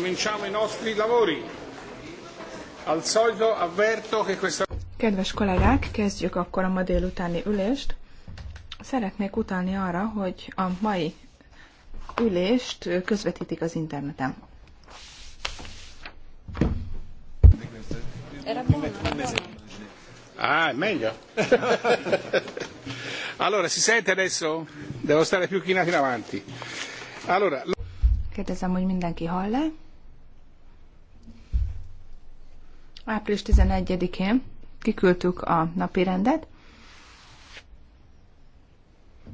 Cominciamo i nostri lavori. Al solito avverto che questa... Kedves kollégák, kezdjük akkor a ma délutáni ülést. Szeretnék utalni arra, hogy a mai ülést közvetítik az interneten. Ah, meglio. allora, si sente adesso? Devo stare più chinati in avanti. Allora... Kérdezem, hogy mindenki hall-e? Április 11-én kiküldtük a napi rendet.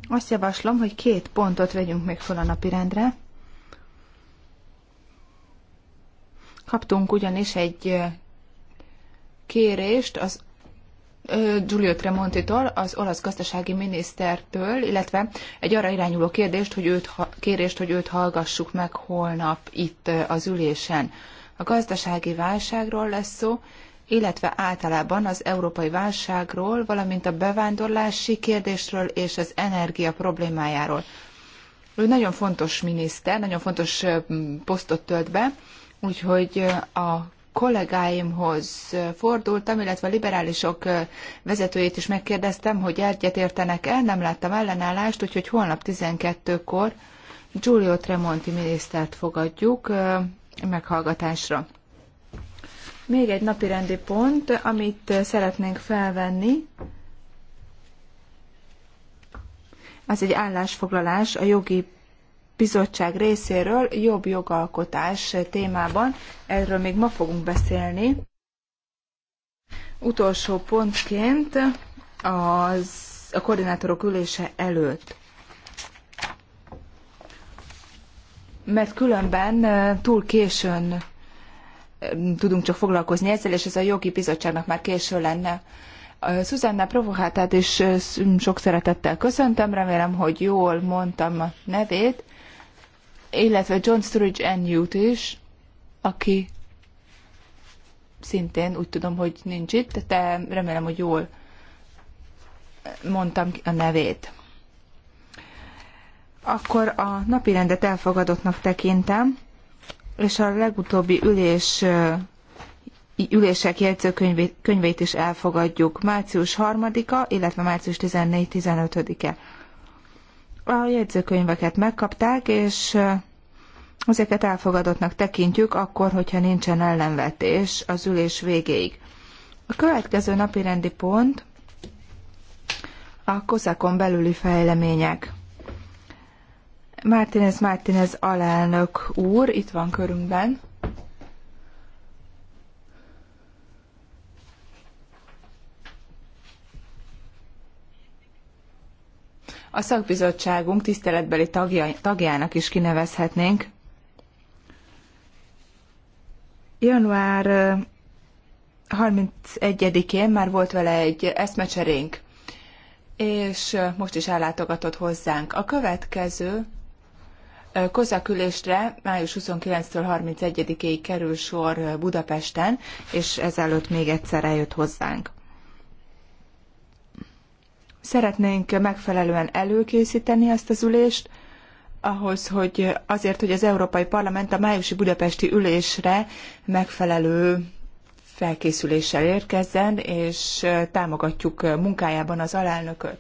Azt javaslom, hogy két pontot vegyünk még fel a napi rendre. Kaptunk ugyanis egy kérést az Giulio Tremontitól, az olasz gazdasági minisztertől, illetve egy arra irányuló kérdést, hogy őt, kérést, hogy őt hallgassuk meg holnap itt az ülésen. A gazdasági válságról lesz szó, illetve általában az európai válságról, valamint a bevándorlási kérdésről és az energia problémájáról. Ő nagyon fontos miniszter, nagyon fontos posztot tölt be, úgyhogy a kollégáimhoz fordultam, illetve a liberálisok vezetőjét is megkérdeztem, hogy egyetértenek el, nem láttam ellenállást, úgyhogy holnap 12-kor Giulio Tremonti minisztert fogadjuk, meghallgatásra. Még egy napi rendi pont, amit szeretnénk felvenni, az egy állásfoglalás a jogi bizottság részéről jobb jogalkotás témában. Erről még ma fogunk beszélni. Utolsó pontként az, a koordinátorok ülése előtt. mert különben túl későn tudunk csak foglalkozni ezzel, és ez a jogi bizottságnak már késő lenne. Szuzanna Provokátát is sok szeretettel köszöntöm, remélem, hogy jól mondtam a nevét, illetve John Sturridge Enyút is, aki szintén úgy tudom, hogy nincs itt, de remélem, hogy jól mondtam a nevét akkor a napirendet elfogadottnak tekintem, és a legutóbbi ülés ülések jegyzőkönyvét is elfogadjuk. Március 3-a, illetve március 14-15-e. A jegyzőkönyveket megkapták, és ezeket elfogadottnak tekintjük akkor, hogyha nincsen ellenvetés az ülés végéig. A következő napi rendi pont a koszakon belüli fejlemények. Martínez Martínez alelnök úr itt van körünkben. A szakbizottságunk tiszteletbeli tagja, tagjának is kinevezhetnénk. Január 31-én már volt vele egy eszmecserénk, és most is ellátogatott hozzánk. A következő Kozakülésre május 29-től 31-ig kerül sor Budapesten, és ezelőtt még egyszer eljött hozzánk. Szeretnénk megfelelően előkészíteni ezt az ülést, ahhoz, hogy azért, hogy az Európai Parlament a májusi budapesti ülésre megfelelő felkészüléssel érkezzen, és támogatjuk munkájában az alelnököt.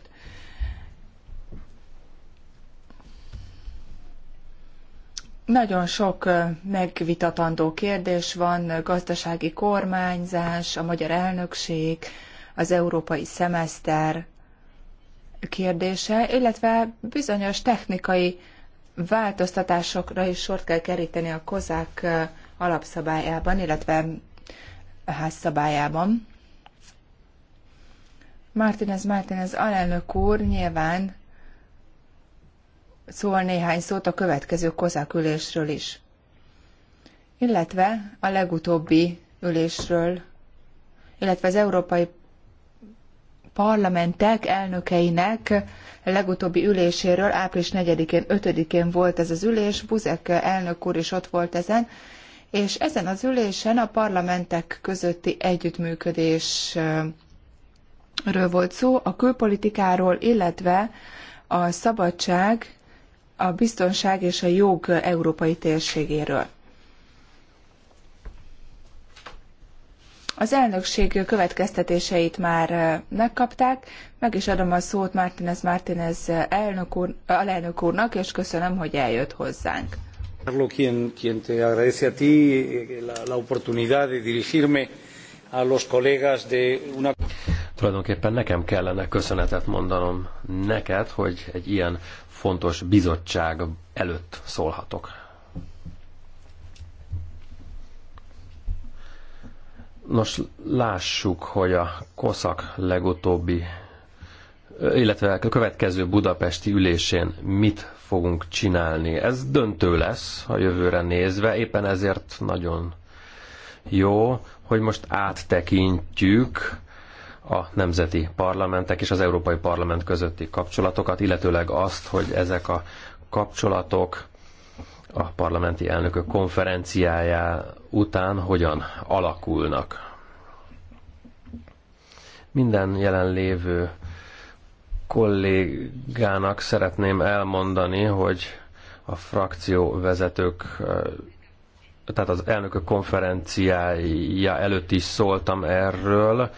Nagyon sok megvitatandó kérdés van, gazdasági kormányzás, a magyar elnökség, az európai szemeszter kérdése, illetve bizonyos technikai változtatásokra is sort kell keríteni a kozák alapszabályában, illetve házszabályában. Martinez Martinez alelnök úr nyilván szól néhány szót a következő kozák ülésről is, illetve a legutóbbi ülésről, illetve az Európai parlamentek elnökeinek legutóbbi üléséről, április 4-én, 5-én volt ez az ülés, Buzek elnök úr is ott volt ezen, és ezen az ülésen a parlamentek közötti együttműködésről volt szó, a külpolitikáról, illetve a szabadság a biztonság és a jog európai térségéről. Az elnökség következtetéseit már megkapták, meg is adom a szót Martinez Martinez elnök úr, alelnök úrnak, és köszönöm, hogy eljött hozzánk. Carlos, quien, quien te agradece a ti la, la oportunidad de dirigirme a los colegas de una... Tulajdonképpen nekem kellene köszönetet mondanom neked, hogy egy ilyen fontos bizottság előtt szólhatok. Nos, lássuk, hogy a koszak legutóbbi, illetve a következő budapesti ülésén mit fogunk csinálni. Ez döntő lesz a jövőre nézve, éppen ezért nagyon jó, hogy most áttekintjük a nemzeti parlamentek és az Európai Parlament közötti kapcsolatokat, illetőleg azt, hogy ezek a kapcsolatok a parlamenti elnökök konferenciájá után hogyan alakulnak. Minden jelenlévő kollégának szeretném elmondani, hogy a frakcióvezetők eh, tehát az elnökök konferenciája előtt is szóltam erről,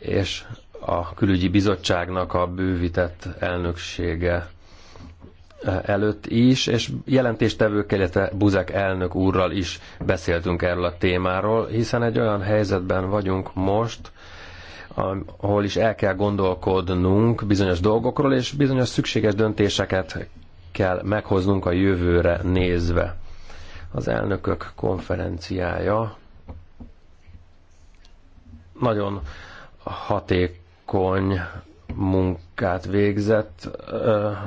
és a külügyi bizottságnak a bővített elnöksége előtt is, és jelentéstevők, illetve Buzek elnök úrral is beszéltünk erről a témáról, hiszen egy olyan helyzetben vagyunk most, ahol is el kell gondolkodnunk bizonyos dolgokról, és bizonyos szükséges döntéseket kell meghoznunk a jövőre nézve. Az elnökök konferenciája nagyon hatékony munkát végzett. Eh,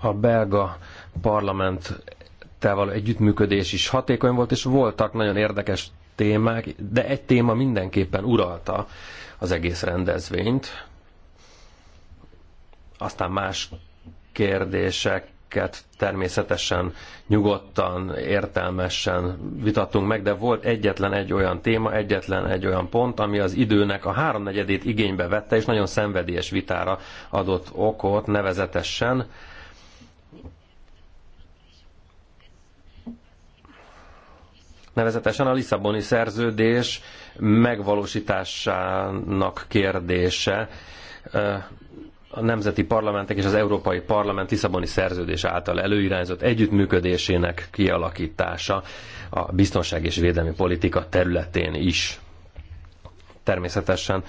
a belga parlament való együttműködés is hatékony volt, és voltak nagyon érdekes témák, de egy téma mindenképpen uralta az egész rendezvényt. Aztán más kérdések ezeket természetesen nyugodtan, értelmesen vitattunk meg, de volt egyetlen egy olyan téma, egyetlen egy olyan pont, ami az időnek a háromnegyedét igénybe vette, és nagyon szenvedélyes vitára adott okot, nevezetesen nevezetesen a Lisszaboni szerződés megvalósításának kérdése a nemzeti parlamentek és az Európai Parlament Lisszaboni szerződés által előirányzott együttműködésének kialakítása a biztonság és védelmi politika területén is. Természetesen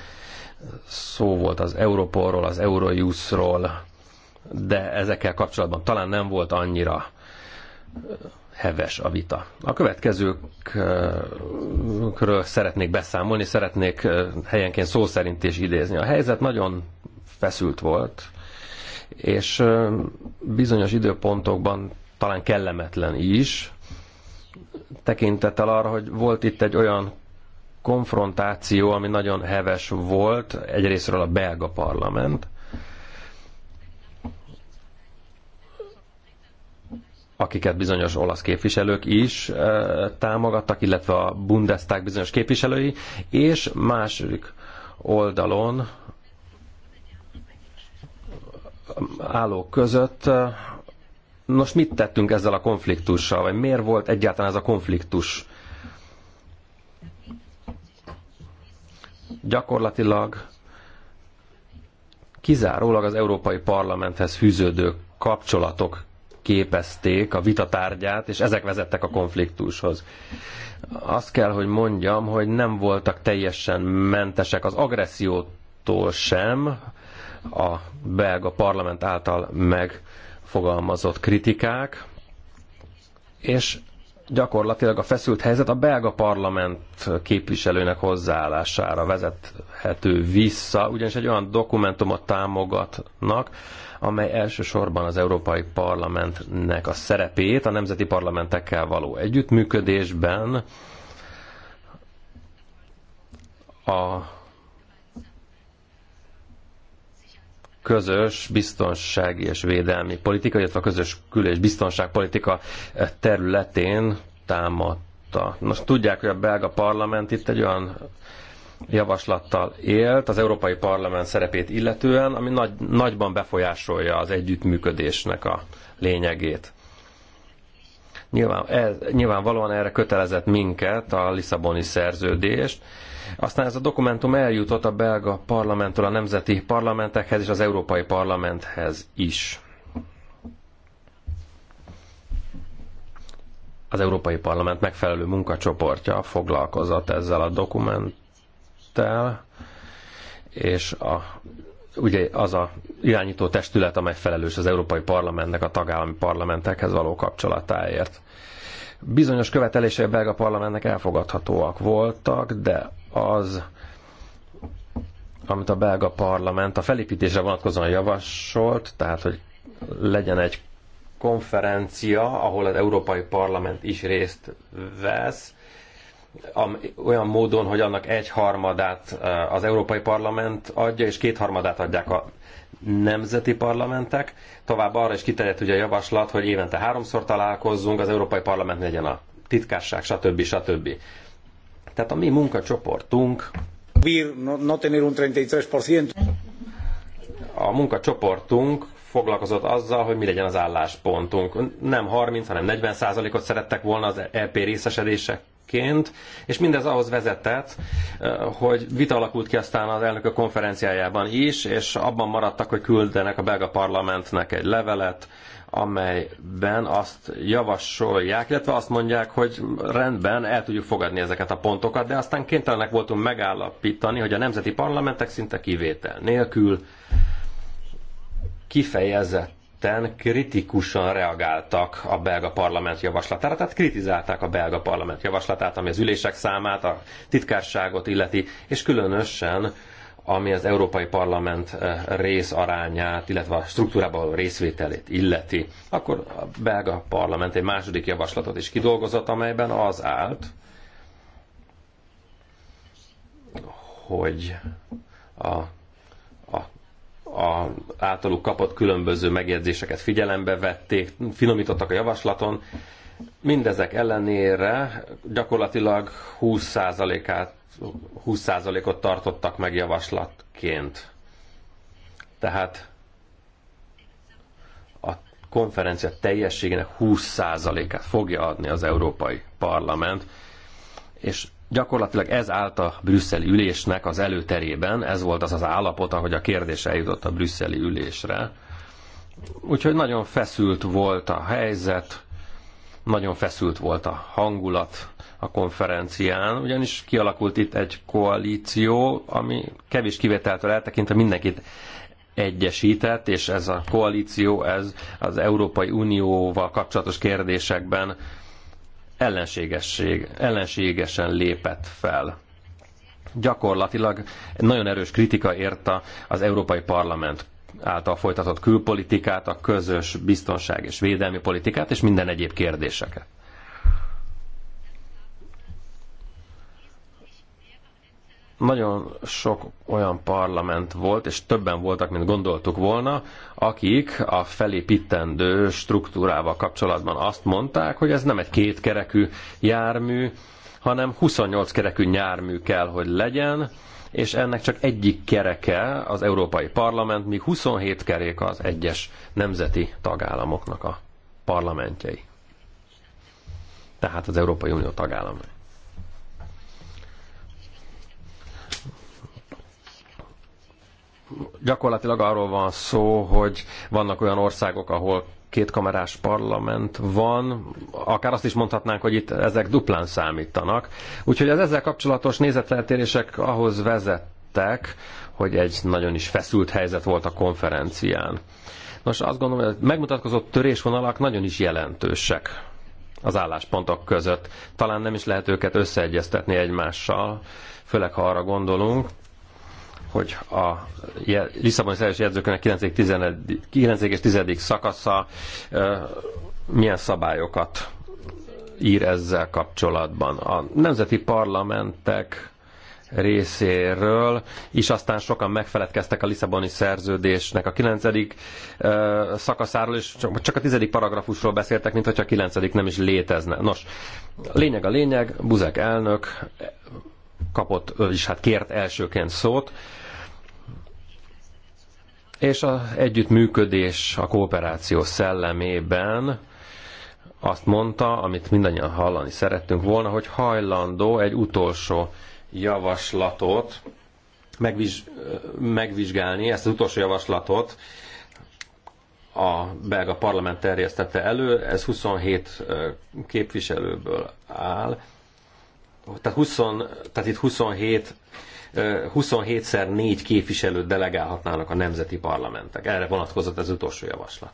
szó volt az Europolról, az Eurojuszról, de ezekkel kapcsolatban talán nem volt annyira heves a vita. A következőkről szeretnék beszámolni, szeretnék helyenként szó szerint is idézni. A helyzet nagyon feszült volt, és bizonyos időpontokban talán kellemetlen is, tekintettel arra, hogy volt itt egy olyan konfrontáció, ami nagyon heves volt, egyrésztről a belga parlament, akiket bizonyos olasz képviselők is támogattak, illetve a Bundestag bizonyos képviselői, és másik oldalon állók között. Nos, mit tettünk ezzel a konfliktussal, vagy miért volt egyáltalán ez a konfliktus? Gyakorlatilag kizárólag az Európai Parlamenthez fűződő kapcsolatok képezték a vitatárgyát, és ezek vezettek a konfliktushoz. Azt kell, hogy mondjam, hogy nem voltak teljesen mentesek az agressziótól sem, a belga parlament által megfogalmazott kritikák, és gyakorlatilag a feszült helyzet a belga parlament képviselőnek hozzáállására vezethető vissza, ugyanis egy olyan dokumentumot támogatnak, amely elsősorban az Európai Parlamentnek a szerepét a nemzeti parlamentekkel való együttműködésben a közös biztonsági és védelmi politika, illetve a közös kül- és biztonságpolitika területén támadta. Most tudják, hogy a belga parlament itt egy olyan javaslattal élt az Európai Parlament szerepét illetően, ami nagy, nagyban befolyásolja az együttműködésnek a lényegét. Nyilván, ez, nyilvánvalóan erre kötelezett minket a Lisszaboni szerződést, aztán ez a dokumentum eljutott a belga parlamenttől a nemzeti parlamentekhez és az Európai Parlamenthez is. Az Európai Parlament megfelelő munkacsoportja foglalkozott ezzel a dokumenttel, és a ugye az a irányító testület, amely felelős az Európai Parlamentnek a tagállami parlamentekhez való kapcsolatáért. Bizonyos követelései a belga parlamentnek elfogadhatóak voltak, de az, amit a belga parlament a felépítésre vonatkozóan javasolt, tehát hogy legyen egy konferencia, ahol az Európai Parlament is részt vesz, olyan módon, hogy annak egy harmadát eh, az Európai Parlament adja, és két harmadát adják a nemzeti parlamentek. Tovább arra is kiterjedt ugye a javaslat, hogy évente háromszor találkozzunk, az Európai Parlament legyen a titkásság, stb. stb. Tehát a mi munkacsoportunk a munkacsoportunk foglalkozott azzal, hogy mi legyen az álláspontunk. Nem 30, hanem 40 százalékot szerettek volna az EP részesedések elnökként, és mindez ahhoz vezetett, eh, hogy vita alakult ki aztán az elnökök konferenciájában is, és abban maradtak, hogy küldenek a belga parlamentnek egy levelet, amelyben azt javasolják, illetve azt mondják, hogy rendben, el tudjuk fogadni ezeket a pontokat, de aztán kénytelenek voltunk megállapítani, hogy a nemzeti parlamentek szinte kivétel nélkül kifejezett ketten kritikusan reagáltak a belga parlament javaslatára, tehát kritizálták a belga parlament javaslatát, ami az ülések számát, a titkárságot illeti, és különösen ami az Európai Parlament eh, részarányát, illetve a struktúrában való részvételét illeti, akkor a belga parlament egy második javaslatot is kidolgozott, amelyben az állt, hogy a a általuk kapott különböző megjegyzéseket figyelembe vették, finomítottak a javaslaton. Mindezek ellenére gyakorlatilag 20%-át 20%-ot tartottak meg javaslatként. Tehát a konferencia teljességének 20%-át fogja adni az Európai Parlament, és Gyakorlatilag ez állt a brüsszeli ülésnek az előterében, ez volt az az állapot, ahogy a kérdés eljutott a brüsszeli ülésre. Úgyhogy nagyon feszült volt a helyzet, nagyon feszült volt a hangulat a konferencián, ugyanis kialakult itt egy koalíció, ami kevés kivételtől eltekintve mindenkit egyesített, és ez a koalíció, ez az Európai Unióval kapcsolatos kérdésekben ellenségesség, ellenségesen lépett fel. Gyakorlatilag nagyon erős kritika érte az Európai Parlament által folytatott külpolitikát, a közös biztonság és védelmi politikát és minden egyéb kérdéseket. nagyon sok olyan parlament volt, és többen voltak, mint gondoltuk volna, akik a felépítendő struktúrával kapcsolatban azt mondták, hogy ez nem egy kétkerekű jármű, hanem 28 kerekű jármű kell, hogy legyen, és ennek csak egyik kereke az Európai Parlament, míg 27 kerék az egyes nemzeti tagállamoknak a parlamentjei. Tehát az Európai Unió tagállamai. gyakorlatilag arról van szó, hogy vannak olyan országok, ahol kétkamerás parlament van, akár azt is mondhatnánk, hogy itt ezek duplán számítanak. Úgyhogy az ezzel kapcsolatos nézeteltérések ahhoz vezettek, hogy egy nagyon is feszült helyzet volt a konferencián. Nos, azt gondolom, hogy a megmutatkozott törésvonalak nagyon is jelentősek az álláspontok között. Talán nem is lehet őket összeegyeztetni egymással, főleg ha arra gondolunk, hogy a Lisszaboni szerzős jegyzőkönyvnek 9. 9. és 10. szakasza milyen szabályokat ír ezzel kapcsolatban. A nemzeti parlamentek részéről, és aztán sokan megfeledkeztek a Lisszaboni szerződésnek a 9. szakaszáról, és csak a 10. paragrafusról beszéltek, mint a 9. nem is létezne. Nos, lényeg a lényeg, Buzek elnök kapott, és hát kért elsőként szót, és a együttműködés, a kooperáció szellemében azt mondta, amit mindannyian hallani szerettünk volna, hogy hajlandó egy utolsó javaslatot megviz, megvizsgálni, ezt az utolsó javaslatot a belga parlament terjesztette elő, ez 27 képviselőből áll, tehát, 20, tehát itt 27 27-szer 4 képviselőt delegálhatnának a nemzeti parlamentek. Erre vonatkozott az utolsó javaslat.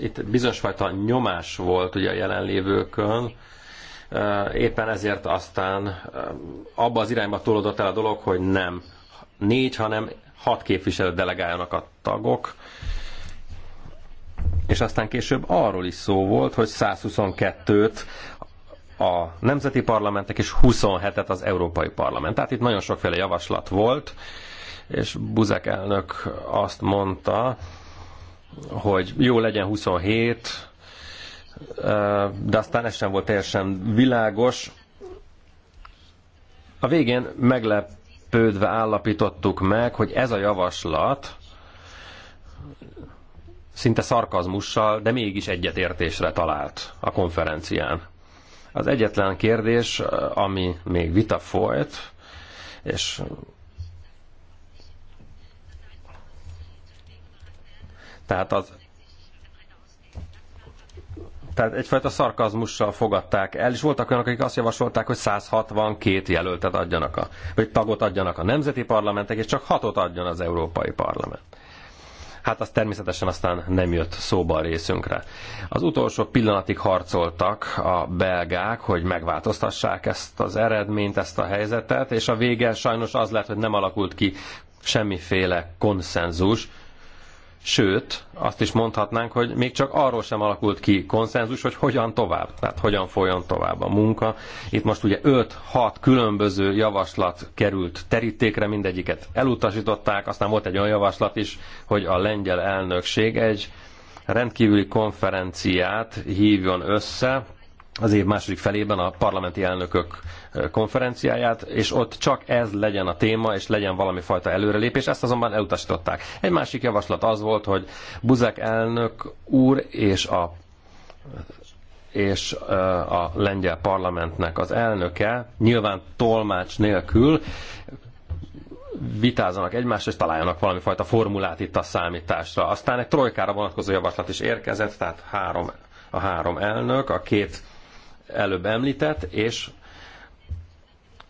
Itt bizonyos fajta nyomás volt ugye a jelenlévőkön, éppen ezért aztán abba az irányba tolódott el a dolog, hogy nem négy, hanem hat képviselő delegáljanak a tagok. És aztán később arról is szó volt, hogy 122-t a nemzeti parlamentek, és 27-et az Európai Parlament. Tehát itt nagyon sokféle javaslat volt, és Buzek elnök azt mondta, hogy jó legyen 27, de aztán ez sem volt teljesen világos. A végén meglepődve állapítottuk meg, hogy ez a javaslat szinte szarkazmussal, de mégis egyetértésre talált a konferencián. Az egyetlen kérdés, ami még vita folyt, és tehát az tehát egyfajta szarkazmussal fogadták el, és voltak olyanok, akik azt javasolták, hogy 162 jelöltet adjanak, a, vagy tagot adjanak a nemzeti parlamentek, és csak hatot adjon az Európai Parlament hát az természetesen aztán nem jött szóba a részünkre. Az utolsó pillanatig harcoltak a belgák, hogy megváltoztassák ezt az eredményt, ezt a helyzetet, és a vége sajnos az lett, hogy nem alakult ki semmiféle konszenzus, Sőt, azt is mondhatnánk, hogy még csak arról sem alakult ki konszenzus, hogy hogyan tovább, tehát hogyan folyjon tovább a munka. Itt most ugye 5-6 különböző javaslat került terítékre, mindegyiket elutasították, aztán volt egy olyan javaslat is, hogy a lengyel elnökség egy rendkívüli konferenciát hívjon össze, az év második felében a parlamenti elnökök konferenciáját, és ott csak ez legyen a téma, és legyen valami fajta előrelépés, ezt azonban elutasították. Egy másik javaslat az volt, hogy Buzek elnök úr és a és a lengyel parlamentnek az elnöke nyilván tolmács nélkül vitázanak egymást, és találjanak valami fajta formulát itt a számításra. Aztán egy trojkára vonatkozó javaslat is érkezett, tehát három, a három elnök, a két előbb említett, és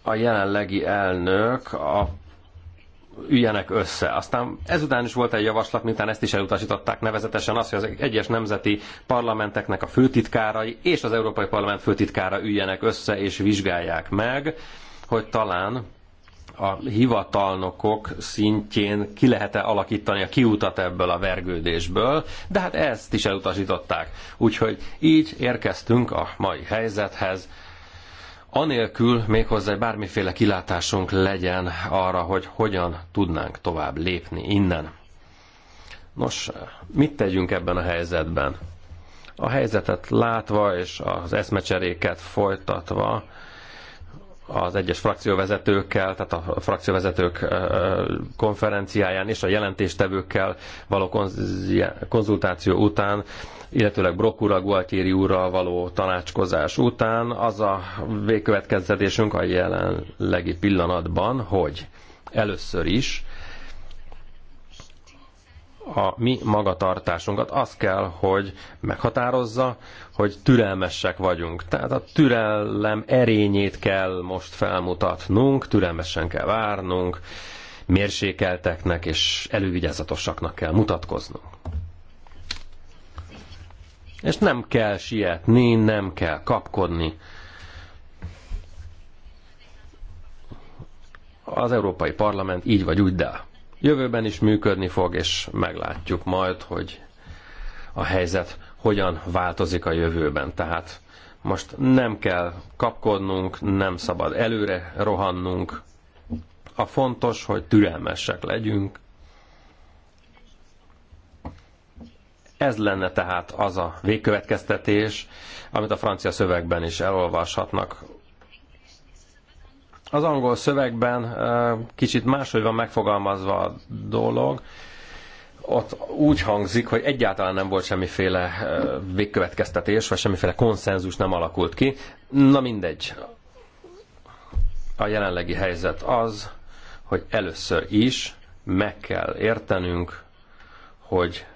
a jelenlegi elnök a üljenek össze. Aztán ezután is volt egy javaslat, miután ezt is elutasították nevezetesen az, hogy az egyes nemzeti parlamenteknek a főtitkárai és az Európai Parlament főtitkára üljenek össze és vizsgálják meg, hogy talán a hivatalnokok szintjén ki lehet-e alakítani a kiutat ebből a vergődésből, de hát ezt is elutasították. Úgyhogy így érkeztünk a mai helyzethez, anélkül méghozzá bármiféle kilátásunk legyen arra, hogy hogyan tudnánk tovább lépni innen. Nos, mit tegyünk ebben a helyzetben? A helyzetet látva és az eszmecseréket folytatva, az egyes frakcióvezetőkkel, tehát a frakcióvezetők konferenciáján és a jelentéstevőkkel való konzultáció után, illetőleg Brokura Gualtieri úrral való tanácskozás után az a végkövetkeztetésünk a jelenlegi pillanatban, hogy először is a mi magatartásunkat az kell, hogy meghatározza, hogy türelmesek vagyunk. Tehát a türelem erényét kell most felmutatnunk, türelmesen kell várnunk, mérsékelteknek és elővigyázatosaknak kell mutatkoznunk. És nem kell sietni, nem kell kapkodni. Az Európai Parlament így vagy úgy, de jövőben is működni fog, és meglátjuk majd, hogy a helyzet hogyan változik a jövőben. Tehát most nem kell kapkodnunk, nem szabad előre rohannunk. A fontos, hogy türelmesek legyünk. Ez lenne tehát az a végkövetkeztetés, amit a francia szövegben is elolvashatnak. Az angol szövegben kicsit máshogy van megfogalmazva a dolog. Ott úgy hangzik, hogy egyáltalán nem volt semmiféle végkövetkeztetés, vagy semmiféle konszenzus nem alakult ki. Na mindegy. A jelenlegi helyzet az, hogy először is meg kell értenünk, hogy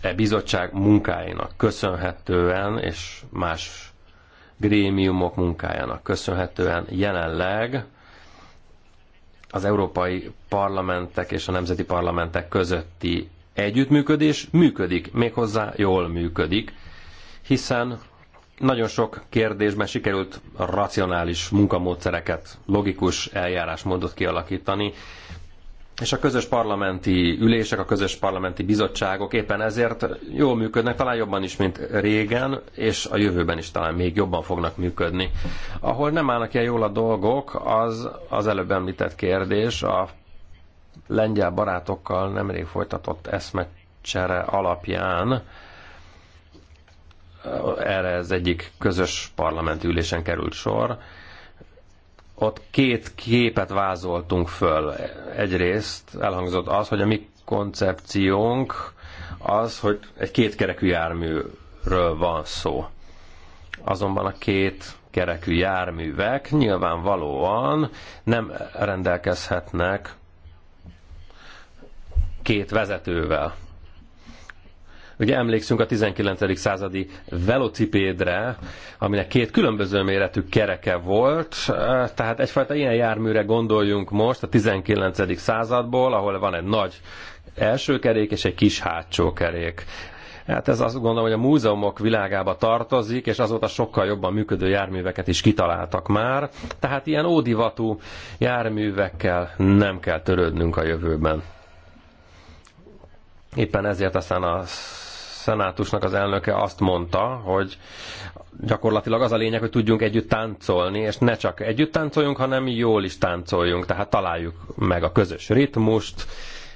e bizottság munkáinak köszönhetően és más grémiumok munkájának köszönhetően jelenleg az európai parlamentek és a nemzeti parlamentek közötti együttműködés működik, méghozzá jól működik, hiszen nagyon sok kérdésben sikerült racionális munkamódszereket, logikus eljárásmódot kialakítani, és a közös parlamenti ülések, a közös parlamenti bizottságok éppen ezért jól működnek, talán jobban is, mint régen, és a jövőben is talán még jobban fognak működni. Ahol nem állnak ilyen jól a dolgok, az az előbb említett kérdés, a lengyel barátokkal nemrég folytatott eszmecsere alapján erre az egyik közös parlamenti ülésen került sor, ott két képet vázoltunk föl. Egyrészt elhangzott az, hogy a mi koncepciónk az, hogy egy kétkerekű járműről van szó. Azonban a két kerekű járművek nyilvánvalóan nem rendelkezhetnek két vezetővel. Ugye emlékszünk a 19. századi velocipédre, aminek két különböző méretű kereke volt, tehát egyfajta ilyen járműre gondoljunk most a 19. századból, ahol van egy nagy első kerék és egy kis hátsó kerék. Hát ez azt gondolom, hogy a múzeumok világába tartozik, és azóta sokkal jobban működő járműveket is kitaláltak már. Tehát ilyen ódivatú járművekkel nem kell törődnünk a jövőben. Éppen ezért aztán a szenátusnak az elnöke azt mondta, hogy gyakorlatilag az a lényeg, hogy tudjunk együtt táncolni, és ne csak együtt táncoljunk, hanem jól is táncoljunk, tehát találjuk meg a közös ritmust,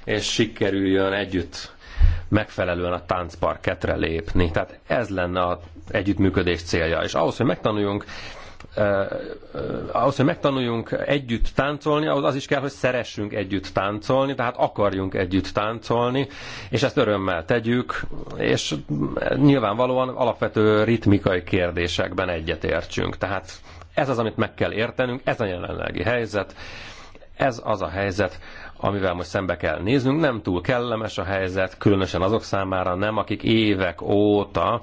és sikerüljön együtt megfelelően a táncparketre lépni. Tehát ez lenne az együttműködés célja. És ahhoz, hogy megtanuljunk ahhoz, hogy megtanuljunk együtt táncolni, ahhoz az is kell, hogy szeressünk együtt táncolni, tehát akarjunk együtt táncolni, és ezt örömmel tegyük, és nyilvánvalóan alapvető ritmikai kérdésekben egyetértsünk. Tehát ez az, amit meg kell értenünk, ez a jelenlegi helyzet, ez az a helyzet, amivel most szembe kell néznünk. Nem túl kellemes a helyzet, különösen azok számára nem, akik évek óta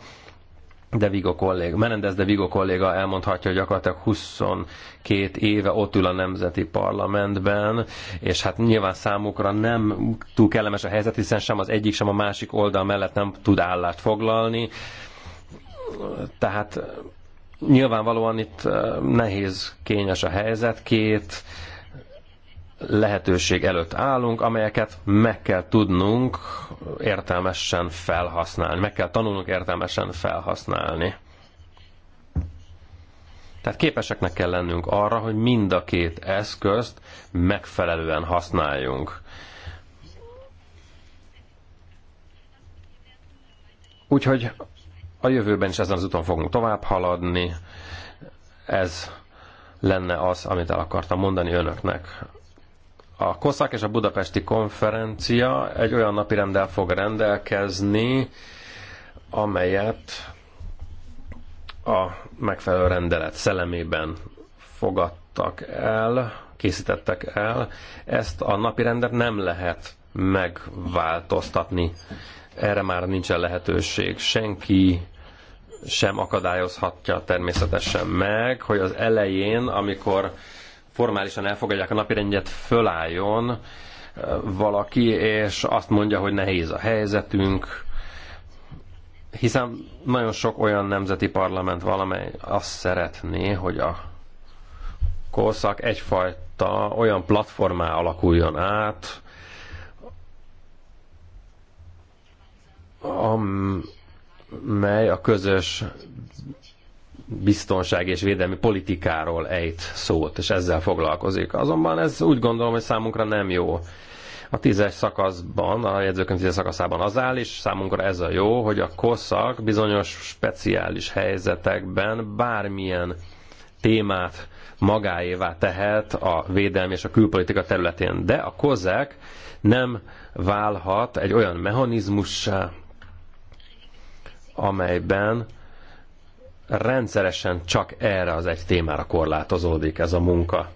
de Vigo kolléga, Menendez de Vigo kolléga elmondhatja, hogy gyakorlatilag 22 éve ott ül a Nemzeti Parlamentben, és hát nyilván számukra nem túl kellemes a helyzet, hiszen sem az egyik, sem a másik oldal mellett nem tud állást foglalni. Tehát nyilvánvalóan itt eh, nehéz, kényes a helyzet, két lehetőség előtt állunk, amelyeket meg kell tudnunk értelmesen felhasználni, meg kell tanulnunk értelmesen felhasználni. Tehát képeseknek kell lennünk arra, hogy mind a két eszközt megfelelően használjunk. Úgyhogy a jövőben is ezen az úton fogunk tovább haladni. Ez lenne az, amit el akartam mondani önöknek a Koszak és a budapesti konferencia egy olyan rendel fog rendelkezni, amelyet a megfelelő rendelet szellemében fogadtak el, készítettek el. Ezt a napirendet nem lehet megváltoztatni. Erre már nincsen lehetőség. Senki sem akadályozhatja természetesen meg, hogy az elején, amikor formálisan elfogadják a napirendjet, fölálljon valaki, és azt mondja, hogy nehéz a helyzetünk, hiszen nagyon sok olyan nemzeti parlament valamely azt szeretné, hogy a korszak egyfajta olyan platformá alakuljon át, amely a közös biztonság és védelmi politikáról ejt szót, és ezzel foglalkozik. Azonban ez úgy gondolom, hogy számunkra nem jó. A tízes szakaszban, a jegyzőkönyv tízes szakaszában az áll, és számunkra ez a jó, hogy a koszak bizonyos speciális helyzetekben bármilyen témát magáévá tehet a védelmi és a külpolitika területén. De a kozek nem válhat egy olyan mechanizmussá, amelyben rendszeresen csak erre az egy témára korlátozódik ez a munka.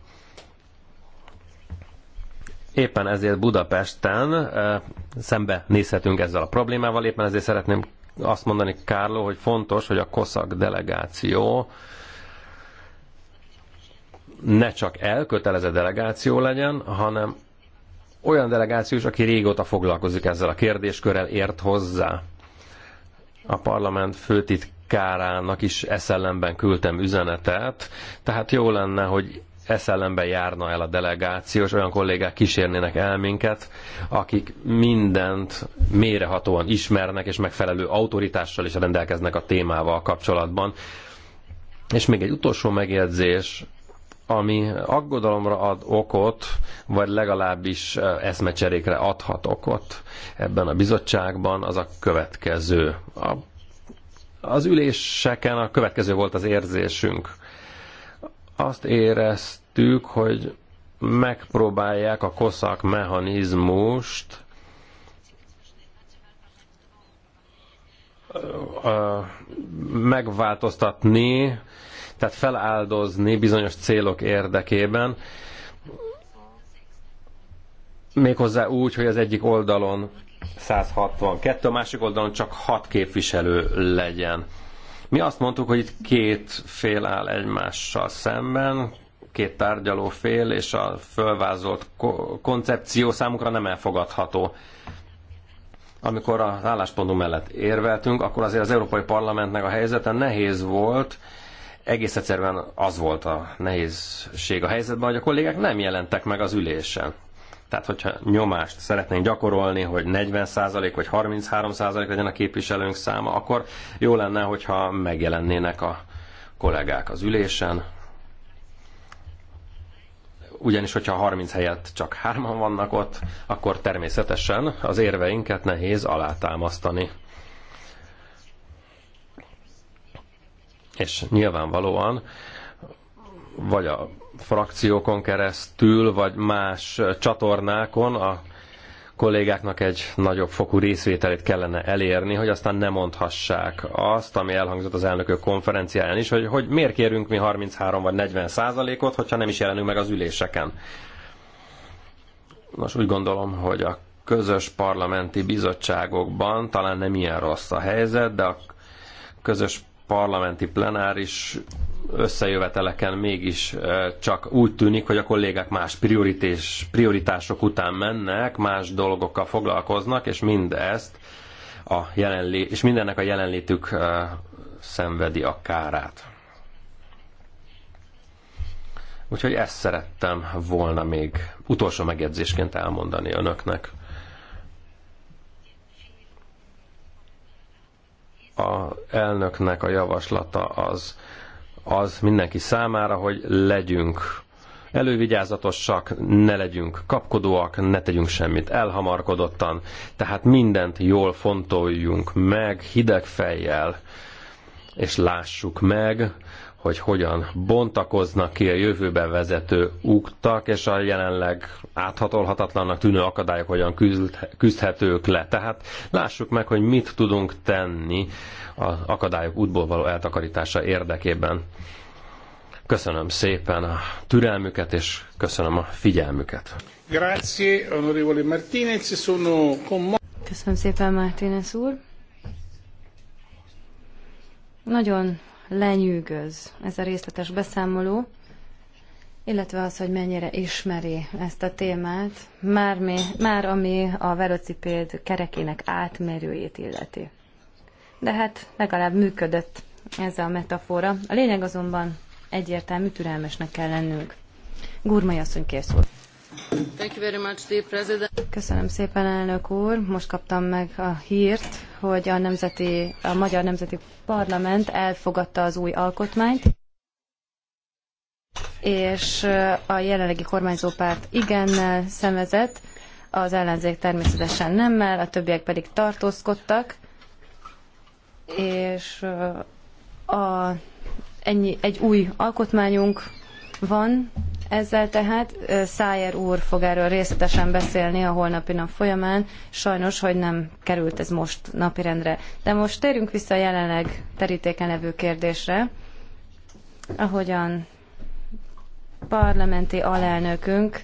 Éppen ezért Budapesten szembe nézhetünk ezzel a problémával, éppen ezért szeretném azt mondani, Kárló, hogy fontos, hogy a koszak delegáció ne csak elkötelezett delegáció legyen, hanem olyan delegáció is, aki régóta foglalkozik ezzel a kérdéskörrel, ért hozzá. A parlament főtit kárának is eszellemben küldtem üzenetet, tehát jó lenne, hogy eszellemben járna el a delegáció, és olyan kollégák kísérnének el minket, akik mindent mérehatóan ismernek, és megfelelő autoritással is rendelkeznek a témával kapcsolatban. És még egy utolsó megjegyzés, ami aggodalomra ad okot, vagy legalábbis e, eszmecserékre adhat okot ebben a bizottságban, az a következő. A az üléseken a következő volt az érzésünk. Azt éreztük, hogy megpróbálják a koszak mechanizmust megváltoztatni, tehát feláldozni bizonyos célok érdekében, méghozzá úgy, hogy az egyik oldalon 162, a másik oldalon csak 6 képviselő legyen. Mi azt mondtuk, hogy itt két fél áll egymással szemben, két tárgyaló fél, és a fölvázolt koncepció számukra nem elfogadható. Amikor az álláspontunk mellett érveltünk, akkor azért az Európai Parlamentnek a helyzete nehéz volt, egész egyszerűen az volt a nehézség a helyzetben, hogy a kollégák nem jelentek meg az ülésen. Tehát, hogyha nyomást szeretnénk gyakorolni, hogy 40% vagy 33% legyen a képviselőnk száma, akkor jó lenne, hogyha megjelennének a kollégák az ülésen. Ugyanis, hogyha 30 helyett csak hárman vannak ott, akkor természetesen az érveinket nehéz alátámasztani. És nyilvánvalóan vagy a frakciókon keresztül, vagy más csatornákon a kollégáknak egy nagyobb fokú részvételét kellene elérni, hogy aztán ne mondhassák azt, ami elhangzott az elnökök konferenciáján is, hogy, hogy miért kérünk mi 33 vagy 40 százalékot, hogyha nem is jelenünk meg az üléseken. Most úgy gondolom, hogy a közös parlamenti bizottságokban talán nem ilyen rossz a helyzet, de a közös parlamenti plenáris összejöveteleken mégis eh, csak úgy tűnik, hogy a kollégák más prioritások után mennek, más dolgokkal foglalkoznak, és mindezt a jelenlé- és mindennek a jelenlétük eh, szenvedi a kárát. Úgyhogy ezt szerettem volna még utolsó megjegyzésként elmondani önöknek. A elnöknek a javaslata az, az mindenki számára, hogy legyünk elővigyázatosak, ne legyünk kapkodóak, ne tegyünk semmit elhamarkodottan, tehát mindent jól fontoljunk meg, hideg fejjel, és lássuk meg, hogy hogyan bontakoznak ki a jövőben vezető úttak, és a jelenleg áthatolhatatlannak tűnő akadályok hogyan küzdhetők le. Tehát lássuk meg, hogy mit tudunk tenni az akadályok útból való eltakarítása érdekében. Köszönöm szépen a türelmüket, és köszönöm a figyelmüket. Grazie, onorevole Martinez, sono Köszönöm szépen, Martínez úr. Nagyon lenyűgöz ez a részletes beszámoló, illetve az, hogy mennyire ismeri ezt a témát, már, mi, már ami a velocipéd kerekének átmérőjét illeti. De hát legalább működött ez a metafora. A lényeg azonban egyértelmű türelmesnek kell lennünk. Gurmai asszony készült. Köszönöm szépen, elnök úr. Most kaptam meg a hírt, hogy a, nemzeti, a Magyar Nemzeti Parlament elfogadta az új alkotmányt, és a jelenlegi kormányzópárt igennel szemezett, az ellenzék természetesen nemmel, a többiek pedig tartózkodtak, és a, ennyi, egy új alkotmányunk van. Ezzel tehát Szájer úr fog erről részletesen beszélni a holnapi nap folyamán. Sajnos, hogy nem került ez most napirendre. De most térjünk vissza a jelenleg terítéken levő kérdésre. Ahogyan parlamenti alelnökünk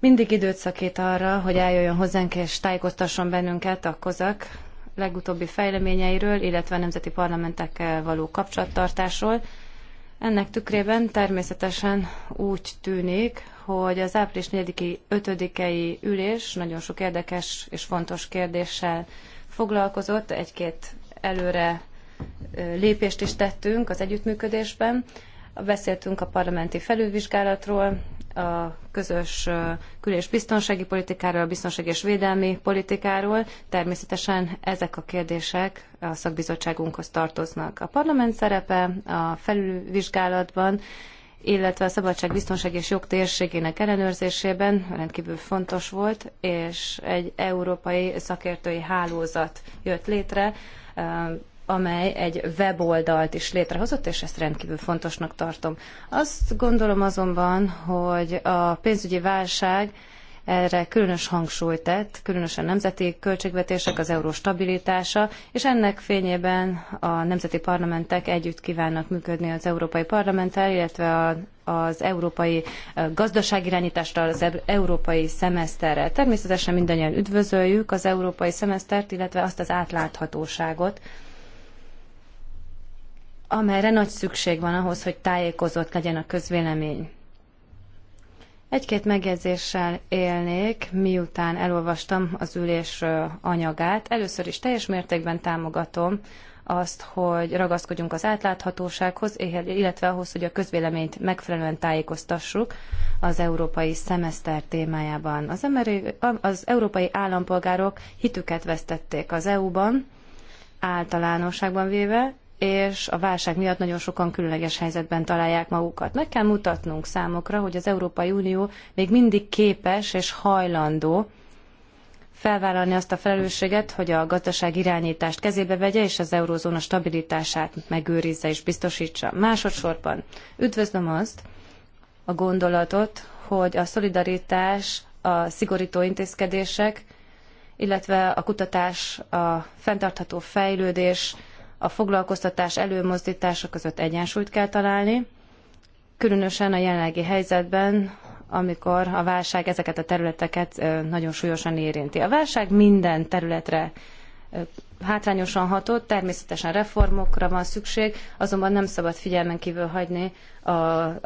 mindig időt szakít arra, hogy eljöjjön hozzánk és tájékoztasson bennünket a kozak legutóbbi fejleményeiről, illetve a nemzeti parlamentekkel való kapcsolattartásról. Ennek tükrében természetesen úgy tűnik, hogy az április 4 5-i ülés nagyon sok érdekes és fontos kérdéssel foglalkozott, egy-két előre lépést is tettünk az együttműködésben. Beszéltünk a parlamenti felülvizsgálatról, a közös kül- és biztonsági politikáról, a biztonsági és védelmi politikáról. Természetesen ezek a kérdések a szakbizottságunkhoz tartoznak. A parlament szerepe a felülvizsgálatban, illetve a szabadság, biztonság és jog térségének ellenőrzésében rendkívül fontos volt, és egy európai szakértői hálózat jött létre amely egy weboldalt is létrehozott, és ezt rendkívül fontosnak tartom. Azt gondolom azonban, hogy a pénzügyi válság erre különös hangsúlyt tett, különösen nemzeti költségvetések, az euró stabilitása, és ennek fényében a nemzeti parlamentek együtt kívánnak működni az Európai Parlamenttel, illetve a az európai gazdaságirányításra, az európai szemeszterrel. Természetesen mindannyian üdvözöljük az európai szemesztert, illetve azt az átláthatóságot, amelyre nagy szükség van ahhoz, hogy tájékozott legyen a közvélemény. Egy-két megjegyzéssel élnék, miután elolvastam az ülés anyagát. Először is teljes mértékben támogatom azt, hogy ragaszkodjunk az átláthatósághoz, illetve ahhoz, hogy a közvéleményt megfelelően tájékoztassuk az európai szemeszter témájában. Az, emberi, az európai állampolgárok hitüket vesztették az EU-ban, általánosságban véve, és a válság miatt nagyon sokan különleges helyzetben találják magukat. Meg kell mutatnunk számokra, hogy az Európai Unió még mindig képes és hajlandó felvállalni azt a felelősséget, hogy a gazdaság irányítást kezébe vegye, és az eurózóna stabilitását megőrizze és biztosítsa. Másodszorban üdvözlöm azt a gondolatot, hogy a szolidaritás, a szigorító intézkedések, illetve a kutatás, a fenntartható fejlődés, a foglalkoztatás előmozdítása között egyensúlyt kell találni, különösen a jelenlegi helyzetben, amikor a válság ezeket a területeket nagyon súlyosan érinti. A válság minden területre hátrányosan hatott, természetesen reformokra van szükség, azonban nem szabad figyelmen kívül hagyni a,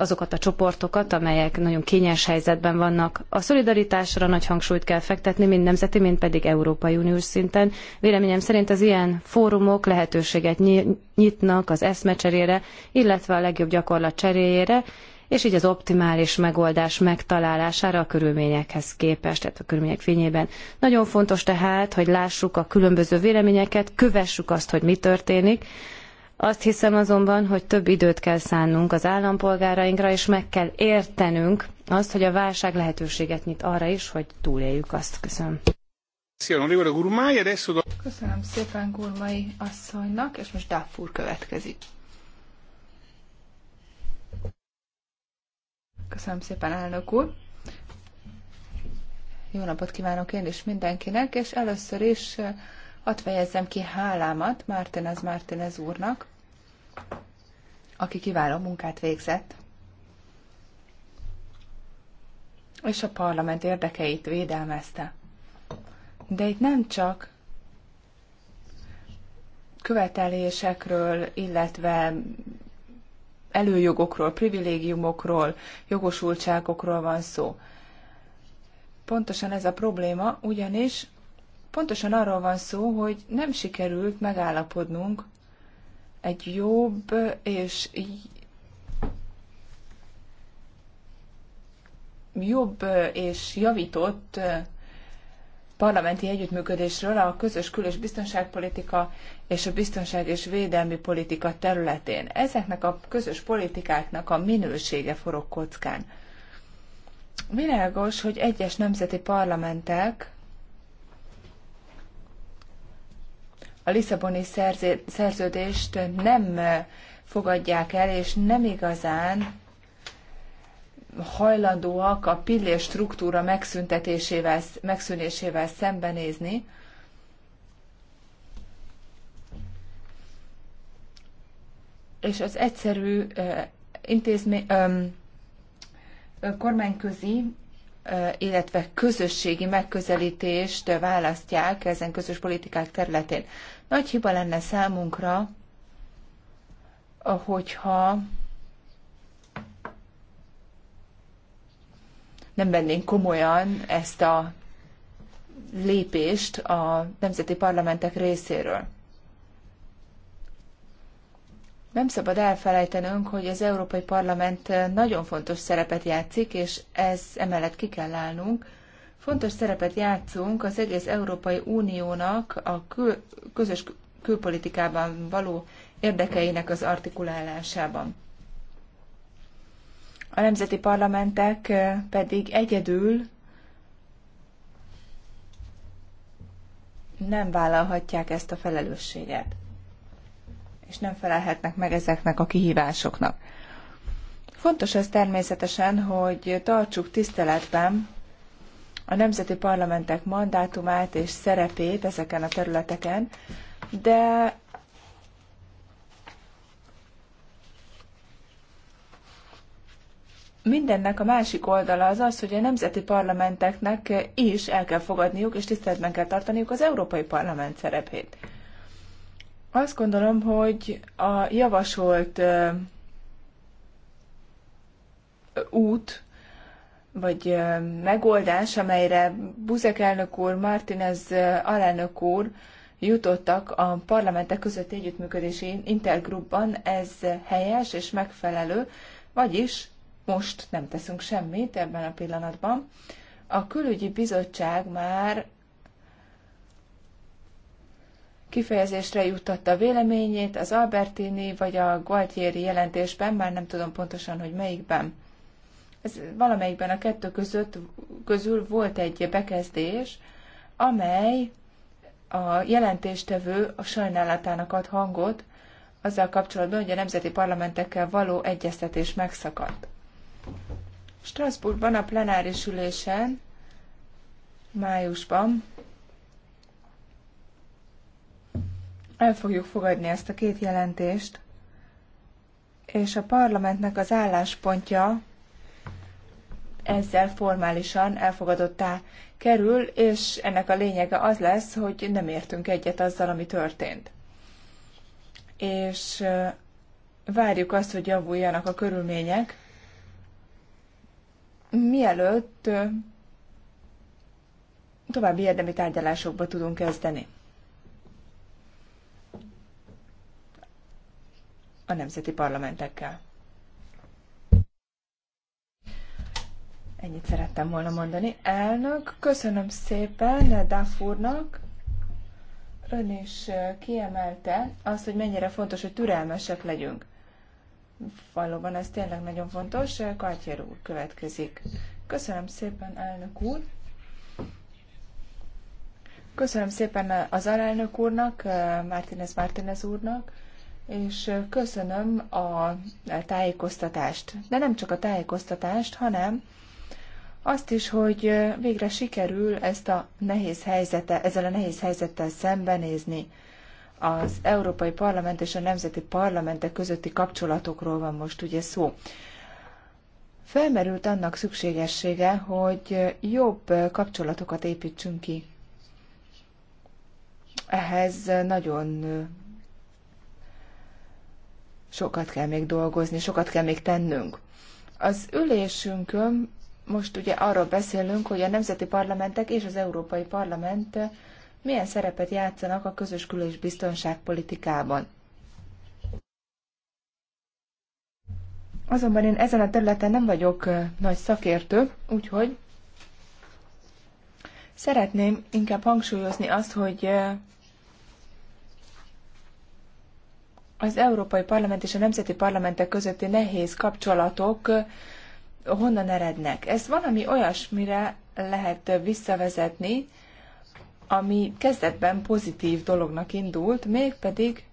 azokat a csoportokat, amelyek nagyon kényes helyzetben vannak. A szolidaritásra nagy hangsúlyt kell fektetni, mind nemzeti, mind pedig Európai Uniós szinten. Véleményem szerint az ilyen fórumok lehetőséget nyitnak az eszmecserére, illetve a legjobb gyakorlat cseréjére, és így az optimális megoldás megtalálására a körülményekhez képest, tehát a körülmények fényében. Nagyon fontos tehát, hogy lássuk a különböző véleményeket, kövessük azt, hogy mi történik, azt hiszem azonban, hogy több időt kell szánnunk az állampolgárainkra, és meg kell értenünk azt, hogy a válság lehetőséget nyit arra is, hogy túléljük azt. Köszönöm. Köszönöm szépen Gurmai asszonynak, és most Duff következik. Köszönöm szépen, elnök úr. Jó napot kívánok én is mindenkinek, és először is eh, hadd fejezzem ki hálámat Mártinez Mártinez úrnak, aki kiváló munkát végzett, és a parlament érdekeit védelmezte. De itt nem csak követelésekről, illetve előjogokról, privilégiumokról, jogosultságokról van szó. Pontosan ez a probléma, ugyanis pontosan arról van szó, hogy nem sikerült megállapodnunk egy jobb és jobb és javított parlamenti együttműködésről a közös kül- és biztonságpolitika és a biztonság és védelmi politika területén. Ezeknek a közös politikáknak a minősége forog kockán. Világos, hogy egyes nemzeti parlamentek a Lisszaboni szerződést nem fogadják el, és nem igazán hajlandóak a pillér struktúra megszüntetésével, megszűnésével szembenézni. És az egyszerű intézmény, kormányközi, illetve közösségi megközelítést választják ezen közös politikák területén. Nagy hiba lenne számunkra, hogyha nem vennénk komolyan ezt a lépést a nemzeti parlamentek részéről. Nem szabad elfelejtenünk, hogy az Európai Parlament nagyon fontos szerepet játszik, és ez emellett ki kell állnunk. Fontos szerepet játszunk az egész Európai Uniónak a kül- közös külpolitikában való érdekeinek az artikulálásában a nemzeti parlamentek pedig egyedül nem vállalhatják ezt a felelősséget, és nem felelhetnek meg ezeknek a kihívásoknak. Fontos ez természetesen, hogy tartsuk tiszteletben a nemzeti parlamentek mandátumát és szerepét ezeken a területeken, de mindennek a másik oldala az az, hogy a nemzeti parlamenteknek is el kell fogadniuk és tiszteletben kell tartaniuk az Európai Parlament szerepét. Azt gondolom, hogy a javasolt út, vagy megoldás, amelyre Buzek elnök úr, Martinez alelnök úr jutottak a parlamentek közötti együttműködési intergrupban, ez helyes és megfelelő, vagyis most nem teszünk semmit ebben a pillanatban. A külügyi bizottság már kifejezésre juttatta véleményét az Albertini vagy a Gualtieri jelentésben, már nem tudom pontosan, hogy melyikben. Ez valamelyikben a kettő között, közül volt egy bekezdés, amely a jelentéstevő a sajnálatának ad hangot azzal kapcsolatban, hogy a nemzeti parlamentekkel való egyeztetés megszakadt. Strasbourgban a plenáris ülésen májusban el fogjuk fogadni ezt a két jelentést, és a parlamentnek az álláspontja ezzel formálisan elfogadottá kerül, és ennek a lényege az lesz, hogy nem értünk egyet azzal, ami történt. És várjuk azt, hogy javuljanak a körülmények, mielőtt további érdemi tárgyalásokba tudunk kezdeni. a nemzeti parlamentekkel. Ennyit szerettem volna mondani. Elnök, köszönöm szépen Dáf úrnak. Ön is kiemelte azt, hogy mennyire fontos, hogy türelmesek legyünk. Valóban ez tényleg nagyon fontos. Kartyer úr következik. Köszönöm szépen, elnök úr. Köszönöm szépen az alelnök úrnak, Martinez Martinez úrnak, és köszönöm a tájékoztatást. De nem csak a tájékoztatást, hanem azt is, hogy végre sikerül ezt a nehéz helyzete, ezzel a nehéz helyzettel szembenézni az Európai Parlament és a nemzeti parlamentek közötti kapcsolatokról van most ugye szó. Felmerült annak szükségessége, hogy jobb kapcsolatokat építsünk ki. Ehhez nagyon sokat kell még dolgozni, sokat kell még tennünk. Az ülésünkön most ugye arról beszélünk, hogy a nemzeti parlamentek és az Európai Parlament milyen szerepet játszanak a közös kül- és biztonságpolitikában. Azonban én ezen a területen nem vagyok nagy szakértő, úgyhogy szeretném inkább hangsúlyozni azt, hogy az Európai Parlament és a Nemzeti Parlamentek közötti nehéz kapcsolatok honnan erednek. Ez valami olyasmire lehet visszavezetni, ami kezdetben pozitív dolognak indult, mégpedig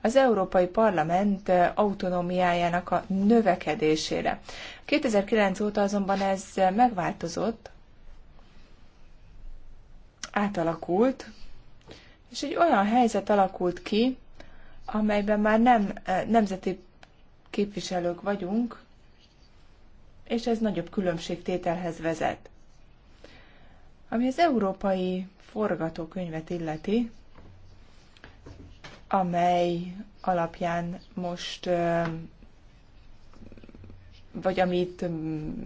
az Európai Parlament autonómiájának a növekedésére. 2009 óta azonban ez megváltozott, átalakult, és egy olyan helyzet alakult ki, amelyben már nem eh, nemzeti képviselők vagyunk, és ez nagyobb különbségtételhez vezet. Ami az európai forgatókönyvet illeti, amely alapján most vagy amit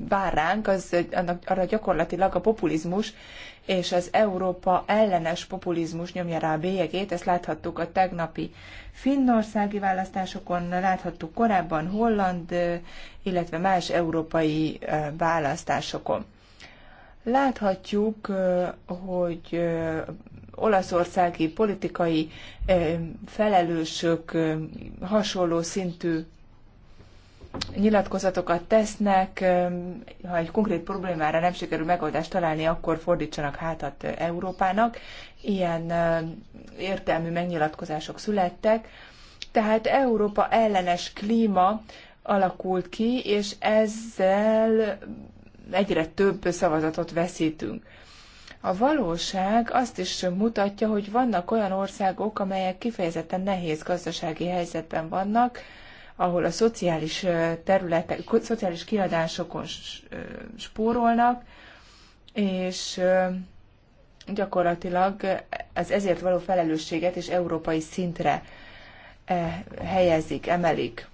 vár ránk, az arra gyakorlatilag a populizmus és az Európa ellenes populizmus nyomja rá a bélyegét. Ezt láthattuk a tegnapi finnországi választásokon, láthattuk korábban holland, illetve más európai választásokon. Láthatjuk, hogy olaszországi politikai felelősök hasonló szintű nyilatkozatokat tesznek, ha egy konkrét problémára nem sikerül megoldást találni, akkor fordítsanak hátat Európának. Ilyen értelmű megnyilatkozások születtek. Tehát Európa ellenes klíma alakult ki, és ezzel egyre több szavazatot veszítünk. A valóság azt is mutatja, hogy vannak olyan országok, amelyek kifejezetten nehéz gazdasági helyzetben vannak, ahol a szociális területek, szociális kiadásokon spórolnak, és gyakorlatilag az ezért való felelősséget is európai szintre helyezik, emelik.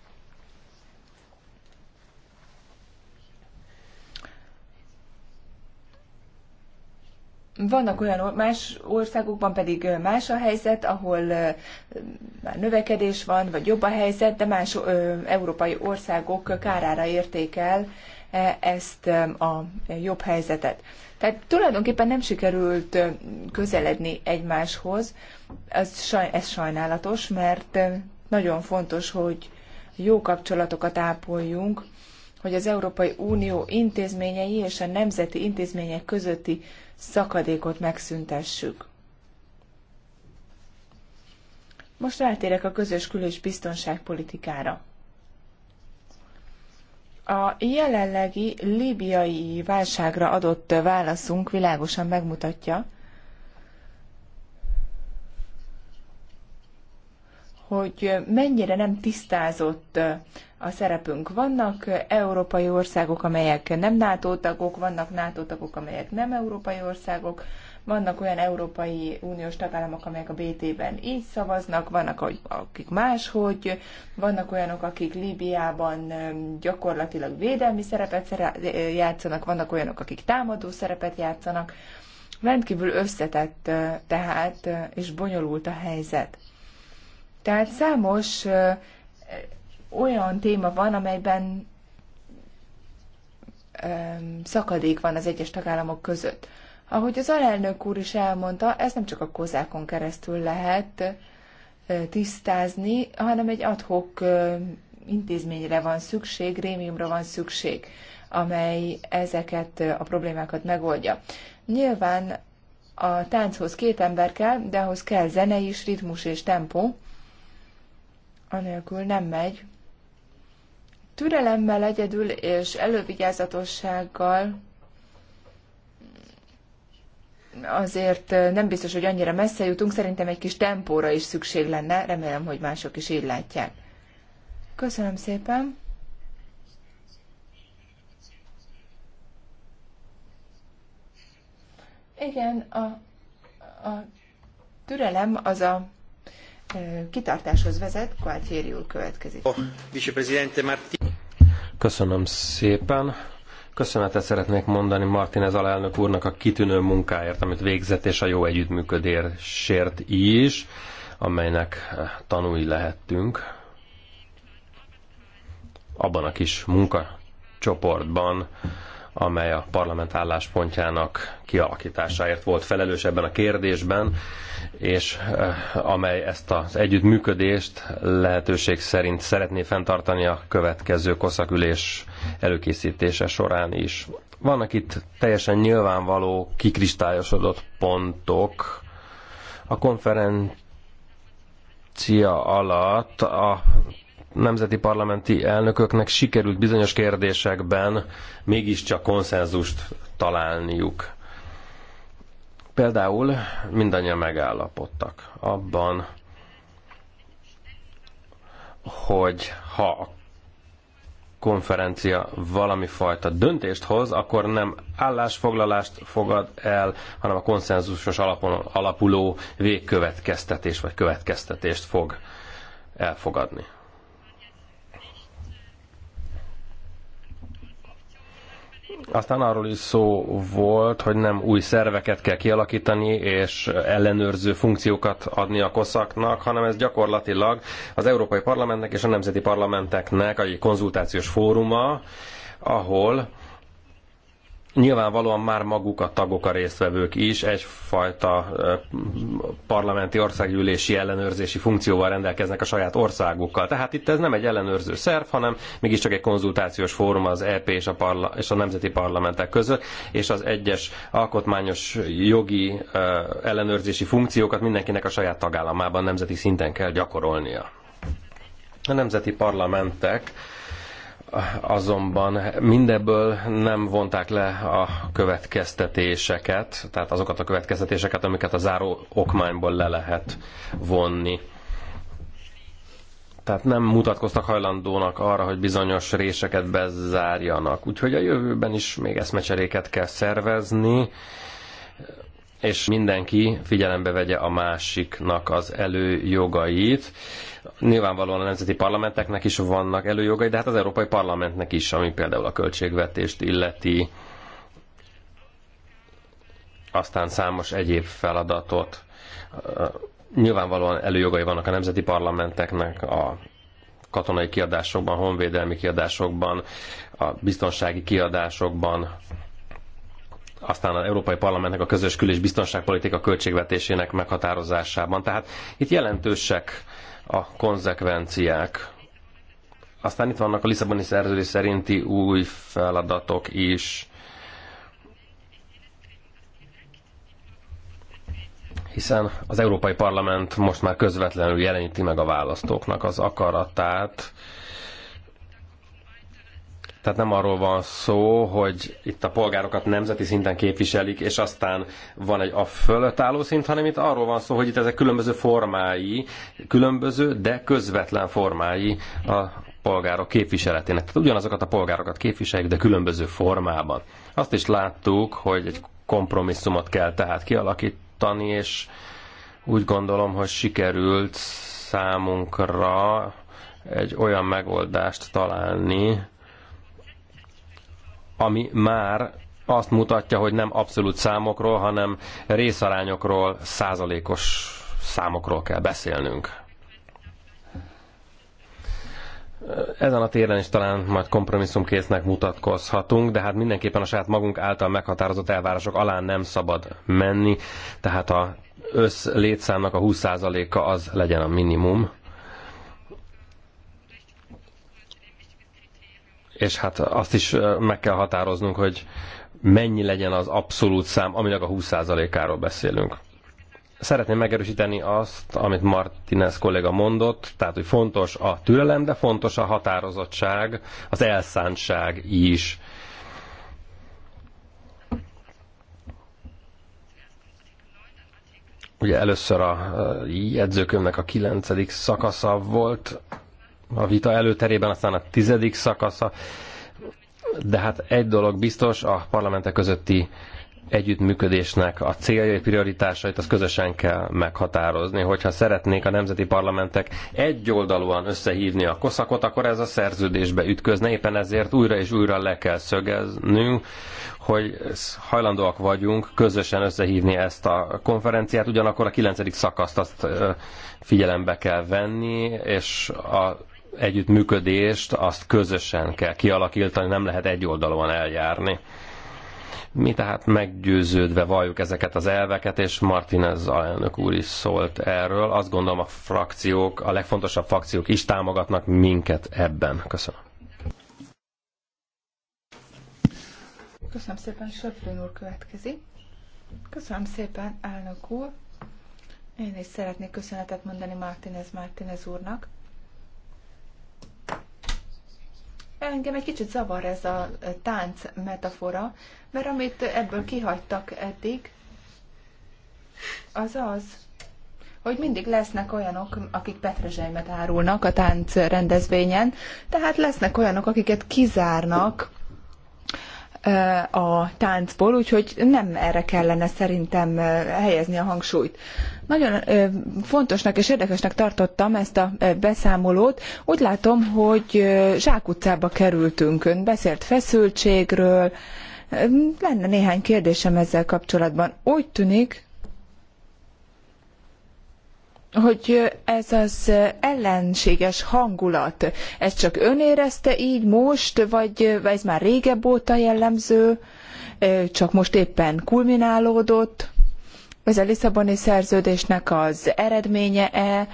Vannak olyan más országokban pedig más a helyzet, ahol már növekedés van, vagy jobb a helyzet, de más európai országok kárára értékel e, ezt a jobb helyzetet. Tehát tulajdonképpen nem sikerült közeledni egymáshoz. Ez, saj, ez sajnálatos, mert nagyon fontos, hogy jó kapcsolatokat ápoljunk, hogy az Európai Unió intézményei és a nemzeti intézmények közötti szakadékot megszüntessük. Most rátérek a közös külös biztonságpolitikára. A jelenlegi líbiai válságra adott válaszunk világosan megmutatja, hogy mennyire nem tisztázott a szerepünk. Vannak európai országok, amelyek nem NATO tagok, vannak NATO tagok, amelyek nem európai országok, vannak olyan Európai Uniós tagállamok, amelyek a BT-ben így szavaznak, vannak akik máshogy, vannak olyanok, akik Líbiában gyakorlatilag védelmi szerepet játszanak, vannak olyanok, akik támadó szerepet játszanak. Rendkívül összetett tehát és bonyolult a helyzet. Tehát számos olyan téma van, amelyben szakadék van az egyes tagállamok között. Ahogy az alelnök úr is elmondta, ez nem csak a kozákon keresztül lehet tisztázni, hanem egy adhok intézményre van szükség, grémiumra van szükség, amely ezeket a problémákat megoldja. Nyilván a tánchoz két ember kell, de ahhoz kell zene is, ritmus és tempó, anélkül nem megy. Türelemmel egyedül és elővigyázatossággal azért nem biztos, hogy annyira messze jutunk, szerintem egy kis tempóra is szükség lenne, remélem, hogy mások is így látják. Köszönöm szépen! Igen, a, a türelem az a kitartáshoz vezet. Gualtieri úr következik. Oh, Köszönöm szépen. Köszönetet szeretnék mondani Martinez alelnök úrnak a kitűnő munkáért, amit végzett, és a jó együttműködésért is, amelynek eh, tanúi lehettünk abban a kis munkacsoportban, amely a parlament álláspontjának kialakításáért volt felelős ebben a kérdésben, és eh, amely ezt az együttműködést lehetőség szerint szeretné fenntartani a következő koszakülés előkészítése során is. Vannak itt teljesen nyilvánvaló, kikristályosodott pontok. A konferencia alatt a nemzeti parlamenti elnököknek sikerült bizonyos kérdésekben mégiscsak konszenzust találniuk. Például mindannyian megállapodtak abban, hogy ha a konferencia valami fajta döntést hoz, akkor nem állásfoglalást fogad el, hanem a konszenzusos alapon alapuló végkövetkeztetés vagy következtetést fog elfogadni. Aztán arról is szó volt, hogy nem új szerveket kell kialakítani, és ellenőrző funkciókat adni a koszaknak, hanem ez gyakorlatilag az Európai Parlamentnek és a Nemzeti Parlamenteknek egy konzultációs fóruma, ahol nyilvánvalóan már maguk a tagok, a résztvevők is egyfajta parlamenti országgyűlési ellenőrzési funkcióval rendelkeznek a saját országukkal. Tehát itt ez nem egy ellenőrző szerv, hanem mégiscsak egy konzultációs fórum az EP és a, parla- és a nemzeti parlamentek között, és az egyes alkotmányos jogi ellenőrzési funkciókat mindenkinek a saját tagállamában nemzeti szinten kell gyakorolnia. A nemzeti parlamentek azonban mindebből nem vonták le a következtetéseket, tehát azokat a következtetéseket, amiket a záró okmányból le lehet vonni. Tehát nem mutatkoztak hajlandónak arra, hogy bizonyos réseket bezárjanak. Úgyhogy a jövőben is még eszmecseréket kell szervezni, és mindenki figyelembe vegye a másiknak az előjogait, nyilvánvalóan a nemzeti parlamenteknek is vannak előjogai, de hát az Európai Parlamentnek is, ami például a költségvetést illeti, aztán számos egyéb feladatot. Nyilvánvalóan előjogai vannak a nemzeti parlamenteknek a katonai kiadásokban, honvédelmi kiadásokban, a biztonsági kiadásokban, aztán az Európai Parlamentnek a közös kül- és biztonságpolitika költségvetésének meghatározásában. Tehát itt jelentősek a konzekvenciák. Aztán itt vannak a Lisszaboni szerződés szerinti új feladatok is. hiszen az Európai Parlament most már közvetlenül jeleníti meg a választóknak az akaratát, tehát nem arról van szó, hogy itt a polgárokat nemzeti szinten képviselik, és aztán van egy a fölött álló szint, hanem itt arról van szó, hogy itt ezek különböző formái, különböző, de közvetlen formái a polgárok képviseletének. Tehát ugyanazokat a polgárokat képviseljük, de különböző formában. Azt is láttuk, hogy egy kompromisszumot kell tehát kialakítani, és úgy gondolom, hogy sikerült számunkra egy olyan megoldást találni, ami már azt mutatja, hogy nem abszolút számokról, hanem részarányokról, százalékos számokról kell beszélnünk. Ezen a téren is talán majd kompromisszumkésznek mutatkozhatunk, de hát mindenképpen a saját magunk által meghatározott elvárások alá nem szabad menni, tehát a össz létszámnak a 20%-a az legyen a minimum. és hát azt is meg kell határoznunk, hogy mennyi legyen az abszolút szám, aminek a 20%-áról beszélünk. Szeretném megerősíteni azt, amit Martinez kolléga mondott, tehát, hogy fontos a türelem, de fontos a határozottság, az elszántság is. Ugye először a jegyzőkönyvnek a kilencedik szakasza volt, a vita előterében, aztán a tizedik szakasza. De hát egy dolog biztos, a parlamentek közötti együttműködésnek a céljai, prioritásait, az közösen kell meghatározni. Hogyha szeretnék a nemzeti parlamentek egyoldalúan összehívni a koszakot, akkor ez a szerződésbe ütközne. Éppen ezért újra és újra le kell szögeznünk, hogy hajlandóak vagyunk közösen összehívni ezt a konferenciát, ugyanakkor a kilencedik szakaszt azt figyelembe kell venni, és a együttműködést azt közösen kell kialakítani, nem lehet egy oldalon eljárni. Mi tehát meggyőződve valljuk ezeket az elveket, és Martinez alelnök úr is szólt erről. Azt gondolom a frakciók, a legfontosabb frakciók is támogatnak minket ebben. Köszönöm. Köszönöm szépen, Söprén úr következik. Köszönöm szépen, elnök úr. Én is szeretnék köszönetet mondani Martinez Martinez úrnak Engem egy kicsit zavar ez a tánc metafora, mert amit ebből kihagytak eddig, az az, hogy mindig lesznek olyanok, akik petrezselymet árulnak a tánc rendezvényen, tehát lesznek olyanok, akiket kizárnak a táncból, úgyhogy nem erre kellene szerintem helyezni a hangsúlyt. Nagyon fontosnak és érdekesnek tartottam ezt a beszámolót. Úgy látom, hogy zsákutcába kerültünk. Ön beszélt feszültségről. Lenne néhány kérdésem ezzel kapcsolatban. Úgy tűnik, hogy ez az ellenséges hangulat, ez csak ön érezte így most, vagy ez már régebb óta jellemző, csak most éppen kulminálódott? Ez a Lisszaboni szerződésnek az eredménye-e?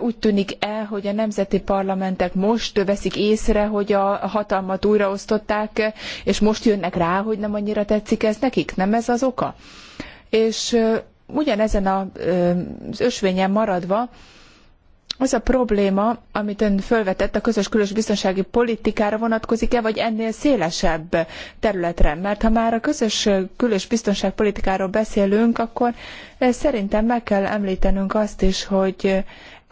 Úgy tűnik-e, hogy a nemzeti parlamentek most veszik észre, hogy a hatalmat újraosztották, és most jönnek rá, hogy nem annyira tetszik ez nekik? Nem ez az oka? És ugyanezen az ösvényen maradva, az a probléma, amit ön fölvetett, a közös külös biztonsági politikára vonatkozik-e, vagy ennél szélesebb területre? Mert ha már a közös külös biztonságpolitikáról beszélünk, akkor szerintem meg kell említenünk azt is, hogy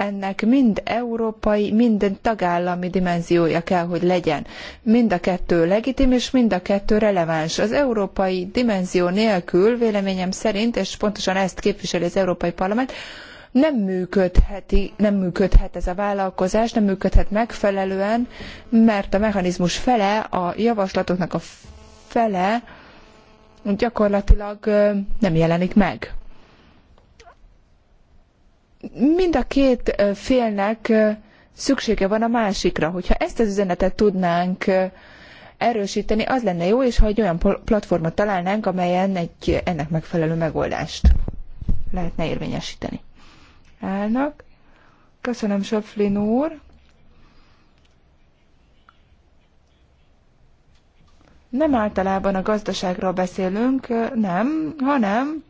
ennek mind európai, mind tagállami dimenziója kell, hogy legyen. Mind a kettő legitim, és mind a kettő releváns. Az európai dimenzió nélkül, véleményem szerint, és pontosan ezt képviseli az Európai Parlament, nem, működheti, nem működhet ez a vállalkozás, nem működhet megfelelően, mert a mechanizmus fele, a javaslatoknak a fele gyakorlatilag nem jelenik meg mind a két félnek szüksége van a másikra. Hogyha ezt az üzenetet tudnánk erősíteni, az lenne jó, és ha egy olyan platformot találnánk, amelyen egy ennek megfelelő megoldást lehetne érvényesíteni. Állnak. Köszönöm, Söflin úr. Nem általában a gazdaságról beszélünk, nem, hanem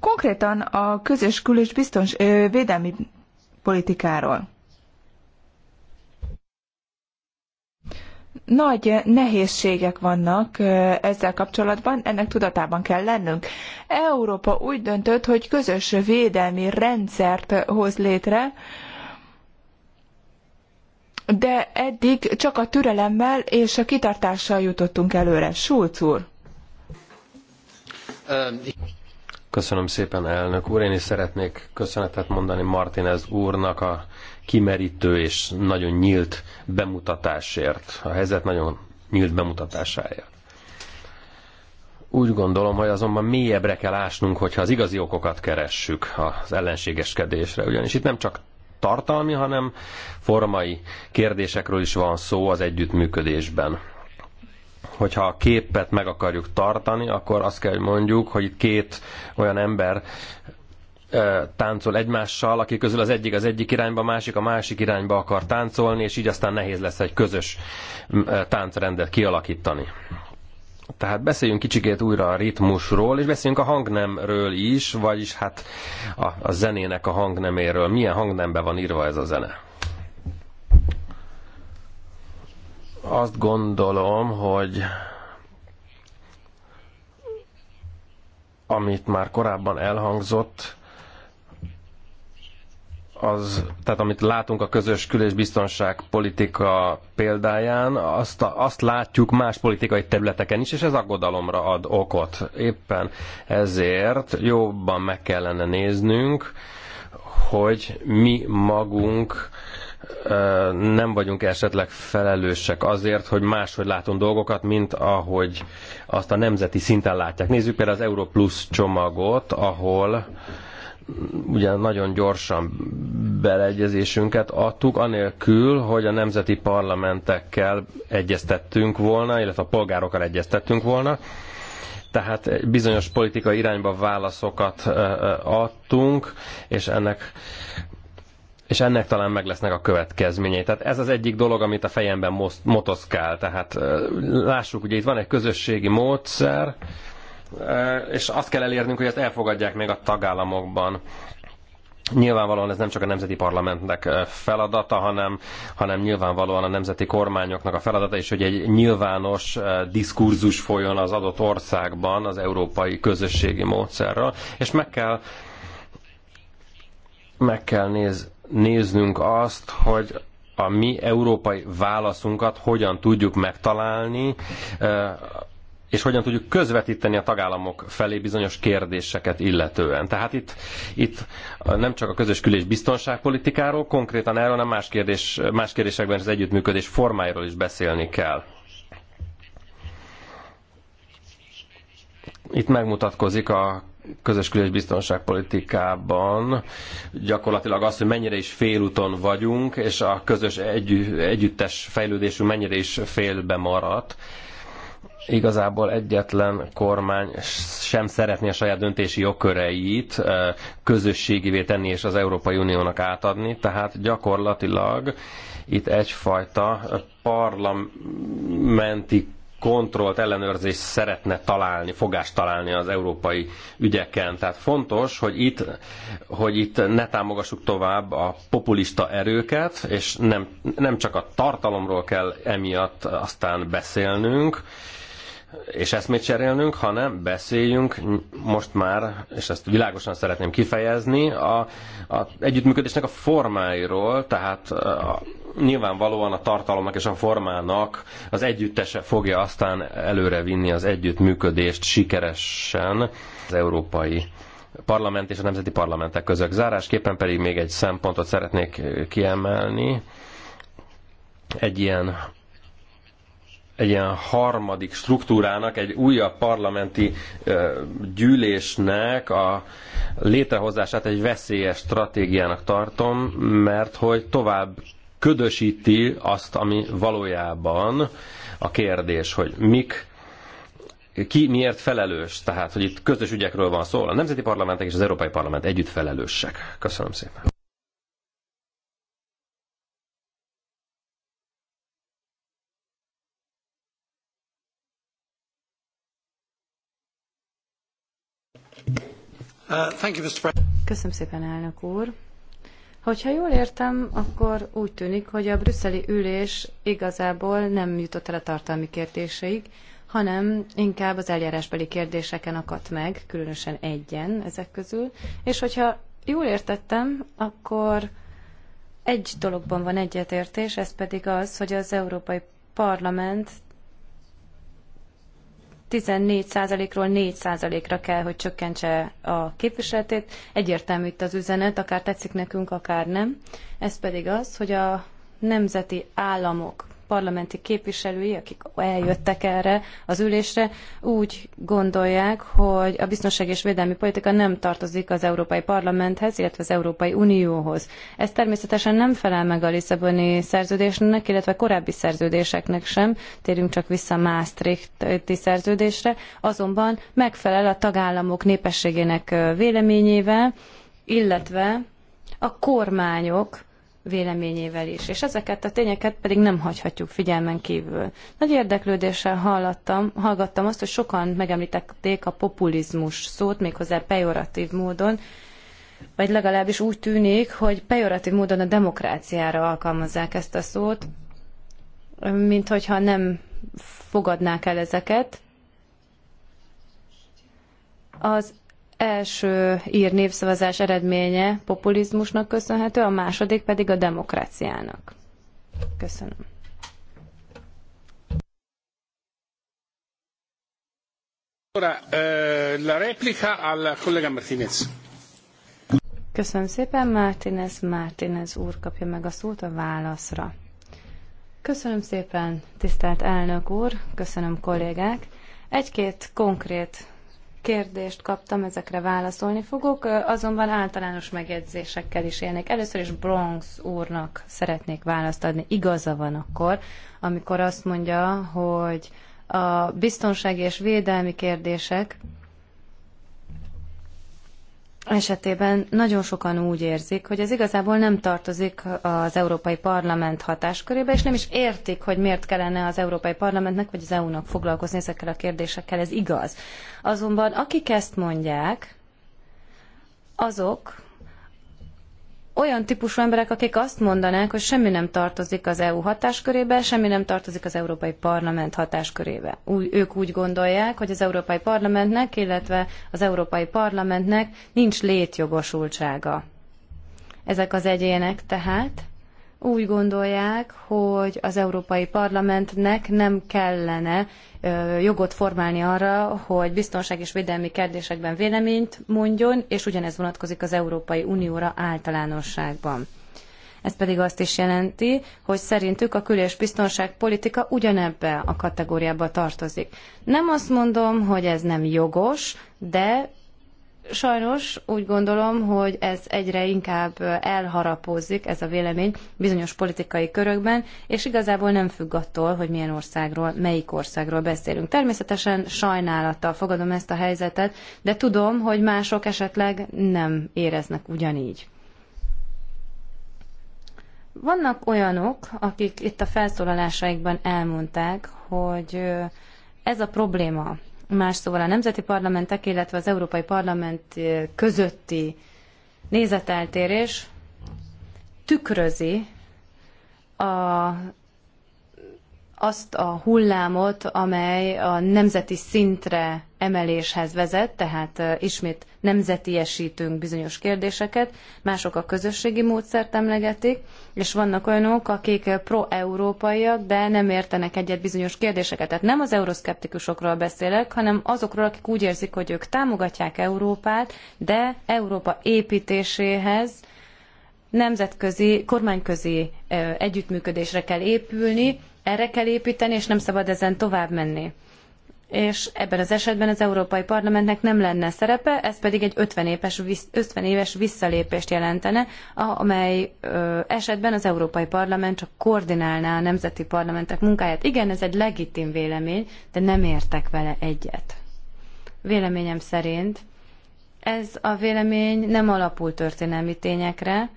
Konkrétan a közös kül- és biztons ö, védelmi politikáról. Nagy nehézségek vannak ezzel kapcsolatban, ennek tudatában kell lennünk. Európa úgy döntött, hogy közös védelmi rendszert hoz létre, de eddig csak a türelemmel és a kitartással jutottunk előre. Schulz úr! Köszönöm szépen, elnök úr. Én is szeretnék köszönetet mondani Martinez úrnak a kimerítő és nagyon nyílt bemutatásért. A helyzet nagyon nyílt bemutatásáért. Úgy gondolom, hogy azonban mélyebbre kell ásnunk, hogyha az igazi okokat keressük az ellenségeskedésre. Ugyanis itt nem csak tartalmi, hanem formai kérdésekről is van szó az együttműködésben hogyha a képet meg akarjuk tartani, akkor azt kell, hogy mondjuk, hogy itt két olyan ember táncol egymással, akik közül az egyik az egyik irányba, a másik a másik irányba akar táncolni, és így aztán nehéz lesz egy közös táncrendet kialakítani. Tehát beszéljünk kicsikét újra a ritmusról, és beszéljünk a hangnemről is, vagyis hát a, a zenének a hangneméről. Milyen hangnemben van írva ez a zene? Azt gondolom, hogy amit már korábban elhangzott, az, tehát amit látunk a közös kül- és biztonságpolitika példáján, azt, a, azt látjuk más politikai területeken is, és ez aggodalomra ad okot. Éppen ezért jobban meg kellene néznünk, hogy mi magunk nem vagyunk esetleg felelősek azért, hogy máshogy látunk dolgokat, mint ahogy azt a nemzeti szinten látják. Nézzük például az Plus csomagot, ahol ugye nagyon gyorsan beleegyezésünket adtuk, anélkül, hogy a nemzeti parlamentekkel egyeztettünk volna, illetve a polgárokkal egyeztettünk volna. Tehát bizonyos politikai irányba válaszokat adtunk, és ennek és ennek talán meg lesznek a következményei. Tehát ez az egyik dolog, amit a fejemben most, motoszkál. Tehát lássuk, ugye itt van egy közösségi módszer, és azt kell elérnünk, hogy ezt elfogadják még a tagállamokban. Nyilvánvalóan ez nem csak a nemzeti parlamentnek feladata, hanem, hanem nyilvánvalóan a nemzeti kormányoknak a feladata is, hogy egy nyilvános diskurzus folyjon az adott országban az európai közösségi módszerről, és meg kell meg kell néz, néznünk azt, hogy a mi európai válaszunkat hogyan tudjuk megtalálni, és hogyan tudjuk közvetíteni a tagállamok felé bizonyos kérdéseket illetően. Tehát itt, itt nem csak a közös külés biztonságpolitikáról, konkrétan erről, hanem más, kérdés, más kérdésekben az együttműködés formáiról is beszélni kell. Itt megmutatkozik a közös külös biztonságpolitikában gyakorlatilag az, hogy mennyire is félúton vagyunk, és a közös egy, együttes fejlődésünk mennyire is félbe maradt. Igazából egyetlen kormány sem szeretné a saját döntési jogköreit közösségivé tenni és az Európai Uniónak átadni, tehát gyakorlatilag itt egyfajta parlamenti kontrollt, ellenőrzést szeretne találni, fogást találni az európai ügyeken. Tehát fontos, hogy itt, hogy itt ne támogassuk tovább a populista erőket, és nem, nem csak a tartalomról kell emiatt aztán beszélnünk, és eszmét cserélnünk, hanem beszéljünk most már, és ezt világosan szeretném kifejezni, a, a együttműködésnek a formáiról, tehát a, nyilvánvalóan a tartalomnak és a formának az együttese fogja aztán előre vinni az együttműködést sikeresen az európai parlament és a nemzeti parlamentek között. Zárásképpen pedig még egy szempontot szeretnék kiemelni. Egy ilyen egy ilyen harmadik struktúrának, egy újabb parlamenti gyűlésnek a létrehozását egy veszélyes stratégiának tartom, mert hogy tovább ködösíti azt, ami valójában a kérdés, hogy mik ki miért felelős, tehát hogy itt közös ügyekről van szó. A nemzeti parlamentek és az európai parlament együtt felelősek. Köszönöm szépen. Uh, Köszönöm szépen, elnök úr. Hogyha jól értem, akkor úgy tűnik, hogy a brüsszeli ülés igazából nem jutott el a tartalmi kérdéseig, hanem inkább az eljárásbeli kérdéseken akadt meg, különösen egyen ezek közül. És hogyha jól értettem, akkor egy dologban van egyetértés, ez pedig az, hogy az Európai Parlament 14%-ról 4%-ra kell, hogy csökkentse a képviseletét. Egyértelmű itt az üzenet, akár tetszik nekünk, akár nem. Ez pedig az, hogy a nemzeti államok parlamenti képviselői, akik eljöttek erre az ülésre, úgy gondolják, hogy a biztonság és védelmi politika nem tartozik az Európai Parlamenthez, illetve az Európai Unióhoz. Ez természetesen nem felel meg a Lisszaboni szerződésnek, illetve korábbi szerződéseknek sem, térjünk csak vissza a Maastrichti szerződésre, azonban megfelel a tagállamok népességének véleményével, illetve a kormányok véleményével is, és ezeket a tényeket pedig nem hagyhatjuk figyelmen kívül. Nagy érdeklődéssel hallattam, hallgattam azt, hogy sokan megemlítették a populizmus szót, méghozzá pejoratív módon, vagy legalábbis úgy tűnik, hogy pejoratív módon a demokráciára alkalmazzák ezt a szót, mint hogyha nem fogadnák el ezeket. Az első ír népszavazás eredménye populizmusnak köszönhető, a második pedig a demokráciának. Köszönöm. Eh, köszönöm szépen, Martinez, Martinez úr kapja meg a szót a válaszra. Köszönöm szépen, tisztelt elnök úr, köszönöm kollégák. Egy-két konkrét kérdést kaptam, ezekre válaszolni fogok, azonban általános megjegyzésekkel is élnék. Először is Bronx úrnak szeretnék választ adni. Igaza van akkor, amikor azt mondja, hogy a biztonsági és védelmi kérdések esetében nagyon sokan úgy érzik, hogy ez igazából nem tartozik az Európai Parlament hatáskörébe, és nem is értik, hogy miért kellene az Európai Parlamentnek vagy az EU-nak foglalkozni ezekkel a kérdésekkel, ez igaz. Azonban akik ezt mondják, azok olyan típusú emberek, akik azt mondanák, hogy semmi nem tartozik az EU hatáskörébe, semmi nem tartozik az Európai Parlament hatáskörébe. ők úgy gondolják, hogy az Európai Parlamentnek, illetve az Európai Parlamentnek nincs létjogosultsága. Ezek az egyének tehát úgy gondolják, hogy az Európai Parlamentnek nem kellene jogot formálni arra, hogy biztonság és védelmi kérdésekben véleményt mondjon, és ugyanez vonatkozik az Európai Unióra általánosságban. Ez pedig azt is jelenti, hogy szerintük a kül- és biztonságpolitika ugyanebbe a kategóriába tartozik. Nem azt mondom, hogy ez nem jogos, de Sajnos úgy gondolom, hogy ez egyre inkább elharapózik, ez a vélemény bizonyos politikai körökben, és igazából nem függ attól, hogy milyen országról, melyik országról beszélünk. Természetesen sajnálattal fogadom ezt a helyzetet, de tudom, hogy mások esetleg nem éreznek ugyanígy. Vannak olyanok, akik itt a felszólalásaikban elmondták, hogy ez a probléma, Más szóval a nemzeti parlamentek, illetve az Európai Parlament eh, közötti nézeteltérés tükrözi a azt a hullámot, amely a nemzeti szintre emeléshez vezet, tehát ismét nemzetiesítünk bizonyos kérdéseket, mások a közösségi módszert emlegetik, és vannak olyanok, akik pro-európaiak, de nem értenek egyet bizonyos kérdéseket. Tehát nem az euroszkeptikusokról beszélek, hanem azokról, akik úgy érzik, hogy ők támogatják Európát, de Európa építéséhez nemzetközi, kormányközi együttműködésre kell épülni, erre kell építeni, és nem szabad ezen tovább menni. És ebben az esetben az Európai Parlamentnek nem lenne szerepe, ez pedig egy 50 éves, 50 éves visszalépést jelentene, amely esetben az Európai Parlament csak koordinálná a nemzeti parlamentek munkáját. Igen, ez egy legitim vélemény, de nem értek vele egyet. Véleményem szerint ez a vélemény nem alapul történelmi tényekre,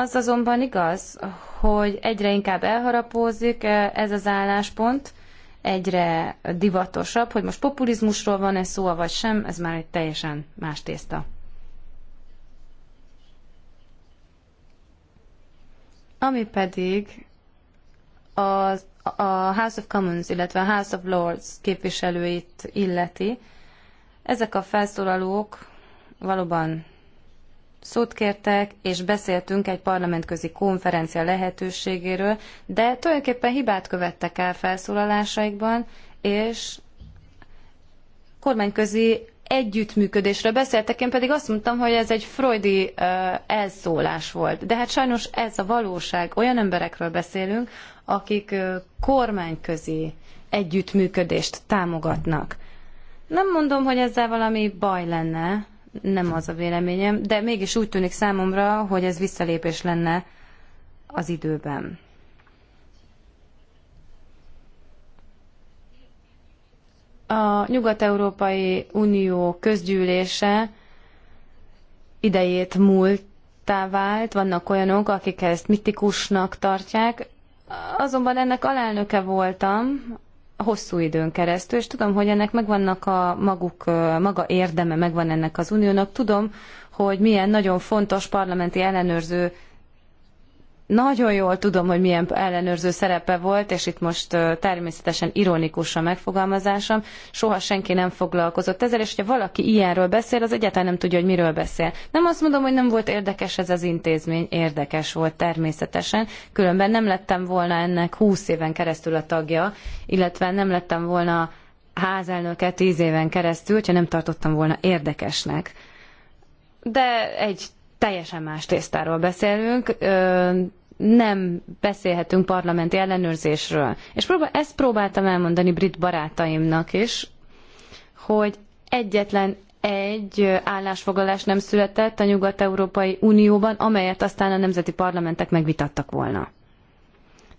az azonban igaz, hogy egyre inkább elharapózik eh, ez az álláspont, egyre divatosabb, hogy most populizmusról van-e szó, vagy sem, ez már egy teljesen más tészta. Ami pedig a, a House of Commons, illetve a House of Lords képviselőit illeti, ezek a felszólalók valóban szót kértek, és beszéltünk egy parlamentközi konferencia lehetőségéről, de tulajdonképpen hibát követtek el felszólalásaikban, és kormányközi együttműködésről beszéltek, én pedig azt mondtam, hogy ez egy freudi uh, elszólás volt. De hát sajnos ez a valóság. Olyan emberekről beszélünk, akik uh, kormányközi együttműködést támogatnak. Nem mondom, hogy ezzel valami baj lenne, nem az a véleményem, de mégis úgy tűnik számomra, hogy ez visszalépés lenne az időben. A Nyugat-Európai Unió közgyűlése idejét múltá vált, vannak olyanok, akik ezt mitikusnak tartják, azonban ennek alelnöke voltam hosszú időn keresztül, és tudom, hogy ennek megvannak a maguk, maga érdeme, megvan ennek az uniónak. Tudom, hogy milyen nagyon fontos parlamenti ellenőrző nagyon jól tudom, hogy milyen ellenőrző szerepe volt, és itt most természetesen ironikus a megfogalmazásom. Soha senki nem foglalkozott ezzel, és ha valaki ilyenről beszél, az egyáltalán nem tudja, hogy miről beszél. Nem azt mondom, hogy nem volt érdekes ez az intézmény, érdekes volt természetesen, különben nem lettem volna ennek 20 éven keresztül a tagja, illetve nem lettem volna házelnöke 10 éven keresztül, ha nem tartottam volna érdekesnek. De egy teljesen más tésztáról beszélünk, nem beszélhetünk parlamenti ellenőrzésről. És próbál, ezt próbáltam elmondani brit barátaimnak is, hogy egyetlen egy állásfoglalás nem született a Nyugat-Európai Unióban, amelyet aztán a nemzeti parlamentek megvitattak volna.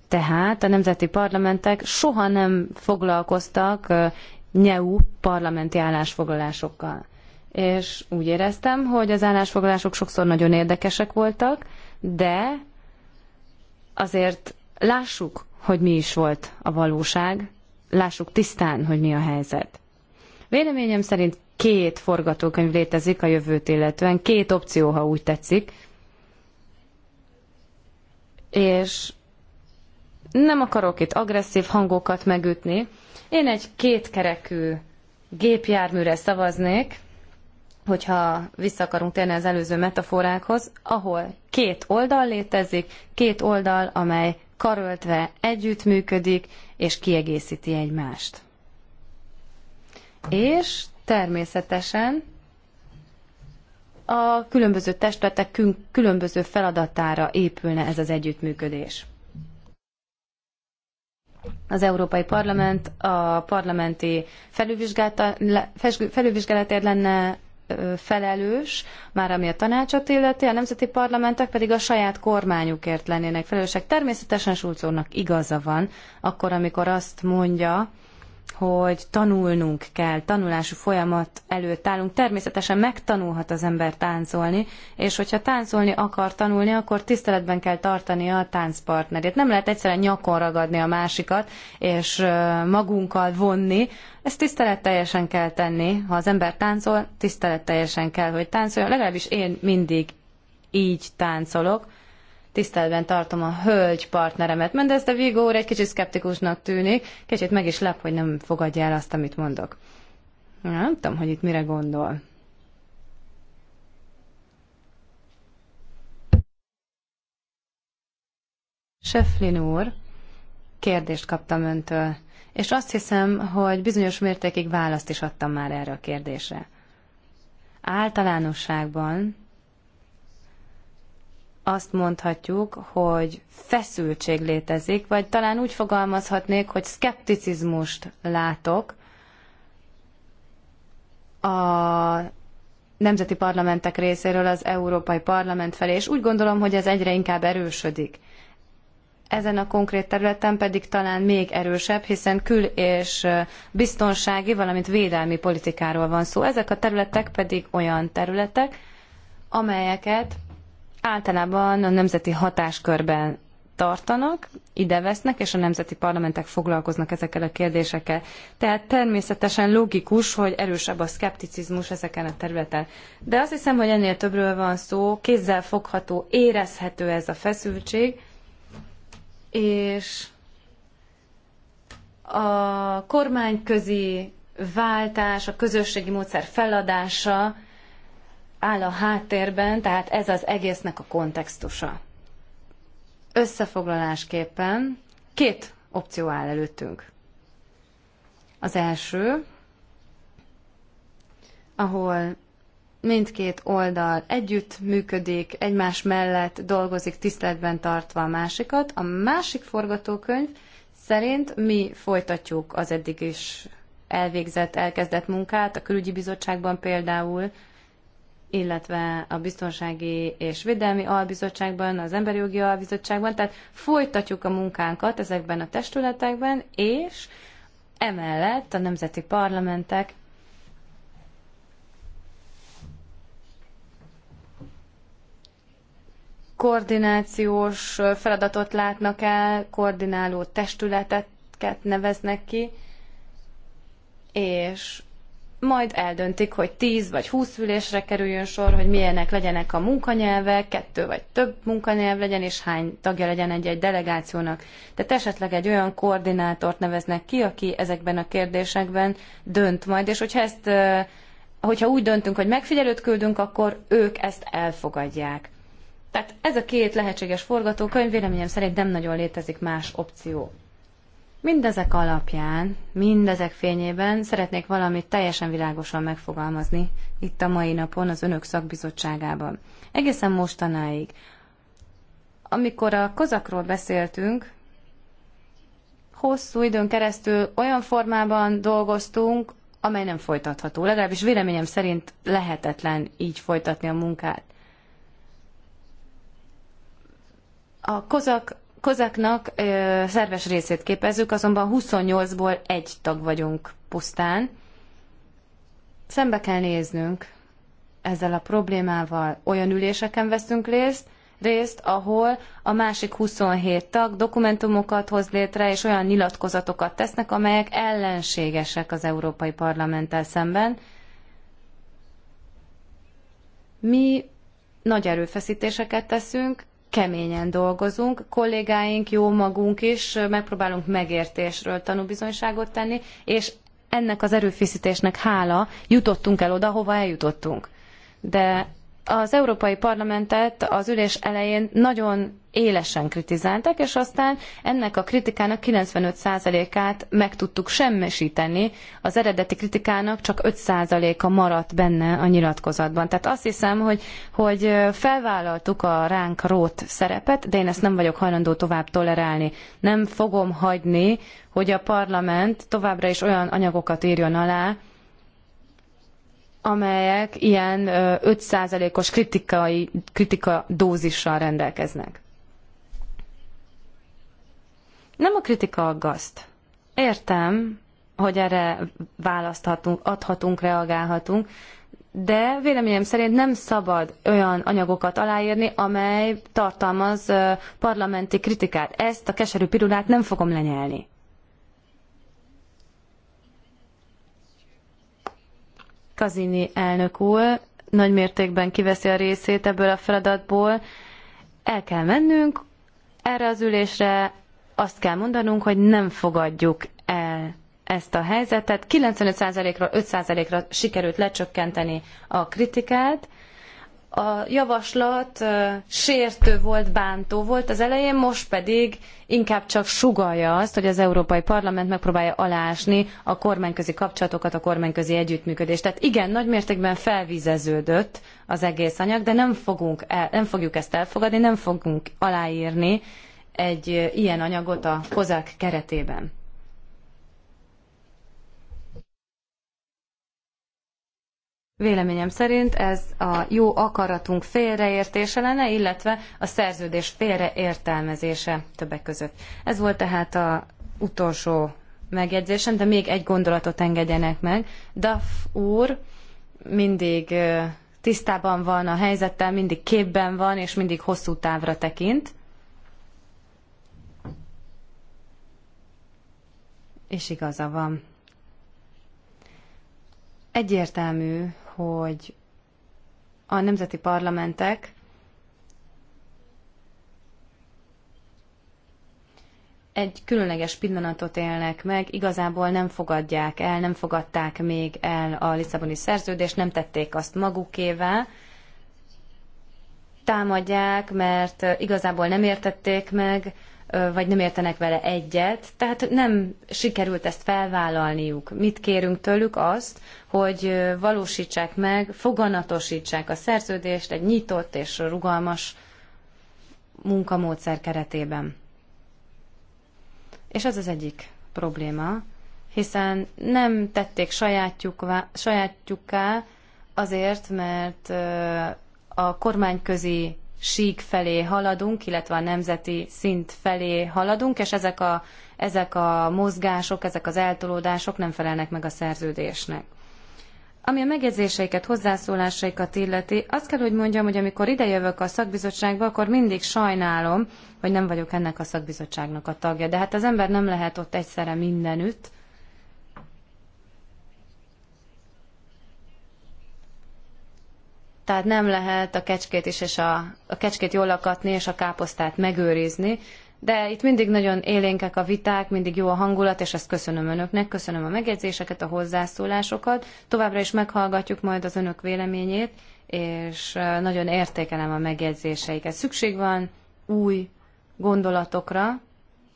Tehát a nemzeti parlamentek soha nem foglalkoztak NEU parlamenti állásfoglalásokkal és úgy éreztem, hogy az állásfoglalások sokszor nagyon érdekesek voltak, de azért lássuk, hogy mi is volt a valóság, lássuk tisztán, hogy mi a helyzet. Véleményem szerint két forgatókönyv létezik a jövőt illetően, két opció, ha úgy tetszik, és nem akarok itt agresszív hangokat megütni. Én egy kétkerekű gépjárműre szavaznék, hogyha vissza akarunk térni az előző metaforákhoz, ahol két oldal létezik, két oldal, amely karöltve együttműködik, és kiegészíti egymást. És természetesen a különböző testületek különböző feladatára épülne ez az együttműködés. Az Európai Parlament a parlamenti felülvizsgálatért lenne felelős, már ami a tanácsot illeti, a nemzeti parlamentek pedig a saját kormányukért lennének felelősek. Természetesen Sulcónak igaza van, akkor, amikor azt mondja, hogy tanulnunk kell, tanulási folyamat előtt állunk. Természetesen megtanulhat az ember táncolni, és hogyha táncolni akar tanulni, akkor tiszteletben kell tartani a táncpartnerét. Nem lehet egyszerűen nyakon ragadni a másikat, és magunkkal vonni. Ezt teljesen kell tenni. Ha az ember táncol, teljesen kell, hogy táncoljon. Legalábbis én mindig így táncolok tiszteletben tartom a hölgy partneremet. Mendez de Vigo úr egy kicsit szkeptikusnak tűnik, kicsit meg is lep, hogy nem fogadja el azt, amit mondok. Nem tudom, hogy itt mire gondol. Seflin úr, kérdést kaptam öntől, és azt hiszem, hogy bizonyos mértékig választ is adtam már erre a kérdésre. Általánosságban azt mondhatjuk, hogy feszültség létezik, vagy talán úgy fogalmazhatnék, hogy szkepticizmust látok a nemzeti parlamentek részéről az Európai Parlament felé, és úgy gondolom, hogy ez egyre inkább erősödik. Ezen a konkrét területen pedig talán még erősebb, hiszen kül- és biztonsági, valamint védelmi politikáról van szó. Ezek a területek pedig olyan területek, amelyeket általában a nemzeti hatáskörben tartanak, ide vesznek, és a nemzeti parlamentek foglalkoznak ezekkel a kérdésekkel. Tehát természetesen logikus, hogy erősebb a szkepticizmus ezeken a területen. De azt hiszem, hogy ennél többről van szó, kézzel fogható, érezhető ez a feszültség, és a kormányközi váltás, a közösségi módszer feladása, áll a háttérben, tehát ez az egésznek a kontextusa. Összefoglalásképpen két opció áll előttünk. Az első, ahol mindkét oldal együtt működik, egymás mellett dolgozik, tiszteletben tartva a másikat. A másik forgatókönyv szerint mi folytatjuk az eddig is elvégzett, elkezdett munkát, a külügyi bizottságban például, illetve a Biztonsági és Védelmi Albizottságban, az Emberi Jogi Albizottságban, tehát folytatjuk a munkánkat ezekben a testületekben, és emellett a nemzeti parlamentek koordinációs feladatot látnak el, koordináló testületeket neveznek ki, és majd eldöntik, hogy 10 vagy 20 ülésre kerüljön sor, hogy milyenek legyenek a munkanyelvek, kettő vagy több munkanyelv legyen, és hány tagja legyen egy-egy delegációnak. Tehát esetleg egy olyan koordinátort neveznek ki, aki ezekben a kérdésekben dönt majd, és hogyha ezt hogyha úgy döntünk, hogy megfigyelőt küldünk, akkor ők ezt elfogadják. Tehát ez a két lehetséges forgatókönyv véleményem szerint nem nagyon létezik más opció. Mindezek alapján, mindezek fényében szeretnék valamit teljesen világosan megfogalmazni itt a mai napon az Önök szakbizottságában. Egészen mostanáig, amikor a kozakról beszéltünk, hosszú időn keresztül olyan formában dolgoztunk, amely nem folytatható. Legalábbis véleményem szerint lehetetlen így folytatni a munkát. A kozak kozaknak szerves részét képezzük, azonban 28-ból egy tag vagyunk pusztán. Szembe kell néznünk ezzel a problémával. Olyan üléseken veszünk részt, részt, ahol a másik 27 tag dokumentumokat hoz létre, és olyan nyilatkozatokat tesznek, amelyek ellenségesek az Európai Parlamenttel szemben. Mi nagy erőfeszítéseket teszünk, keményen dolgozunk, kollégáink, jó magunk is megpróbálunk megértésről tanúbizonyságot tenni, és ennek az erőfeszítésnek hála jutottunk el oda, hova eljutottunk. De az Európai Parlamentet az ülés elején nagyon élesen kritizáltak, és aztán ennek a kritikának 95%-át meg tudtuk semmisíteni, az eredeti kritikának csak 5%-a maradt benne a nyilatkozatban. Tehát azt hiszem, hogy, hogy felvállaltuk a ránk rót szerepet, de én ezt nem vagyok hajlandó tovább tolerálni. Nem fogom hagyni, hogy a parlament továbbra is olyan anyagokat írjon alá, amelyek ilyen 5%-os kritikai, kritika dózissal rendelkeznek. Nem a kritika aggaszt. Értem, hogy erre választhatunk, adhatunk, reagálhatunk, de véleményem szerint nem szabad olyan anyagokat aláírni, amely tartalmaz parlamenti kritikát. Ezt a keserű pirulát nem fogom lenyelni. Kazini elnök úr nagy mértékben kiveszi a részét ebből a feladatból. El kell mennünk erre az ülésre, azt kell mondanunk, hogy nem fogadjuk el ezt a helyzetet. 95%-ról 5%-ra sikerült lecsökkenteni a kritikát. A javaslat sértő volt, bántó volt az elején, most pedig inkább csak sugalja azt, hogy az Európai Parlament megpróbálja alásni a kormányközi kapcsolatokat, a kormányközi együttműködést. Tehát igen, nagy mértékben felvizeződött az egész anyag, de nem, fogunk el, nem fogjuk ezt elfogadni, nem fogunk aláírni egy ilyen anyagot a kozák keretében. Véleményem szerint ez a jó akaratunk félreértése lenne, illetve a szerződés félreértelmezése többek között. Ez volt tehát a utolsó megjegyzésem, de még egy gondolatot engedjenek meg. Duff úr mindig tisztában van a helyzettel, mindig képben van, és mindig hosszú távra tekint. és igaza van. Egyértelmű, hogy a nemzeti parlamentek egy különleges pillanatot élnek meg, igazából nem fogadják el, nem fogadták még el a Lisszaboni szerződést, nem tették azt magukével, támadják, mert igazából nem értették meg, vagy nem értenek vele egyet, tehát nem sikerült ezt felvállalniuk. Mit kérünk tőlük azt, hogy valósítsák meg, foganatosítsák a szerződést egy nyitott és rugalmas munkamódszer keretében. És ez az egyik probléma, hiszen nem tették sajátjukká azért, mert a kormányközi sík felé haladunk, illetve a nemzeti szint felé haladunk, és ezek a, ezek a mozgások, ezek az eltolódások nem felelnek meg a szerződésnek. Ami a megjegyzéseiket, hozzászólásaikat illeti, azt kell, hogy mondjam, hogy amikor idejövök a szakbizottságba, akkor mindig sajnálom, hogy nem vagyok ennek a szakbizottságnak a tagja. De hát az ember nem lehet ott egyszerre mindenütt. Tehát nem lehet a kecskét is, és a, a kecskét jól lakatni, és a káposztát megőrizni. De itt mindig nagyon élénkek a viták, mindig jó a hangulat, és ezt köszönöm önöknek, köszönöm a megjegyzéseket, a hozzászólásokat. Továbbra is meghallgatjuk majd az önök véleményét, és nagyon értékelem a megjegyzéseiket. Szükség van új gondolatokra,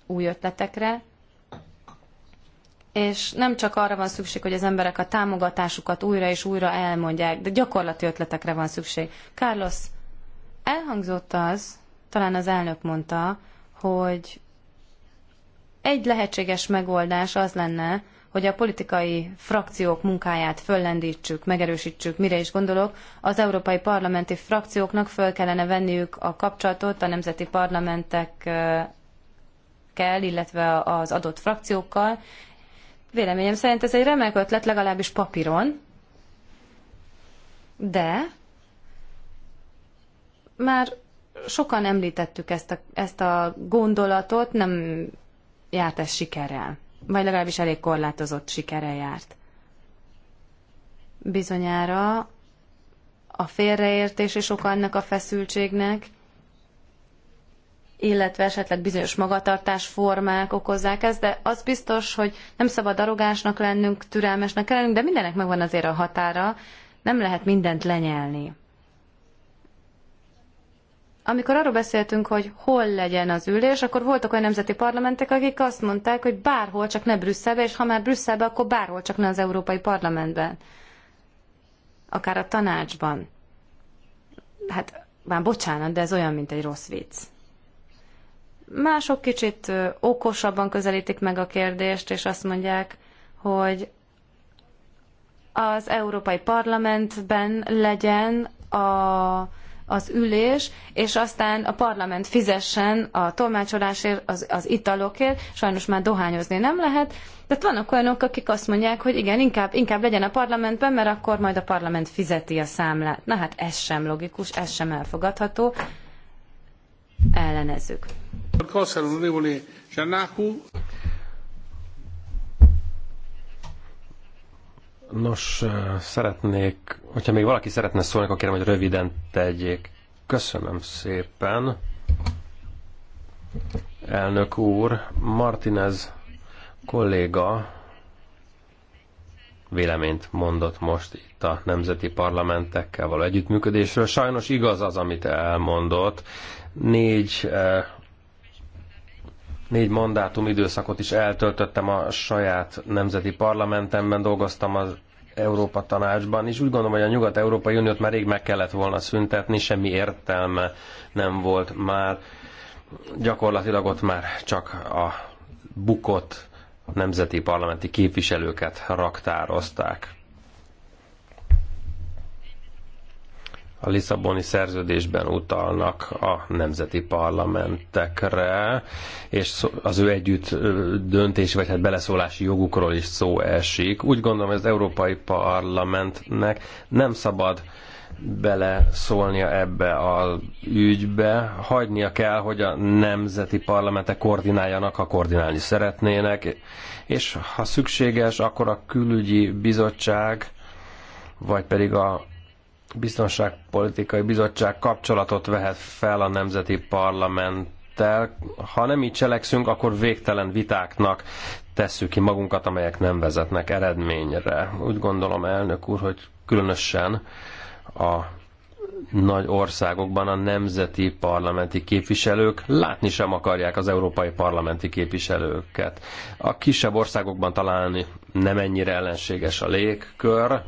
új ötletekre, és nem csak arra van szükség, hogy az emberek a támogatásukat újra és újra elmondják, de gyakorlati ötletekre van szükség. Carlos, elhangzott az, talán az elnök mondta, hogy egy lehetséges megoldás az lenne, hogy a politikai frakciók munkáját föllendítsük, megerősítsük, mire is gondolok, az európai parlamenti frakcióknak föl kellene venniük a kapcsolatot a nemzeti parlamentekkel, illetve az adott frakciókkal, Véleményem szerint ez egy remek ötlet, legalábbis papíron, de már sokan említettük ezt a, ezt a gondolatot, nem járt ez sikerrel, vagy legalábbis elég korlátozott sikerrel járt. Bizonyára a félreértés is oka ennek a feszültségnek, illetve esetleg bizonyos magatartásformák okozzák ezt, de az biztos, hogy nem szabad arrogánsnak lennünk, türelmesnek kell lennünk, de mindennek megvan azért a határa, nem lehet mindent lenyelni. Amikor arról beszéltünk, hogy hol legyen az ülés, akkor voltak olyan nemzeti parlamentek, akik azt mondták, hogy bárhol, csak ne Brüsszelbe, és ha már Brüsszelbe, akkor bárhol, csak ne az Európai Parlamentben. Akár a tanácsban. Hát már bocsánat, de ez olyan, mint egy rossz vicc. Mások kicsit okosabban közelítik meg a kérdést, és azt mondják, hogy az Európai Parlamentben legyen a, az ülés, és aztán a parlament fizessen a tolmácsolásért, az, az italokért, sajnos már dohányozni nem lehet. Tehát vannak olyanok, akik azt mondják, hogy igen, inkább, inkább legyen a parlamentben, mert akkor majd a parlament fizeti a számlát. Na hát ez sem logikus, ez sem elfogadható. Ellenezzük. Nos, eh, szeretnék, hogyha még valaki szeretne szólni, akkor kérem, hogy röviden tegyék. Köszönöm szépen. Elnök úr, Martinez kolléga véleményt mondott most itt a nemzeti parlamentekkel való együttműködésről. Sajnos igaz az, amit elmondott. Négy eh, négy mandátum időszakot is eltöltöttem a saját nemzeti parlamentemben, dolgoztam az Európa Tanácsban, és úgy gondolom, hogy a Nyugat-Európai Uniót már rég meg kellett volna szüntetni, semmi értelme nem volt már. Gyakorlatilag ott már csak a bukott nemzeti parlamenti képviselőket raktározták. a Lisszaboni szerződésben utalnak a nemzeti parlamentekre, és az ő együtt döntési, vagy hát beleszólási jogukról is szó esik. Úgy gondolom, ez az Európai Parlamentnek nem szabad beleszólnia ebbe a ügybe. Hagynia kell, hogy a nemzeti parlamentek koordináljanak, ha koordinálni szeretnének, és ha szükséges, akkor a külügyi bizottság, vagy pedig a biztonságpolitikai bizottság kapcsolatot vehet fel a nemzeti parlamenttel. Ha nem így cselekszünk, akkor végtelen vitáknak tesszük ki magunkat, amelyek nem vezetnek eredményre. Úgy gondolom, elnök úr, hogy különösen a nagy országokban a nemzeti parlamenti képviselők látni sem akarják az európai parlamenti képviselőket. A kisebb országokban talán nem ennyire ellenséges a légkör,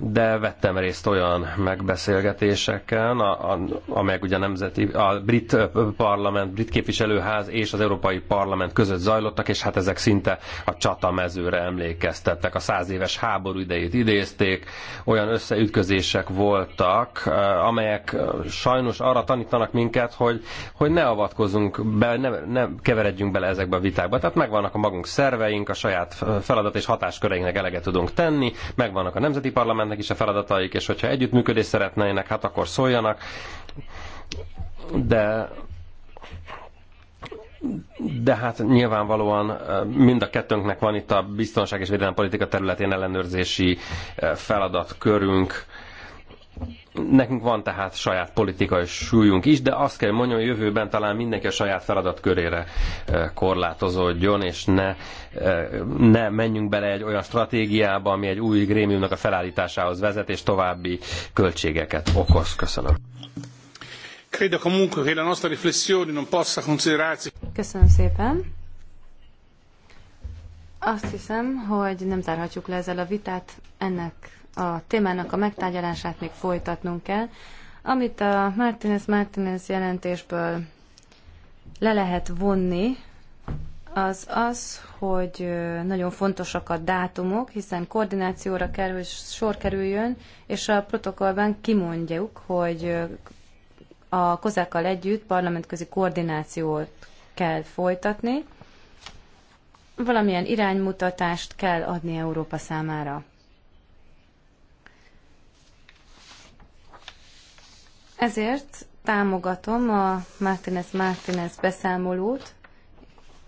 de vettem részt olyan megbeszélgetéseken, a, a, amelyek ugye a nemzeti, a brit parlament, brit képviselőház és az európai parlament között zajlottak, és hát ezek szinte a csatamezőre emlékeztettek. A száz éves háború idejét idézték, olyan összeütközések voltak, amelyek sajnos arra tanítanak minket, hogy, hogy ne avatkozunk be, ne, ne keveredjünk bele ezekbe a vitákba. Tehát megvannak a magunk szerveink, a saját feladat és hatásköreinknek eleget tudunk tenni, megvannak a nemzeti parlament, parlamentnek is a feladataik, és hogyha együttműködést szeretnének, hát akkor szóljanak. De de hát nyilvánvalóan mind a kettőnknek van itt a biztonság és politika területén ellenőrzési feladat körünk Nekünk van tehát saját politikai súlyunk is, de azt kell mondjam, hogy jövőben talán mindenki a saját feladat körére e, korlátozódjon, és ne, e, ne menjünk bele egy olyan stratégiába, ami egy új grémiumnak a felállításához vezet, és további költségeket okoz. Köszönöm. nostra non possa considerarsi. Köszönöm szépen. Azt hiszem, hogy nem zárhatjuk le ezzel a vitát ennek a témának a megtárgyalását még folytatnunk kell. Amit a Martinez-Martinez jelentésből le lehet vonni, az az, hogy nagyon fontosak a dátumok, hiszen koordinációra kerül, sor kerüljön, és a protokollban kimondjuk, hogy a kozákkal együtt parlamentközi koordinációt kell folytatni, valamilyen iránymutatást kell adni Európa számára. Ezért támogatom a Martinez Martinez beszámolót.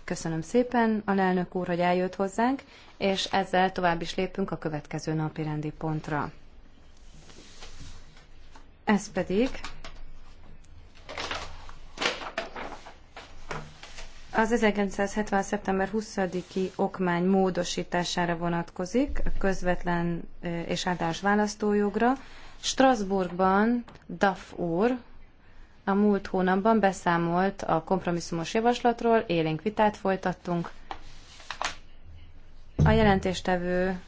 Köszönöm szépen a lelnök úr, hogy eljött hozzánk, és ezzel tovább is lépünk a következő napi rendi pontra. Ez pedig Az 1970. szeptember 20-i okmány módosítására vonatkozik, közvetlen és általános választójogra, Strasbourgban Duff úr a múlt hónapban beszámolt a kompromisszumos javaslatról, élénk vitát folytattunk. A jelentéstevő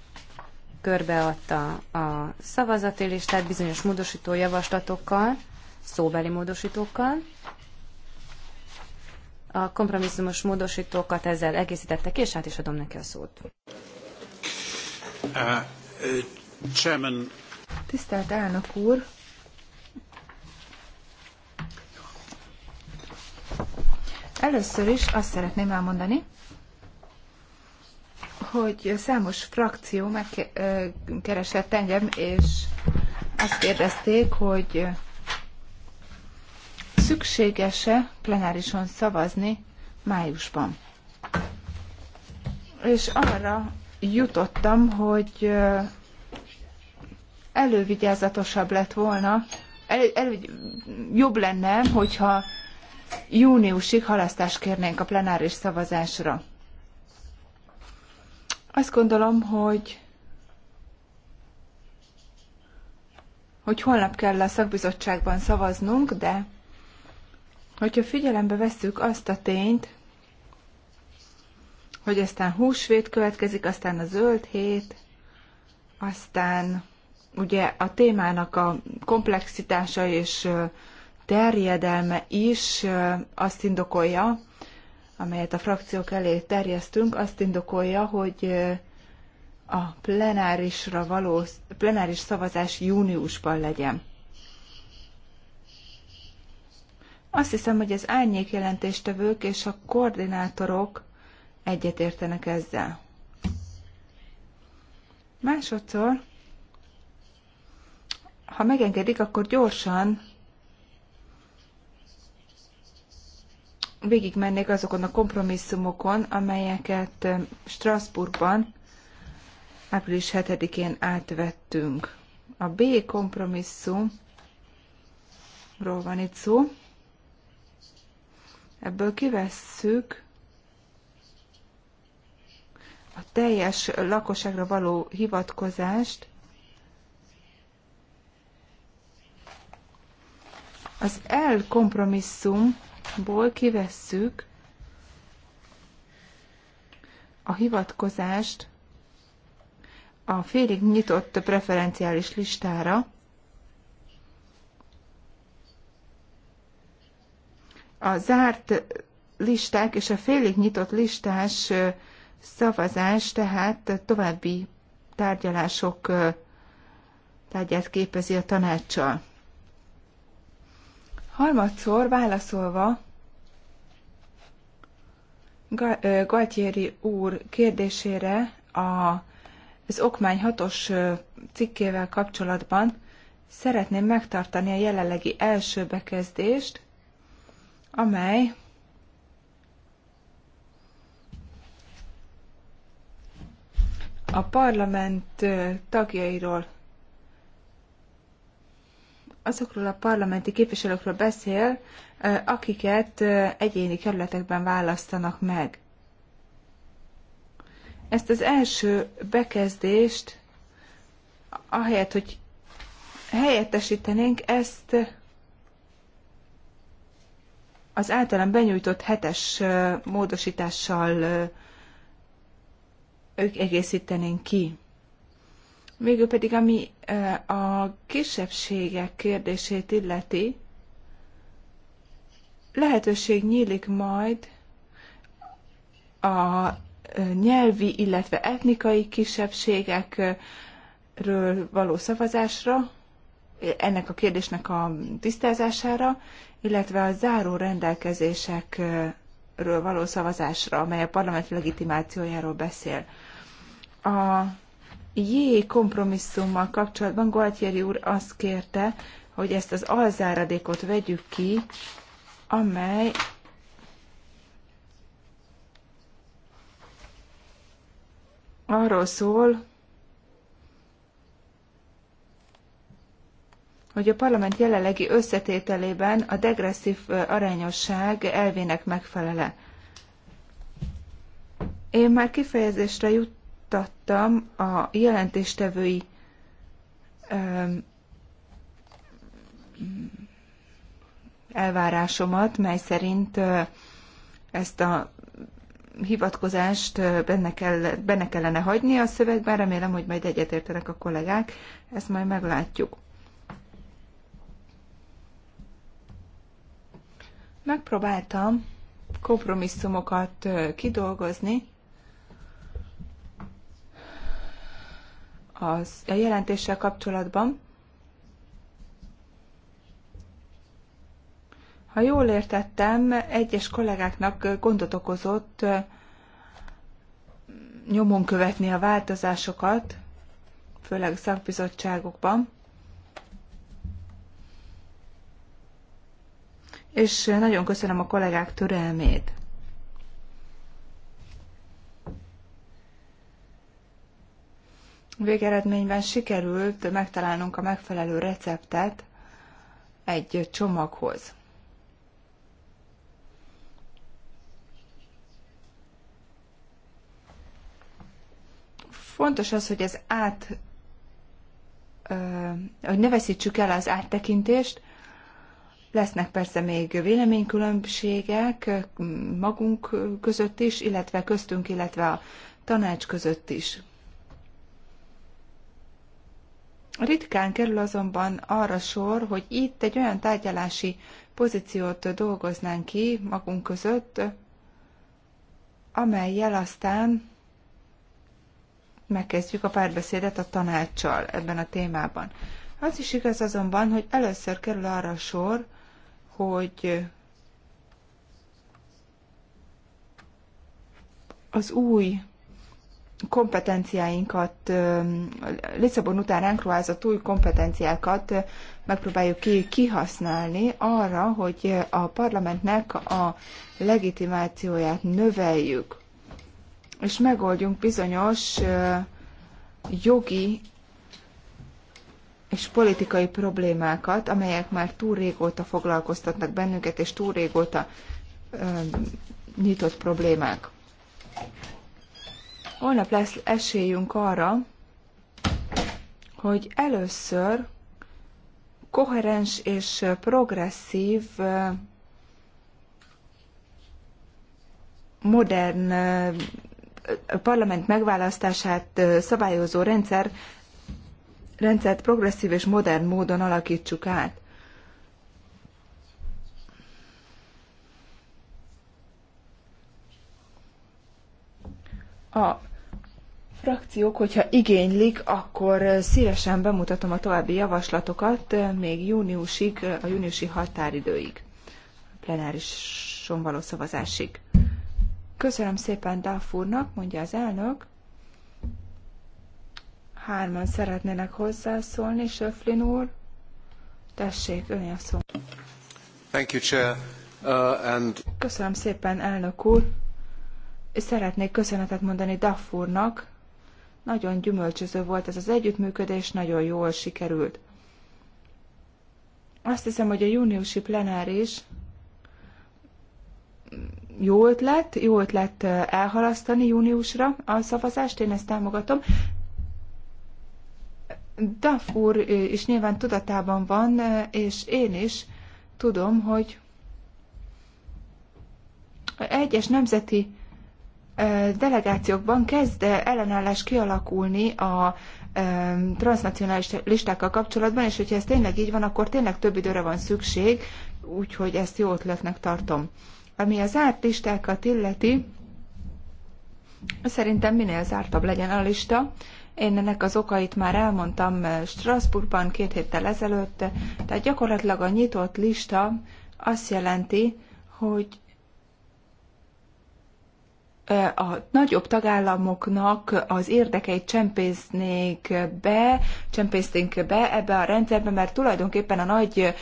körbeadta a szavazati listát bizonyos módosító javaslatokkal, szóbeli módosítókkal. A kompromisszumos módosítókat ezzel ki és át is adom neki a szót. Uh, uh, chairman, Tisztelt elnök úr! Először is azt szeretném elmondani, hogy számos frakció megkeresett engem, és azt kérdezték, hogy szükséges-e plenárison szavazni májusban. És arra jutottam, hogy elővigyázatosabb lett volna, elő, elő, jobb lenne, hogyha júniusig halasztást kérnénk a plenáris szavazásra. Azt gondolom, hogy hogy holnap kell a szakbizottságban szavaznunk, de hogyha figyelembe vesszük azt a tényt, hogy aztán húsvét következik, aztán a zöld hét, aztán ugye a témának a komplexitása és terjedelme is azt indokolja, amelyet a frakciók elé terjesztünk, azt indokolja, hogy a plenárisra való, plenáris szavazás júniusban legyen. Azt hiszem, hogy az árnyék jelentéstevők és a koordinátorok egyetértenek ezzel. Másodszor ha megengedik, akkor gyorsan végigmennék azokon a kompromisszumokon, amelyeket um, Strasbourgban április 7-én átvettünk. A B kompromisszumról van itt szó. Ebből kivesszük a teljes lakosságra való hivatkozást, az L kompromisszumból kivesszük a hivatkozást a félig nyitott preferenciális listára, a zárt listák és a félig nyitott listás szavazás tehát további tárgyalások tárgyát képezi a tanácssal. Harmadszor válaszolva Galtieri úr kérdésére a, az okmány hatos cikkével kapcsolatban szeretném megtartani a jelenlegi első bekezdést, amely a parlament tagjairól azokról a parlamenti képviselőkről beszél, akiket egyéni kerületekben választanak meg. Ezt az első bekezdést, ahelyett, hogy helyettesítenénk, ezt az általán benyújtott hetes módosítással egészítenénk ki. Végül pedig, ami a kisebbségek kérdését illeti, lehetőség nyílik majd a nyelvi, illetve etnikai kisebbségekről való szavazásra, ennek a kérdésnek a tisztázására, illetve a záró rendelkezésekről való szavazásra, amely a parlament legitimációjáról beszél. A J kompromisszummal kapcsolatban Gualtieri úr azt kérte, hogy ezt az alzáradékot vegyük ki, amely arról szól, hogy a parlament jelenlegi összetételében a degresszív arányosság elvének megfelele. Én már kifejezésre jut, láttattam a jelentéstevői elvárásomat, mely szerint ezt a hivatkozást benne, kell, benne kellene hagyni a szövegben, remélem, hogy majd egyetértenek a kollégák, ezt majd meglátjuk. Megpróbáltam kompromisszumokat kidolgozni, az, a jelentéssel kapcsolatban. Ha jól értettem, egyes kollégáknak gondot okozott nyomon követni a változásokat, főleg szakbizottságokban. És nagyon köszönöm a kollégák türelmét. Végeredményben sikerült megtalálnunk a megfelelő receptet egy csomaghoz. Fontos az, hogy ez át, hogy ne veszítsük el az áttekintést, Lesznek persze még véleménykülönbségek magunk között is, illetve köztünk, illetve a tanács között is. Ritkán kerül azonban arra sor, hogy itt egy olyan tárgyalási pozíciót dolgoznánk ki magunk között, amelyel aztán megkezdjük a párbeszédet a tanácssal ebben a témában. Az is igaz azonban, hogy először kerül arra a sor, hogy az új kompetenciáinkat, Lisszabon után ránk ruházott új kompetenciákat megpróbáljuk ki, kihasználni arra, hogy a parlamentnek a legitimációját növeljük, és megoldjunk bizonyos jogi és politikai problémákat, amelyek már túl régóta foglalkoztatnak bennünket, és túl régóta nyitott problémák. Holnap lesz esélyünk arra, hogy először koherens és progresszív modern parlament megválasztását szabályozó rendszer, rendszert progresszív és modern módon alakítsuk át. A frakciók, hogyha igénylik, akkor eh, szívesen bemutatom a további javaslatokat eh, még júniusig, eh, a júniusi határidőig, a plenárison való szavazásig. Köszönöm szépen Dáfúrnak, mondja az elnök. Hárman szeretnének hozzászólni, Söflin úr. Tessék, öné a szó. Thank you, Chair. Uh, and... Köszönöm szépen, elnök úr. És szeretnék köszönetet mondani Daffurnak nagyon gyümölcsöző volt ez az együttműködés, nagyon jól sikerült. Azt hiszem, hogy a júniusi plenáris jó ötlet, jó ötlet elhalasztani júniusra a szavazást, én ezt támogatom. Daf úr is nyilván tudatában van, és én is tudom, hogy egyes nemzeti delegációkban kezd ellenállás kialakulni a transnacionális listákkal kapcsolatban, és hogyha ez tényleg így van, akkor tényleg több időre van szükség, úgyhogy ezt jó ötletnek tartom. Ami az zárt listákat illeti, szerintem minél zártabb legyen a lista. Én ennek az okait már elmondtam Strasbourgban két héttel ezelőtt, tehát gyakorlatilag a nyitott lista azt jelenti, hogy a nagyobb tagállamoknak az érdekeit csempésznék be, csempésznék be ebbe a rendszerbe, mert tulajdonképpen a nagy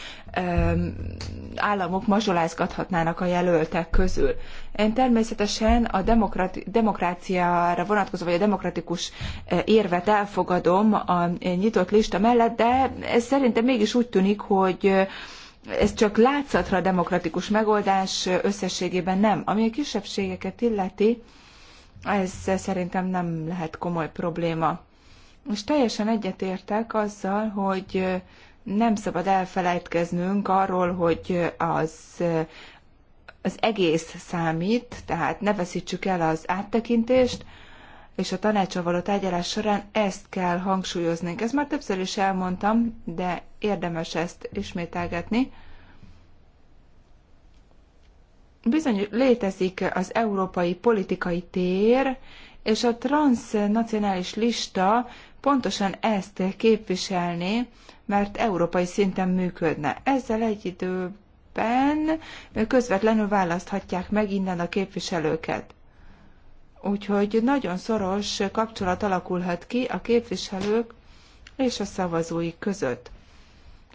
államok mazsolázgathatnának a jelöltek közül. Én természetesen a demokrati- demokráciára vonatkozó, vagy a demokratikus eh, érvet elfogadom a eh, nyitott lista mellett, de ez szerintem mégis úgy tűnik, hogy eh, ez csak látszatra demokratikus megoldás, összességében nem. Ami a kisebbségeket illeti, ez szerintem nem lehet komoly probléma. És teljesen egyetértek azzal, hogy nem szabad elfelejtkeznünk arról, hogy az, az egész számít, tehát ne veszítsük el az áttekintést, és a tanácsal való tárgyalás során ezt kell hangsúlyoznunk. Ez már többször is elmondtam, de érdemes ezt ismételgetni. Bizony létezik az európai politikai tér, és a transnacionális lista pontosan ezt képviselni, mert európai szinten működne. Ezzel egy időben közvetlenül választhatják meg innen a képviselőket. Úgyhogy nagyon szoros kapcsolat alakulhat ki a képviselők és a szavazóik között.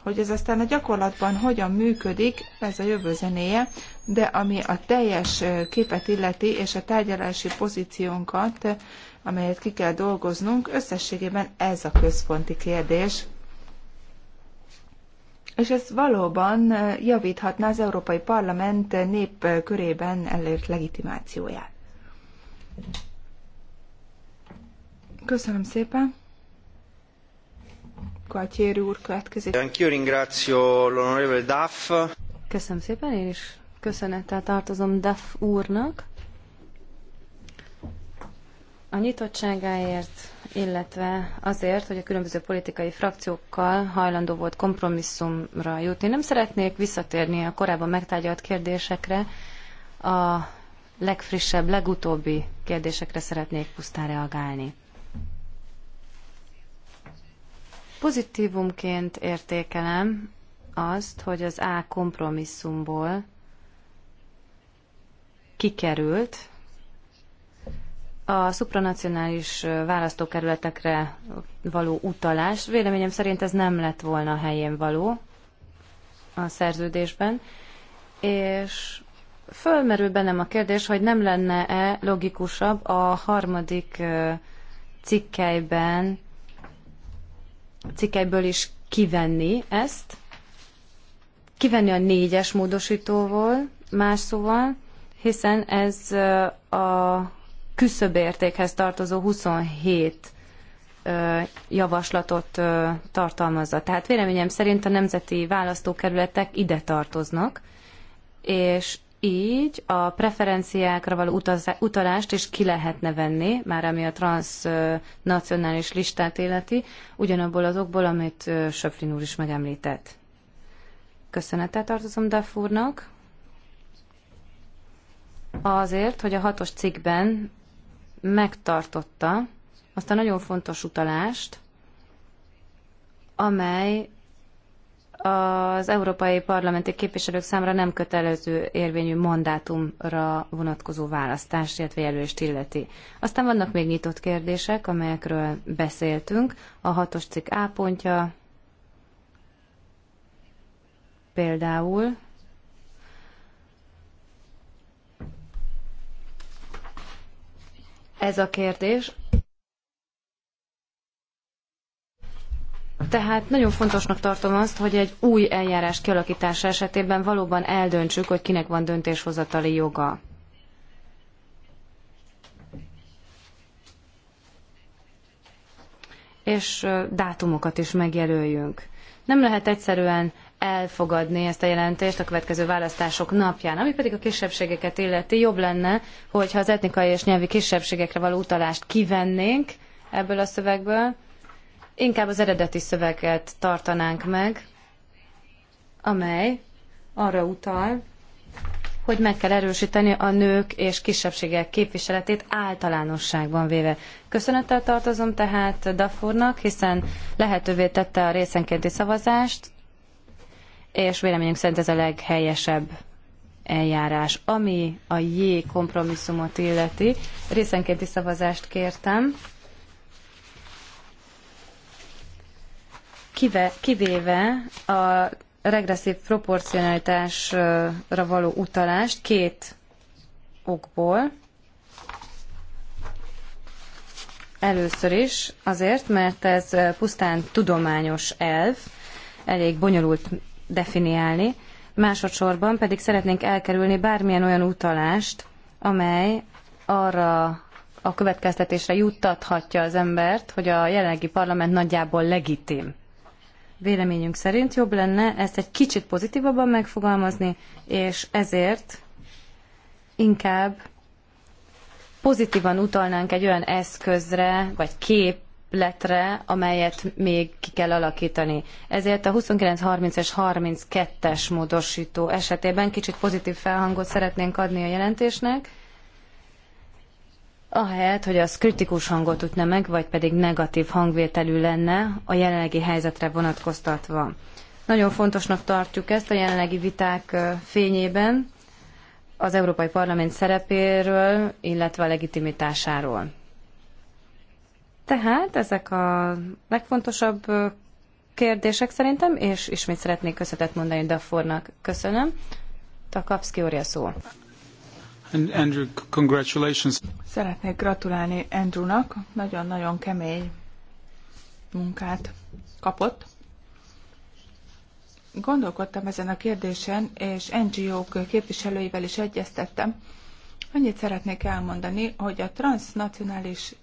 Hogy ez aztán a gyakorlatban hogyan működik, ez a jövő zenéje, de ami a teljes képet illeti és a tárgyalási pozíciónkat, amelyet ki kell dolgoznunk, összességében ez a központi kérdés. És ez valóban javíthatná az Európai Parlament nép körében elért legitimációját. Köszönöm szépen. Kaltyér úr következik. Köszönöm szépen, én is köszönettel tartozom Duff úrnak. A nyitottságáért, illetve azért, hogy a különböző politikai frakciókkal hajlandó volt kompromisszumra jutni. Nem szeretnék visszatérni a korábban megtárgyalt kérdésekre a legfrissebb, legutóbbi kérdésekre szeretnék pusztán reagálni. Pozitívumként értékelem azt, hogy az A kompromisszumból kikerült a szupranacionális választókerületekre való utalás. Véleményem szerint ez nem lett volna helyén való a szerződésben, és fölmerül bennem a kérdés, hogy nem lenne-e logikusabb a harmadik cikkelyben, cikkelyből is kivenni ezt, kivenni a négyes módosítóval, más szóval, hiszen ez a küszöbértékhez tartozó 27 javaslatot tartalmazza. Tehát véleményem szerint a nemzeti választókerületek ide tartoznak, és így a preferenciákra való utalást is ki lehetne venni, már ami a transnacionális listát életi, ugyanabból az okból, amit Söfrin úr is megemlített. Köszönettel tartozom Duff azért, hogy a hatos cikkben megtartotta azt a nagyon fontos utalást, amely az európai parlamenti képviselők számára nem kötelező érvényű mandátumra vonatkozó választás, illetve jelölést illeti. Aztán vannak még nyitott kérdések, amelyekről beszéltünk. A hatos cikk A pontja például ez a kérdés Tehát nagyon fontosnak tartom azt, hogy egy új eljárás kialakítása esetében valóban eldöntsük, hogy kinek van döntéshozatali joga. És dátumokat is megjelöljünk. Nem lehet egyszerűen elfogadni ezt a jelentést a következő választások napján. Ami pedig a kisebbségeket illeti, jobb lenne, hogyha az etnikai és nyelvi kisebbségekre való utalást kivennénk ebből a szövegből, Inkább az eredeti szöveget tartanánk meg, amely arra utal, hogy meg kell erősíteni a nők és kisebbségek képviseletét általánosságban véve. Köszönettel tartozom tehát Dafurnak, hiszen lehetővé tette a részenkénti szavazást, és véleményünk szerint ez a leghelyesebb eljárás. Ami a J kompromisszumot illeti, részenkénti szavazást kértem. kive, kivéve a regresszív proporcionalitásra való utalást két okból. Először is azért, mert ez pusztán tudományos elv, elég bonyolult definiálni, másodszorban pedig szeretnénk elkerülni bármilyen olyan utalást, amely arra a következtetésre juttathatja az embert, hogy a jelenlegi parlament nagyjából legitim véleményünk szerint jobb lenne ezt egy kicsit pozitívabban megfogalmazni, és ezért inkább pozitívan utalnánk egy olyan eszközre, vagy kép, letre, amelyet még ki kell alakítani. Ezért a 2930 és 32-es módosító esetében kicsit pozitív felhangot szeretnénk adni a jelentésnek, ahelyett, hogy az kritikus hangot ütne meg, vagy pedig negatív hangvételű lenne a jelenlegi helyzetre vonatkoztatva. Nagyon fontosnak tartjuk ezt a jelenlegi viták fényében az Európai Parlament szerepéről, illetve a legitimitásáról. Tehát ezek a legfontosabb kérdések szerintem, és ismét szeretnék köszönetet mondani Dafornak. Köszönöm. Takapszki úr szó. And Andrew, congratulations. Szeretnék gratulálni Andrewnak, nagyon-nagyon kemény munkát kapott. Gondolkodtam ezen a kérdésen, és NGO-k képviselőivel is egyeztettem. Annyit szeretnék elmondani, hogy a transnacionális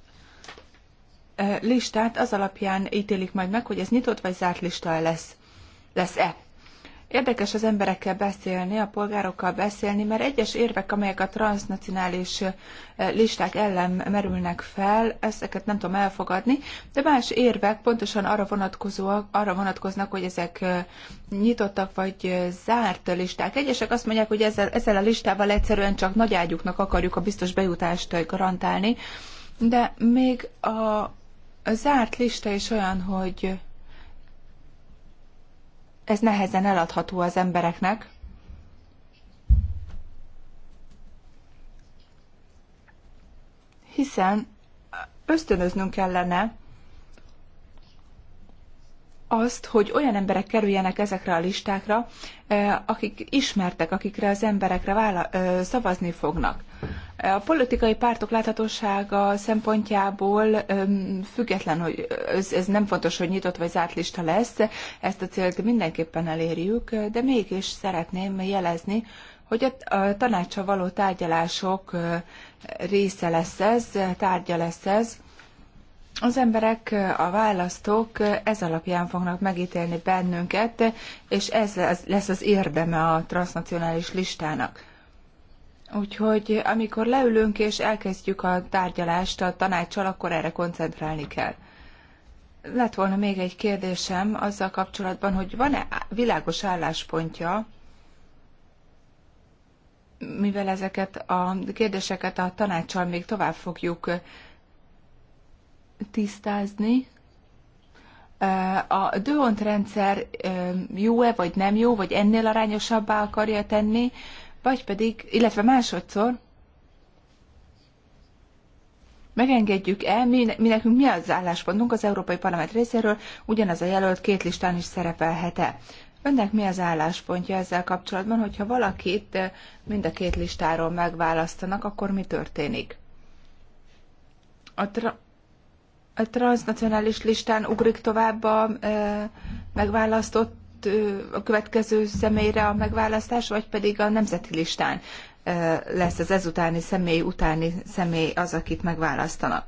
eh, listát az alapján ítélik majd meg, hogy ez nyitott vagy zárt lista lesz. Lesz-e? Érdekes az emberekkel beszélni, a polgárokkal beszélni, mert egyes érvek, amelyek a transnacionális eh, listák ellen merülnek fel, ezeket nem tudom elfogadni, de más érvek pontosan arra, vonatkozóak, arra vonatkoznak, hogy ezek eh, nyitottak vagy eh, zárt listák. Egyesek azt mondják, hogy ezzel, ezzel a listával egyszerűen csak nagyágyuknak akarjuk a biztos bejutást garantálni, de még a zárt lista is olyan, hogy ez nehezen eladható az embereknek. Hiszen ösztönöznünk kellene azt, hogy olyan emberek kerüljenek ezekre a listákra, akik ismertek, akikre az emberekre vála, szavazni fognak. A politikai pártok láthatósága szempontjából független, hogy ez, ez nem fontos, hogy nyitott vagy zárt lista lesz, ezt a célt mindenképpen elérjük, de mégis szeretném jelezni, hogy a tanácsa való tárgyalások része lesz ez, tárgya lesz ez, az emberek, a választók ez alapján fognak megítélni bennünket, és ez lesz az érdeme a transnacionális listának. Úgyhogy amikor leülünk és elkezdjük a tárgyalást a tanácssal, akkor erre koncentrálni kell. Lett volna még egy kérdésem azzal kapcsolatban, hogy van-e világos álláspontja, mivel ezeket a kérdéseket a tanácssal még tovább fogjuk tisztázni. A Döont rendszer jó-e, vagy nem jó, vagy ennél arányosabbá akarja tenni, vagy pedig, illetve másodszor, megengedjük el, mi, mi nekünk mi az álláspontunk az Európai Parlament részéről, ugyanaz a jelölt két listán is szerepelhet-e. Önnek mi az álláspontja ezzel kapcsolatban, hogyha valakit mind a két listáról megválasztanak, akkor mi történik? A, tra- a transnacionális listán ugrik tovább a e, megválasztott a következő személyre a megválasztás, vagy pedig a nemzeti listán e, lesz az ezutáni személy utáni személy az, akit megválasztanak.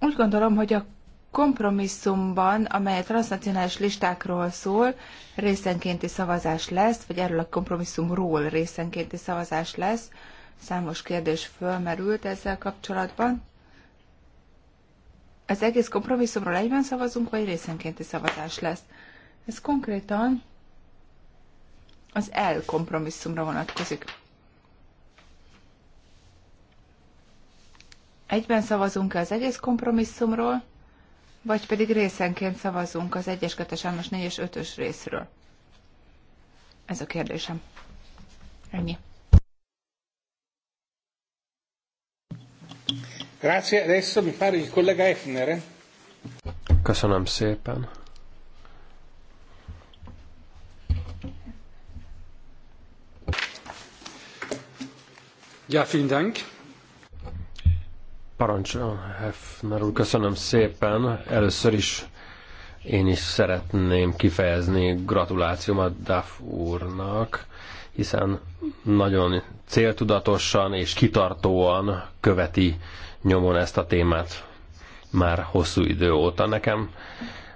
Úgy gondolom, hogy a kompromisszumban, amely a transnacionális listákról szól, részenkénti szavazás lesz, vagy erről a kompromisszumról részenkénti szavazás lesz. Számos kérdés fölmerült ezzel kapcsolatban az egész kompromisszumról egyben szavazunk, vagy részenkénti szavazás lesz. Ez konkrétan az L kompromisszumra vonatkozik. Egyben szavazunk-e az egész kompromisszumról, vagy pedig részenként szavazunk az 1-es, 2-es, 3-as, 4-es, 5-ös részről? Ez a kérdésem. Ennyi. Grazie, adesso mi pare il collega Effner. Eh. Köszönöm szépen. Ja, vielen Dank. Parancsol, Hefner úr, köszönöm szépen. Először is én is szeretném kifejezni gratulációmat Duff úrnak, hiszen nagyon céltudatosan és kitartóan követi nyomon ezt a témát már hosszú idő óta. Nekem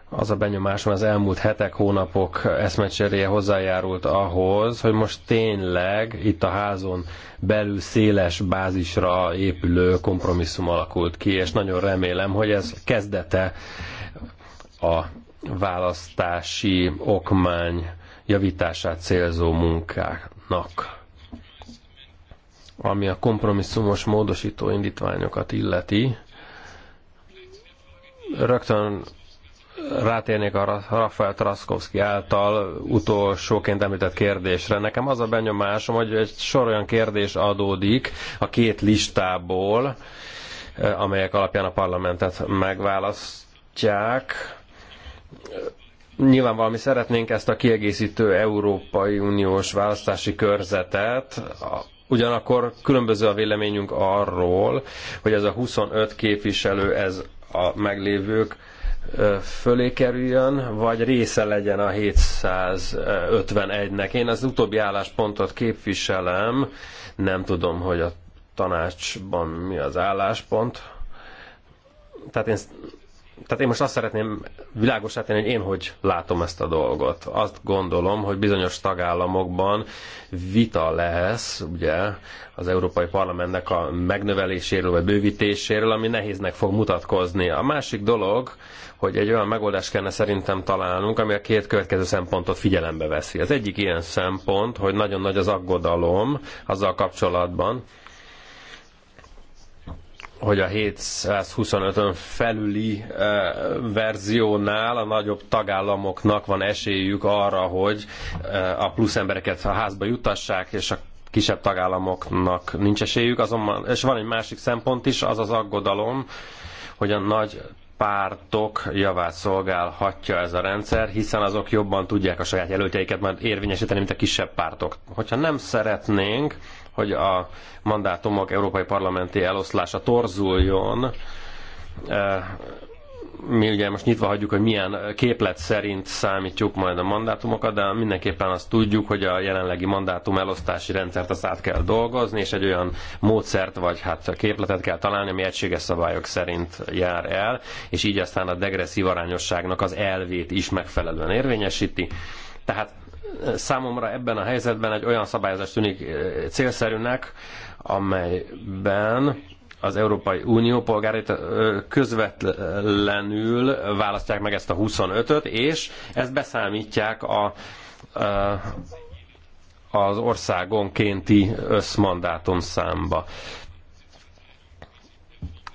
az a benyomásom az elmúlt hetek, hónapok eszmecseréje hozzájárult ahhoz, hogy most tényleg itt a házon belül széles bázisra épülő kompromisszum alakult ki, és nagyon remélem, hogy ez kezdete a választási okmány javítását célzó munkának ami a kompromisszumos módosító indítványokat illeti, rögtön rátérnék a Rafael Traszkowski által utolsóként említett kérdésre. Nekem az a benyomásom, hogy egy sor olyan kérdés adódik a két listából, eh, amelyek alapján a parlamentet megválasztják. Nyilván valami szeretnénk ezt a kiegészítő Európai Uniós választási körzetet, Ugyanakkor különböző a véleményünk arról, hogy ez a 25 képviselő, ez a meglévők fölé kerüljön, vagy része legyen a 751-nek. Én az utóbbi álláspontot képviselem, nem tudom, hogy a tanácsban mi az álláspont. Tehát én tehát én most azt szeretném világosá tenni, hogy én hogy látom ezt a dolgot. Azt gondolom, hogy bizonyos tagállamokban vita lesz, ugye, az Európai Parlamentnek a megnöveléséről vagy bővítéséről, ami nehéznek fog mutatkozni. A másik dolog, hogy egy olyan megoldást kellene szerintem találnunk, ami a két következő szempontot figyelembe veszi. Az egyik ilyen szempont, hogy nagyon nagy az aggodalom azzal kapcsolatban, hogy a 725-ön felüli verziónál a nagyobb tagállamoknak van esélyük arra, hogy a plusz embereket a házba jutassák, és a kisebb tagállamoknak nincs esélyük. Azonban, és van egy másik szempont is, az az aggodalom, hogy a nagy pártok javát szolgálhatja ez a rendszer, hiszen azok jobban tudják a saját jelöltjeiket majd érvényesíteni, mint a kisebb pártok. Hogyha nem szeretnénk, hogy a mandátumok európai parlamenti eloszlása torzuljon. E, mi ugye most nyitva hagyjuk, hogy milyen képlet szerint számítjuk majd a mandátumokat, de mindenképpen azt tudjuk, hogy a jelenlegi mandátum elosztási rendszert azt át kell dolgozni, és egy olyan módszert vagy hát képletet kell találni, ami egységes szabályok szerint jár el, és így aztán a degresszív arányosságnak az elvét is megfelelően érvényesíti. Tehát számomra ebben a helyzetben egy olyan szabályozás tűnik eh, célszerűnek, amelyben az Európai Unió polgárait eh, közvetlenül választják meg ezt a 25-öt, és ezt beszámítják a, a eh, az országonkénti összmandátum számba.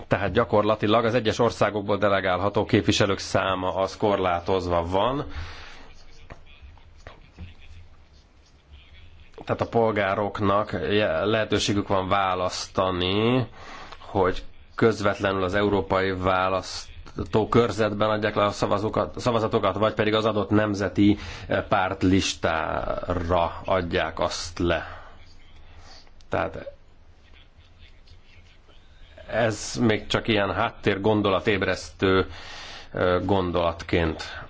Tehát gyakorlatilag az egyes országokból delegálható képviselők száma az korlátozva van, tehát a polgároknak lehetőségük van választani, hogy közvetlenül az európai választó körzetben adják le a szavazókat, szavazatokat, vagy pedig az adott nemzeti eh, pártlistára adják azt le. Tehát ez még csak ilyen háttér gondolatébresztő eh, gondolatként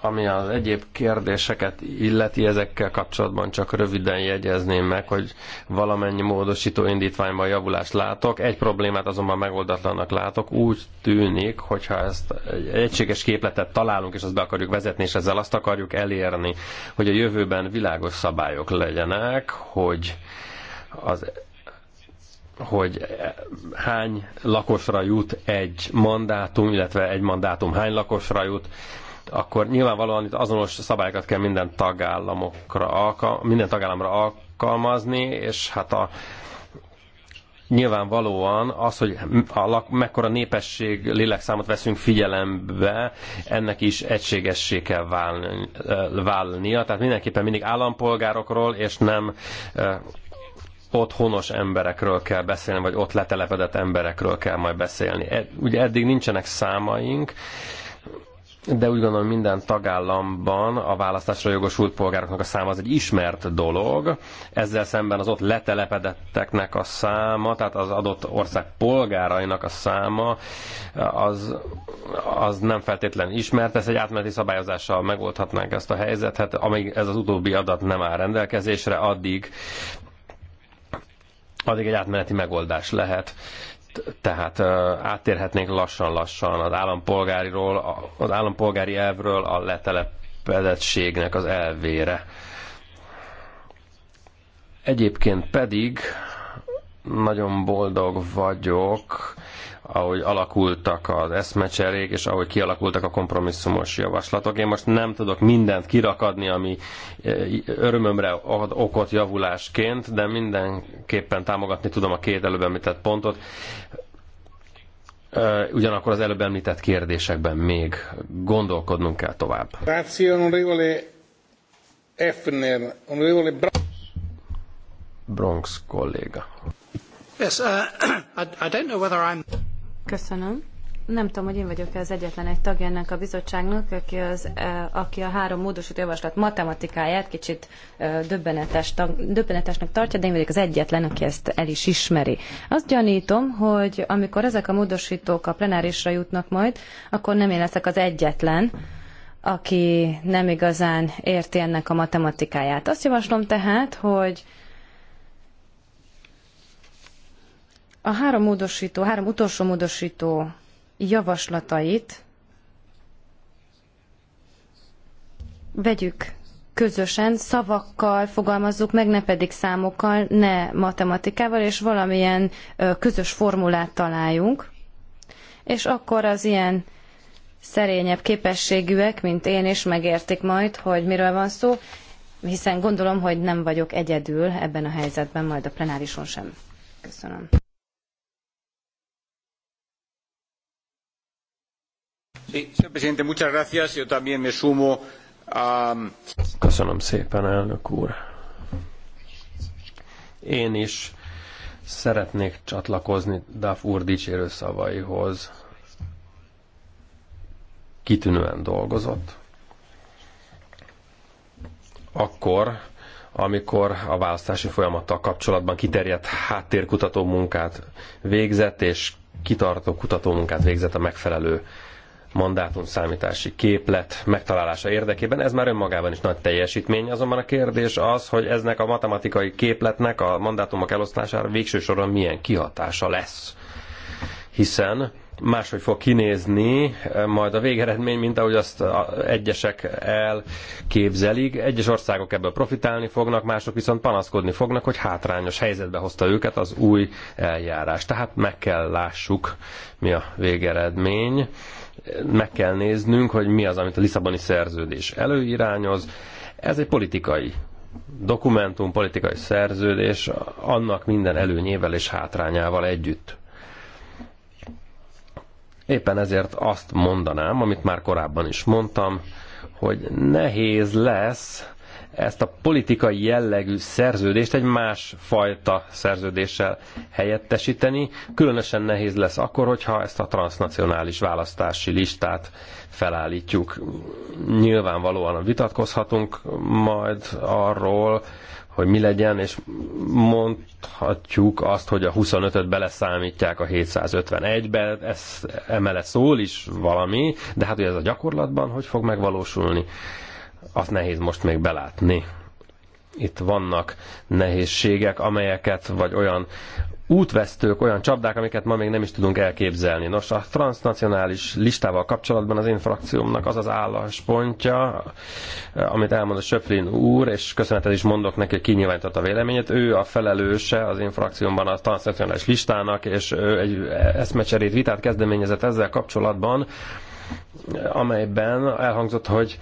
ami az egyéb kérdéseket illeti, ezekkel kapcsolatban csak röviden jegyezném meg, hogy valamennyi módosító indítványban javulást látok. Egy problémát azonban megoldatlannak látok. Úgy tűnik, hogyha ezt egy egységes képletet találunk, és azt be akarjuk vezetni, és ezzel azt akarjuk elérni, hogy a jövőben világos szabályok legyenek, hogy az hogy hány lakosra jut egy mandátum, illetve egy mandátum hány lakosra jut, akkor nyilvánvalóan itt azonos szabályokat kell minden tagállamokra minden tagállamra alkalmazni, és hát a, nyilvánvalóan az, hogy a lak, mekkora népesség lélekszámot veszünk figyelembe, ennek is egységessé kell válni, válnia. Tehát mindenképpen mindig állampolgárokról, és nem otthonos emberekről kell beszélni, vagy ott letelepedett emberekről kell majd beszélni. E-, ugye eddig nincsenek számaink, de úgy gondolom minden tagállamban a választásra jogosult polgároknak a száma az egy ismert dolog. Ezzel szemben az ott letelepedetteknek a száma, tehát az adott ország polgárainak a száma, az, az nem feltétlenül ismert. ez egy átmeneti szabályozással megoldhatnánk ezt a helyzetet. Amíg ez az utóbbi adat nem áll rendelkezésre, addig addig egy átmeneti megoldás lehet tehát átérhetnénk lassan-lassan az állampolgáriról, az állampolgári elvről a letelepedettségnek az elvére. Egyébként pedig nagyon boldog vagyok ahogy alakultak az eszmecserék, és ahogy kialakultak a kompromisszumos javaslatok. Én most nem tudok mindent kirakadni, ami e, örömömre ad okot javulásként, de mindenképpen támogatni tudom a két előbb említett pontot. E, ugyanakkor az előbb említett kérdésekben még gondolkodnunk kell tovább. Bronx kolléga. Yes, uh, I, I don't know whether I'm... Köszönöm. Nem tudom, hogy én vagyok e az egyetlen egy tagja ennek a bizottságnak, aki, az, e, aki a három módosult javaslat matematikáját kicsit e, döbbenetes, tag, döbbenetesnek tartja, de én vagyok az egyetlen, aki ezt el is ismeri. Azt gyanítom, hogy amikor ezek a módosítók a plenárisra jutnak majd, akkor nem én leszek az egyetlen, aki nem igazán érti ennek a matematikáját. Azt javaslom tehát, hogy A három módosító, három utolsó módosító javaslatait vegyük közösen, szavakkal fogalmazzuk meg, ne pedig számokkal, ne matematikával, és valamilyen közös formulát találjunk. És akkor az ilyen szerényebb képességűek, mint én is megértik majd, hogy miről van szó, hiszen gondolom, hogy nem vagyok egyedül ebben a helyzetben, majd a plenárison sem. Köszönöm. Señor presidente, muchas gracias. Yo también me sumo a... Köszönöm szépen, elnök úr. Én is szeretnék csatlakozni Duff úr dicsérő szavaihoz. Kitűnően dolgozott. Akkor, amikor a választási folyamattal kapcsolatban kiterjedt háttérkutató munkát végzett, és kitartó kutató munkát végzett a megfelelő mandátum számítási képlet megtalálása érdekében. Ez már önmagában is nagy teljesítmény, azonban a kérdés az, hogy eznek a matematikai képletnek a mandátumok elosztására végső soron milyen kihatása lesz. Hiszen máshogy fog kinézni eh, majd a végeredmény, mint ahogy azt egyesek elképzelik. Egyes országok ebből profitálni fognak, mások viszont panaszkodni fognak, hogy hátrányos helyzetbe hozta őket az új eljárás. Tehát meg kell lássuk, mi a végeredmény meg kell néznünk, hogy mi az, amit a Lisszaboni szerződés előirányoz. Ez egy politikai dokumentum, politikai szerződés, annak minden előnyével és hátrányával együtt. Éppen ezért azt mondanám, amit már korábban is mondtam, hogy nehéz lesz ezt a politikai jellegű szerződést egy más fajta szerződéssel helyettesíteni. Különösen nehéz lesz akkor, hogyha ezt a transnacionális választási listát felállítjuk. Nyilvánvalóan vitatkozhatunk majd arról, hogy mi legyen, és mondhatjuk azt, hogy a 25-öt beleszámítják a 751-be, ez emele szól is valami, de hát hogy ez a gyakorlatban hogy fog megvalósulni? azt nehéz most még belátni. Itt vannak nehézségek, amelyeket, vagy olyan útvesztők, olyan csapdák, amiket ma még nem is tudunk elképzelni. Nos, a transnacionális listával kapcsolatban az én frakciómnak az az álláspontja, amit elmond a Söprin úr, és köszönetet is mondok neki, hogy kinyilvánított a véleményét. Ő a felelőse az én frakciómban a transnacionális listának, és ő egy eszmecserét, vitát kezdeményezett ezzel kapcsolatban, amelyben elhangzott, hogy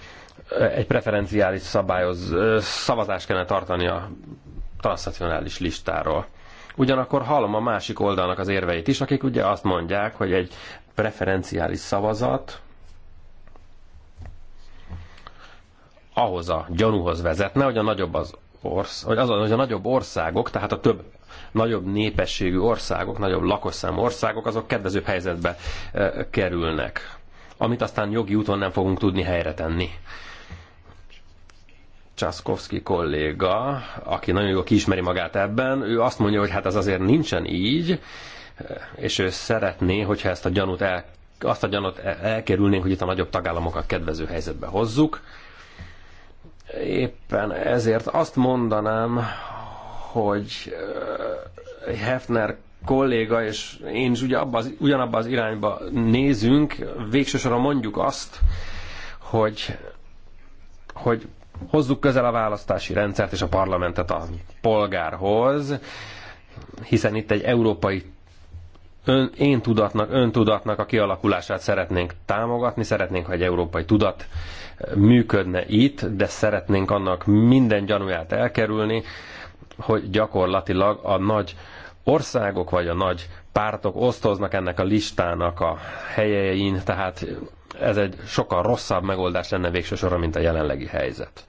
egy preferenciális szabályoz, szavazást kellene tartani a transzacionális listáról. Ugyanakkor hallom a másik oldalnak az érveit is, akik ugye azt mondják, hogy egy preferenciális szavazat ahhoz a gyanúhoz vezetne, hogy a nagyobb az orsz, hogy az, hogy a nagyobb országok, tehát a több nagyobb népességű országok, nagyobb lakosszámú országok, azok kedvezőbb helyzetbe kerülnek, amit aztán jogi úton nem fogunk tudni helyre tenni. Csaszkowski kolléga, aki nagyon jól kiismeri magát ebben, ő azt mondja, hogy hát ez azért nincsen így, és ő szeretné, hogyha ezt a gyanút el, azt a gyanút elkerülnénk, hogy itt a nagyobb tagállamokat kedvező helyzetbe hozzuk. Éppen ezért azt mondanám, hogy Hefner kolléga és én is ugye abba az, ugyanabba az irányba nézünk, végsősorban mondjuk azt, hogy, hogy hozzuk közel a választási rendszert és a parlamentet a polgárhoz, hiszen itt egy európai ön, én tudatnak, öntudatnak a kialakulását szeretnénk támogatni, szeretnénk, hogy egy európai tudat működne itt, de szeretnénk annak minden gyanúját elkerülni, hogy gyakorlatilag a nagy országok vagy a nagy pártok osztoznak ennek a listának a helyein, tehát ez egy sokkal rosszabb megoldás lenne végső soron, mint a jelenlegi helyzet.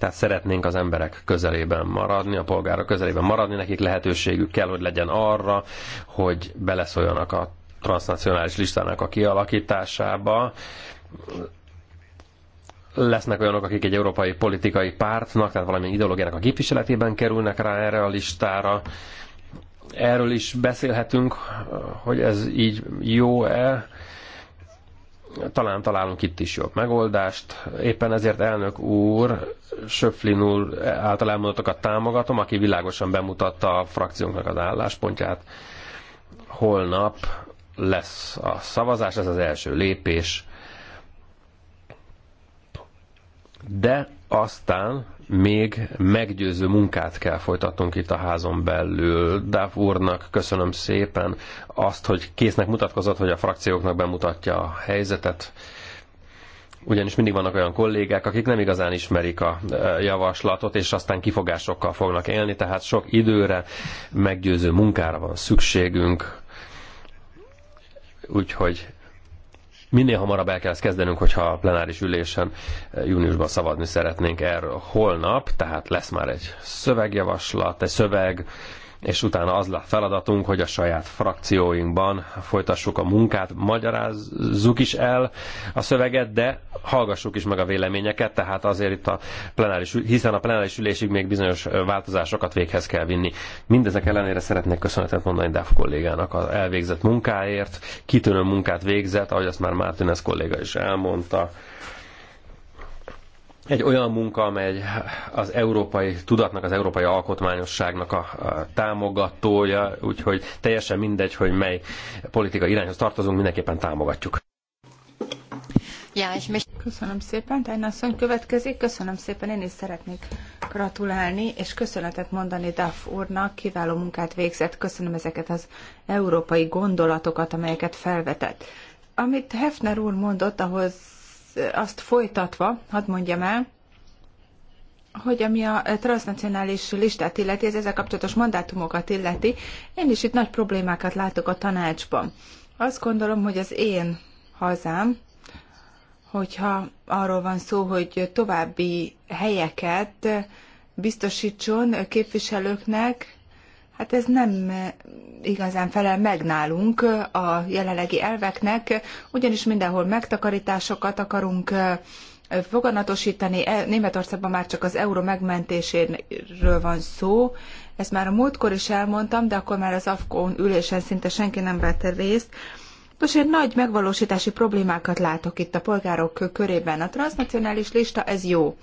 Tehát szeretnénk az emberek közelében maradni, a polgárok közelében maradni, nekik lehetőségük kell, hogy legyen arra, hogy beleszóljanak a transnacionális listának a kialakításába. Lesznek olyanok, akik egy európai politikai pártnak, tehát valamilyen ideológiának a képviseletében kerülnek rá erre a listára. Erről is beszélhetünk, hogy ez így jó-e talán találunk itt is jobb megoldást. Éppen ezért elnök úr, Söflin úr által elmondottakat támogatom, aki világosan bemutatta a frakciónknak az álláspontját. Holnap lesz a szavazás, ez az első lépés. De aztán még meggyőző munkát kell folytatnunk itt a házon belül. Dáv úrnak köszönöm szépen azt, hogy késznek mutatkozott, hogy a frakcióknak bemutatja a helyzetet ugyanis mindig vannak olyan kollégák, akik nem igazán ismerik a e, javaslatot, és aztán kifogásokkal fognak élni, tehát sok időre, meggyőző munkára van szükségünk. Úgyhogy Minél hamarabb el kell ezt kezdenünk, hogyha a plenáris ülésen eh, júniusban szavazni szeretnénk erről. Holnap, tehát lesz már egy szövegjavaslat, egy szöveg, és utána az a feladatunk, hogy a saját frakcióinkban folytassuk a munkát, magyarázzuk is el a szöveget, de hallgassuk is meg a véleményeket, tehát azért itt a plenáris, hiszen a plenáris ülésig még bizonyos változásokat véghez kell vinni. Mindezek ellenére szeretnék köszönetet mondani Dáv kollégának az elvégzett munkáért, kitűnő munkát végzett, ahogy azt már Mártinez kolléga is elmondta egy olyan munka, amely az európai tudatnak, az európai alkotmányosságnak a, támogatója, úgyhogy teljesen mindegy, hogy mely politikai irányhoz tartozunk, mindenképpen támogatjuk. Ja, és még... Köszönöm szépen, Tájna asszony következik. Köszönöm szépen, én is szeretnék gratulálni, és köszönetet mondani Duff úrnak, kiváló munkát végzett. Köszönöm ezeket az európai gondolatokat, amelyeket felvetett. Amit Hefner úr mondott, ahhoz azt folytatva, hadd mondjam el, hogy ami a transnacionális listát illeti, ez ezzel kapcsolatos mandátumokat illeti, én is itt nagy problémákat látok a tanácsban. Azt gondolom, hogy az én hazám, hogyha arról van szó, hogy további helyeket biztosítson képviselőknek, hát ez nem eh, igazán felel meg nálunk eh, a jelenlegi elveknek, ugyanis mindenhol megtakarításokat akarunk eh, foganatosítani. E, Németországban már csak az euró megmentéséről van szó. Ezt már a múltkor is elmondtam, de akkor már az AFKON ülésen szinte senki nem vette részt. Nos, én nagy megvalósítási problémákat látok itt a polgárok körében. A transnacionális lista, ez jó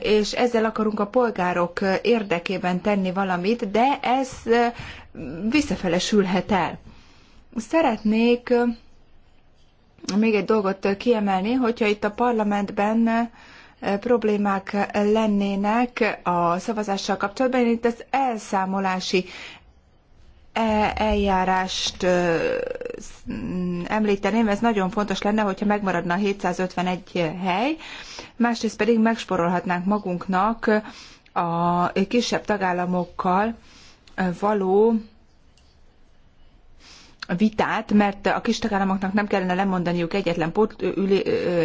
és ezzel akarunk a polgárok érdekében tenni valamit, de ez visszafele sülhet el. Szeretnék még egy dolgot kiemelni, hogyha itt a parlamentben problémák lennének a szavazással kapcsolatban. Én itt az elszámolási E, eljárást mm, említeném, ez nagyon fontos lenne, hogyha megmaradna a 751 hely, másrészt pedig megsporolhatnánk magunknak a kisebb tagállamokkal való vitát, mert a kis tagállamoknak nem kellene lemondaniuk egyetlen port, üli,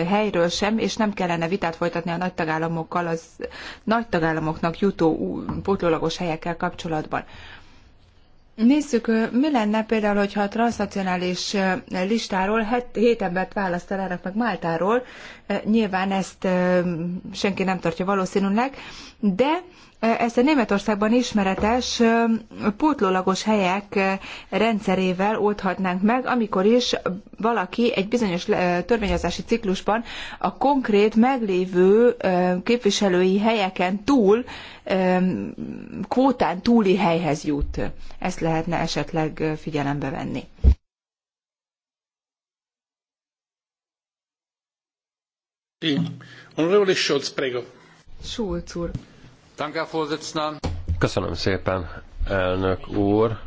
helyről sem, és nem kellene vitát folytatni a nagy tagállamokkal az nagy tagállamoknak jutó pótlólagos helyekkel kapcsolatban. Nézzük, mi lenne például, hogyha a transnacionális listáról hét embert választanának meg Máltáról. Nyilván ezt senki nem tartja valószínűleg, de ez Németországban ismeretes pótlólagos helyek rendszerével oldhatnánk meg, amikor is valaki egy bizonyos törvényozási ciklusban a konkrét meglévő képviselői helyeken túl, kvótán túli helyhez jut. Ezt lehetne esetleg figyelembe venni. Honorable Scholz, prego. Schulz úr. Köszönöm szépen, elnök úr.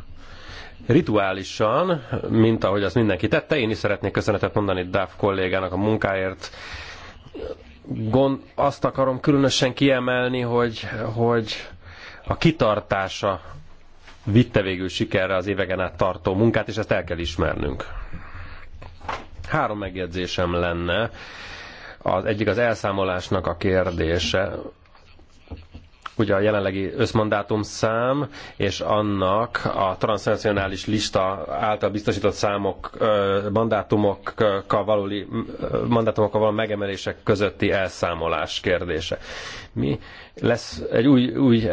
Rituálisan, mint ahogy az mindenki tette, én is szeretnék köszönetet mondani DAF kollégának a munkáért. Gond, azt akarom különösen kiemelni, hogy, hogy a kitartása vitte végül sikerre az éveken át tartó munkát, és ezt el kell ismernünk. Három megjegyzésem lenne. Az egyik az elszámolásnak a kérdése ugye a jelenlegi szám és annak a transnacionális lista által biztosított számok, mandátumokkal való, mandátumokkal való megemelések közötti elszámolás kérdése. Mi lesz egy új, új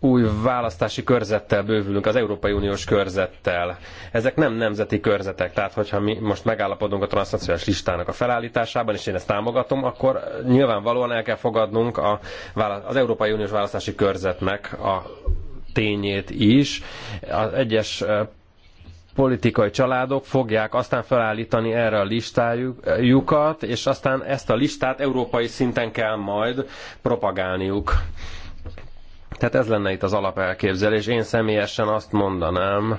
új választási körzettel bővülünk, az Európai Uniós körzettel. Ezek nem nemzeti körzetek, tehát hogyha mi most megállapodunk a transznacionális listának a felállításában, és én ezt támogatom, akkor nyilvánvalóan el kell fogadnunk a, az Európai Uniós választási körzetnek a tényét is. Az egyes politikai családok fogják aztán felállítani erre a listájukat, és aztán ezt a listát európai szinten kell majd propagálniuk. Tehát ez lenne itt az alapelképzelés. Én személyesen azt mondanám,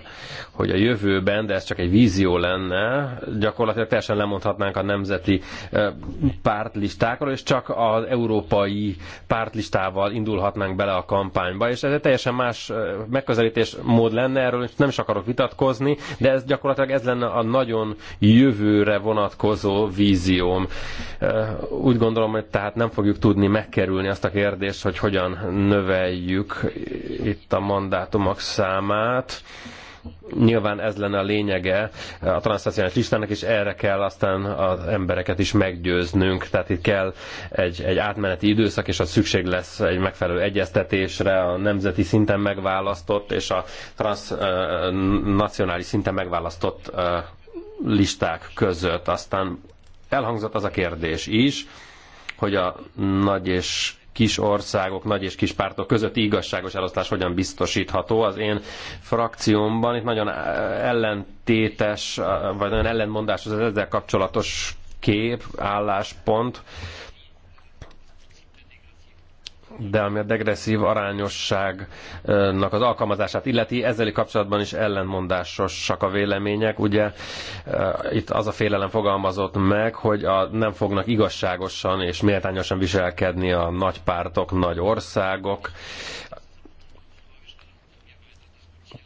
hogy a jövőben, de ez csak egy vízió lenne, gyakorlatilag teljesen lemondhatnánk a nemzeti pártlistákról, és csak az európai pártlistával indulhatnánk bele a kampányba, és ez egy teljesen más megközelítés mód lenne, erről nem is akarok vitatkozni, de ez gyakorlatilag ez lenne a nagyon jövőre vonatkozó vízióm. Úgy gondolom, hogy tehát nem fogjuk tudni megkerülni azt a kérdést, hogy hogyan növeljük növeljük itt a mandátumok számát. Nyilván ez lenne a lényege a transzacionális listának, és erre kell aztán az embereket is meggyőznünk. Tehát itt kell egy, egy átmeneti időszak, és az szükség lesz egy megfelelő egyeztetésre a nemzeti szinten megválasztott és a transnacionális szinten megválasztott listák között. Aztán elhangzott az a kérdés is, hogy a nagy és kis országok, nagy és kis pártok közötti igazságos eloszlás hogyan biztosítható. Az én frakciómban itt nagyon ellentétes, vagy nagyon ellenmondásos az ezzel kapcsolatos kép, álláspont de ami a degresszív arányosságnak az alkalmazását illeti, ezzel kapcsolatban is ellentmondásosak a vélemények. Ugye eh, itt az a félelem fogalmazott meg, hogy a, nem fognak igazságosan és méltányosan viselkedni a nagy pártok, nagy országok.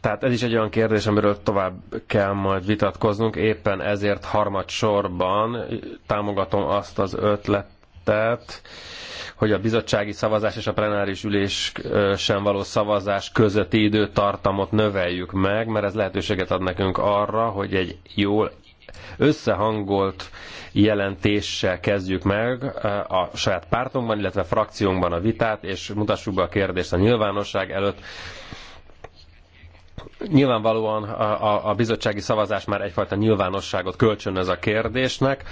Tehát ez is egy olyan kérdés, amiről tovább kell majd vitatkoznunk. Éppen ezért harmad sorban támogatom azt az ötletet, tehát, hogy a bizottsági szavazás és a plenáris ülés sem való szavazás közötti időtartamot növeljük meg, mert ez lehetőséget ad nekünk arra, hogy egy jól összehangolt jelentéssel kezdjük meg a saját pártunkban, illetve frakciónkban a vitát, és mutassuk be a kérdést a nyilvánosság előtt, Nyilvánvalóan a, a, a bizottsági szavazás már egyfajta nyilvánosságot kölcsönöz a kérdésnek,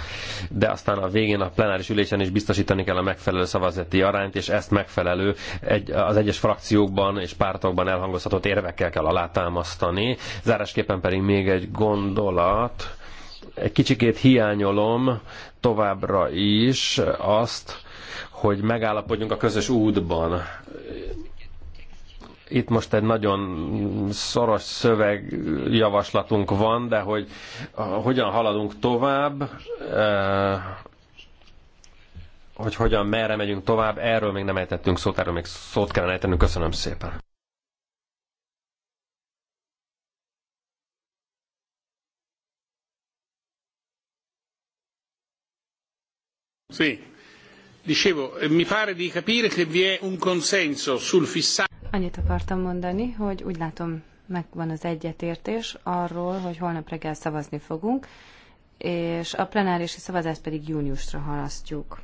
de aztán a végén a plenáris ülésen is biztosítani kell a megfelelő szavazati arányt, és ezt megfelelő egy, az egyes frakciókban és pártokban elhangozhatott érvekkel kell alátámasztani. Zárásképpen pedig még egy gondolat, egy kicsikét hiányolom továbbra is azt, hogy megállapodjunk a közös útban itt most egy nagyon szoros szövegjavaslatunk van, de hogy hogyan haladunk tovább, e, hogy hogyan, merre megyünk tovább, erről még nem ejtettünk szót, erről még szót kellene ejtenünk. Köszönöm szépen. Sí. Dicevo, eh, mi pare di capire che vi è un consenso sul Annyit akartam mondani, hogy úgy látom megvan az egyetértés arról, hogy holnap reggel szavazni fogunk, és a plenárisi szavazást pedig júniusra halasztjuk.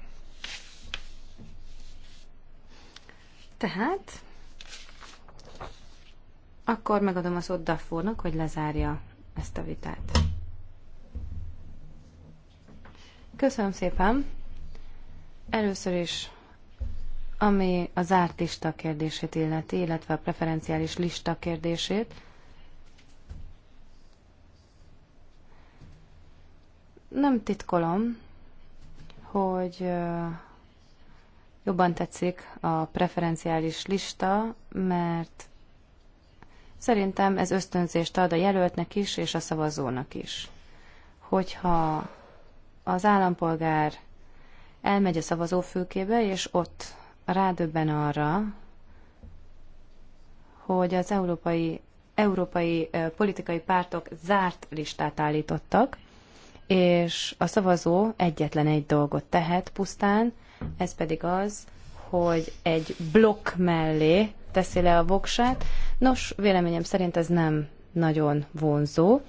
Tehát akkor megadom az szót Daffurnak, hogy lezárja ezt a vitát. Köszönöm szépen! Először is, ami a zárt lista kérdését illeti, illetve a preferenciális lista kérdését, nem titkolom, hogy jobban tetszik a preferenciális lista, mert szerintem ez ösztönzést ad a jelöltnek is, és a szavazónak is. Hogyha az állampolgár elmegy a szavazófülkébe, és ott rádöbben arra, hogy az európai, európai politikai pártok zárt listát állítottak, és a szavazó egyetlen egy dolgot tehet pusztán, ez pedig az, hogy egy blokk mellé teszi le a voksát. Nos, véleményem szerint ez nem nagyon vonzó,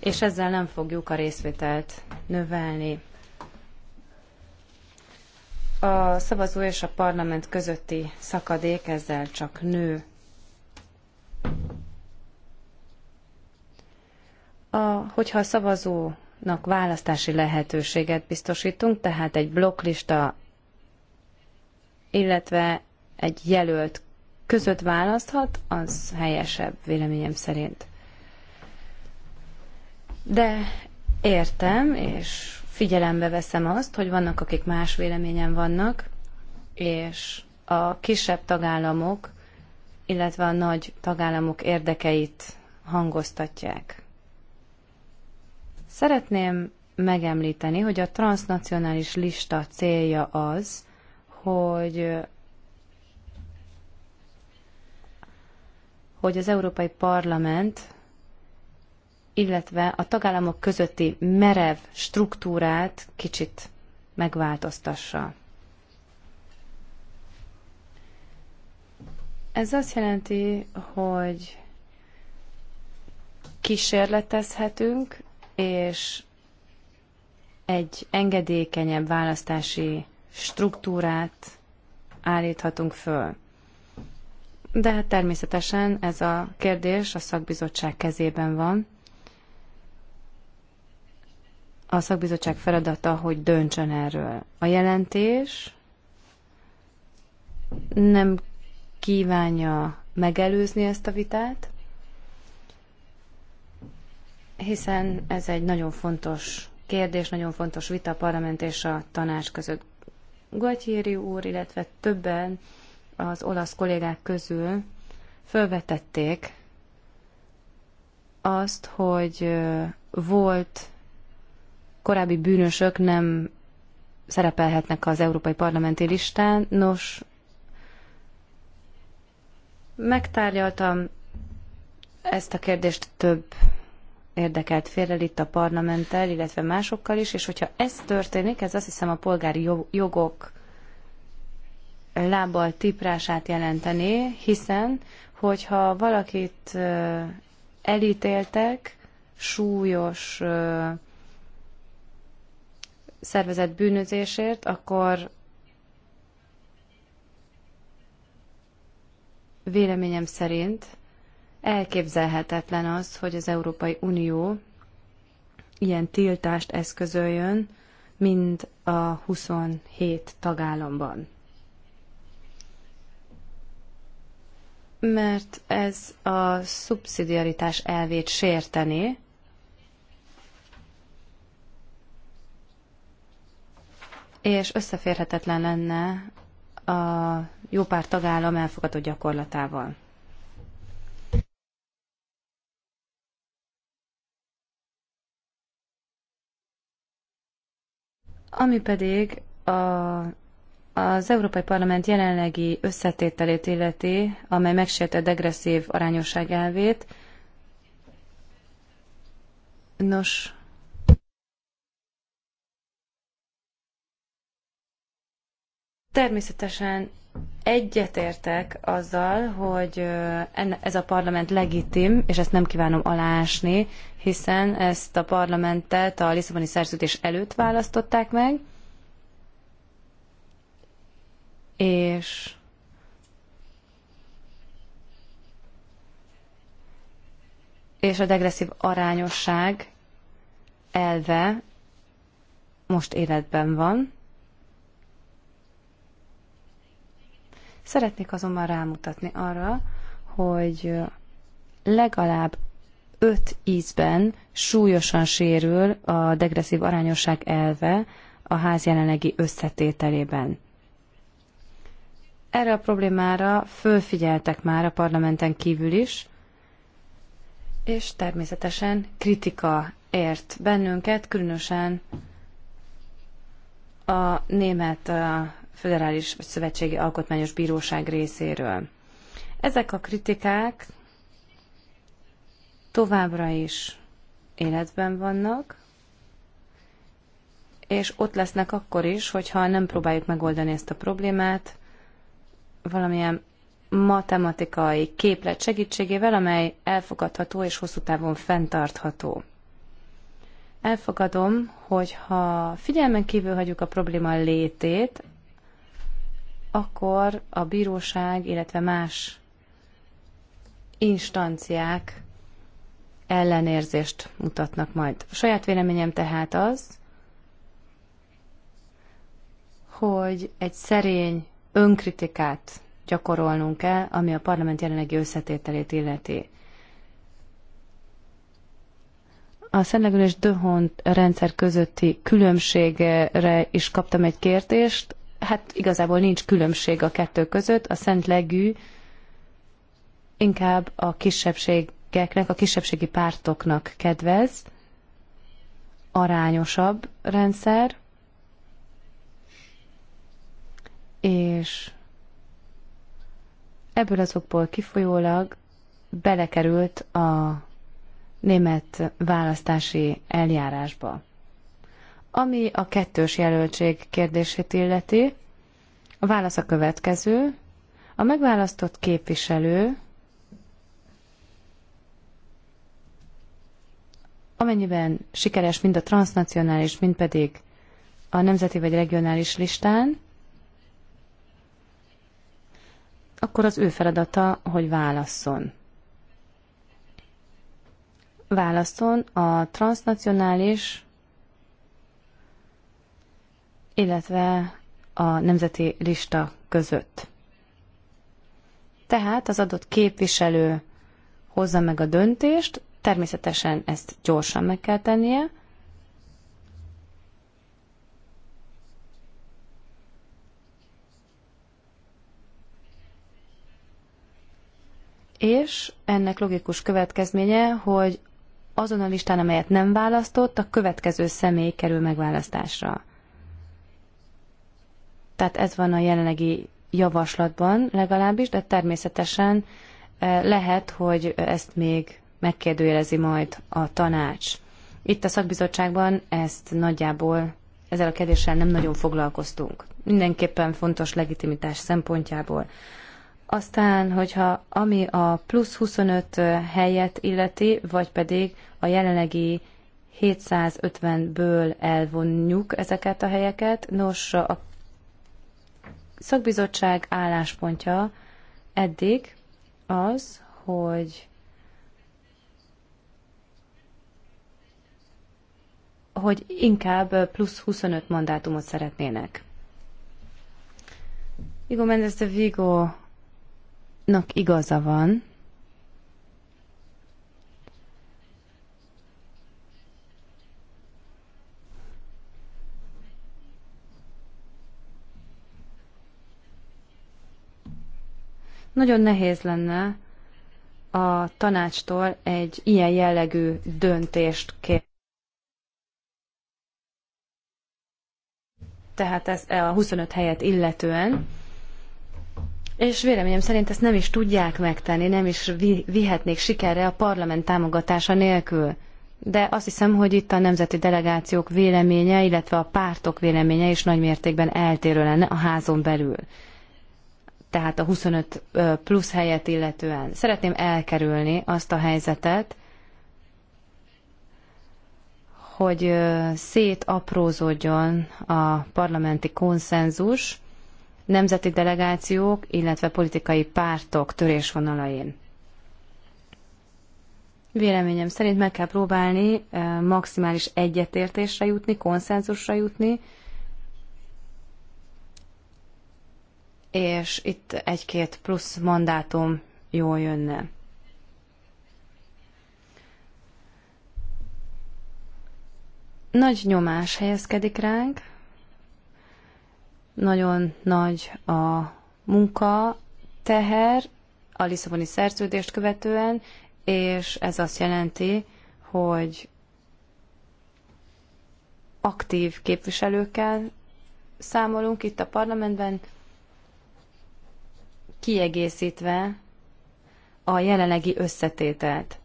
és ezzel nem fogjuk a részvételt növelni. A szavazó és a parlament közötti szakadék ezzel csak nő. A, hogyha a szavazónak választási lehetőséget biztosítunk, tehát egy blokklista, illetve egy jelölt között választhat, az helyesebb véleményem szerint. De értem, és Figyelembe veszem azt, hogy vannak, akik más véleményen vannak, és a kisebb tagállamok, illetve a nagy tagállamok érdekeit hangoztatják. Szeretném megemlíteni, hogy a transnacionális lista célja az, hogy hogy az Európai Parlament illetve a tagállamok közötti merev struktúrát kicsit megváltoztassa. Ez azt jelenti, hogy kísérletezhetünk, és egy engedékenyebb választási struktúrát állíthatunk föl. De hát természetesen ez a kérdés a szakbizottság kezében van, a szakbizottság feladata, hogy döntsön erről. A jelentés nem kívánja megelőzni ezt a vitát, hiszen ez egy nagyon fontos kérdés, nagyon fontos vita a parlament és a tanács között. Guatyéri úr, illetve többen az olasz kollégák közül felvetették azt, hogy volt korábbi bűnösök nem szerepelhetnek az Európai Parlamenti listán. Nos, megtárgyaltam ezt a kérdést több érdekelt félrel itt a parlamenttel, illetve másokkal is, és hogyha ez történik, ez azt hiszem a polgári jogok lábbal tiprását jelenteni, hiszen hogyha valakit elítéltek súlyos szervezett bűnözésért, akkor véleményem szerint elképzelhetetlen az, hogy az Európai Unió ilyen tiltást eszközöljön, mind a 27 tagállamban. Mert ez a szubszidiaritás elvét sérteni, és összeférhetetlen lenne a jó pár tagállam elfogadott gyakorlatával. Ami pedig a, az Európai Parlament jelenlegi összetételét illeti, amely megsérte degresszív arányosság elvét, nos, Természetesen egyetértek azzal, hogy ez a parlament legitim, és ezt nem kívánom alásni, hiszen ezt a parlamentet a Lisszaboni szerződés előtt választották meg, és és a degresszív arányosság elve most életben van. Szeretnék azonban rámutatni arra, hogy legalább öt ízben súlyosan sérül a degresszív arányosság elve a ház jelenlegi összetételében. Erre a problémára fölfigyeltek már a parlamenten kívül is, és természetesen kritika ért bennünket, különösen a német Föderális vagy Szövetségi Alkotmányos Bíróság részéről. Ezek a kritikák továbbra is életben vannak, és ott lesznek akkor is, hogyha nem próbáljuk megoldani ezt a problémát valamilyen matematikai képlet segítségével, amely elfogadható és hosszú távon fenntartható. Elfogadom, hogy ha figyelmen kívül hagyjuk a probléma létét, akkor a bíróság, illetve más instanciák ellenérzést mutatnak majd. A saját véleményem tehát az, hogy egy szerény önkritikát gyakorolnunk kell, ami a parlament jelenlegi összetételét illeti. A Szenlegül és Döhont rendszer közötti különbségre is kaptam egy kérdést, hát igazából nincs különbség a kettő között. A szent legű inkább a kisebbségeknek, a kisebbségi pártoknak kedvez, arányosabb rendszer, és ebből azokból kifolyólag belekerült a német választási eljárásba. Ami a kettős jelöltség kérdését illeti, a válasz a következő. A megválasztott képviselő, amennyiben sikeres mind a transnacionális, mind pedig a nemzeti vagy regionális listán, akkor az ő feladata, hogy válasszon. Válasszon a transnacionális illetve a nemzeti lista között. Tehát az adott képviselő hozza meg a döntést, természetesen ezt gyorsan meg kell tennie, és ennek logikus következménye, hogy azon a listán, amelyet nem választott, a következő személy kerül megválasztásra. Tehát ez van a jelenlegi javaslatban legalábbis, de természetesen e, lehet, hogy ezt még megkérdőjelezi majd a tanács. Itt a szakbizottságban ezt nagyjából ezzel a kérdéssel nem nagyon foglalkoztunk. Mindenképpen fontos legitimitás szempontjából. Aztán, hogyha ami a plusz 25 helyet illeti, vagy pedig a jelenlegi 750-ből elvonjuk ezeket a helyeket, nos, a szakbizottság álláspontja eddig az, hogy hogy inkább plusz 25 mandátumot szeretnének. Igo Mendes de Vigo-nak igaza van, Nagyon nehéz lenne a tanácstól egy ilyen jellegű döntést kérni. Tehát ez a 25 helyet illetően. És véleményem szerint ezt nem is tudják megtenni, nem is vihetnék sikerre a parlament támogatása nélkül. De azt hiszem, hogy itt a nemzeti delegációk véleménye, illetve a pártok véleménye is nagymértékben eltérő lenne a házon belül tehát a 25 plusz helyet illetően. Szeretném elkerülni azt a helyzetet, hogy szétaprózódjon a parlamenti konszenzus nemzeti delegációk, illetve politikai pártok törésvonalain. Véleményem szerint meg kell próbálni maximális egyetértésre jutni, konszenzusra jutni, és itt egy-két plusz mandátum jól jönne. Nagy nyomás helyezkedik ránk, nagyon nagy a munka teher a Lisszaboni szerződést követően, és ez azt jelenti, hogy aktív képviselőkkel számolunk itt a parlamentben, kiegészítve a jelenlegi összetételt.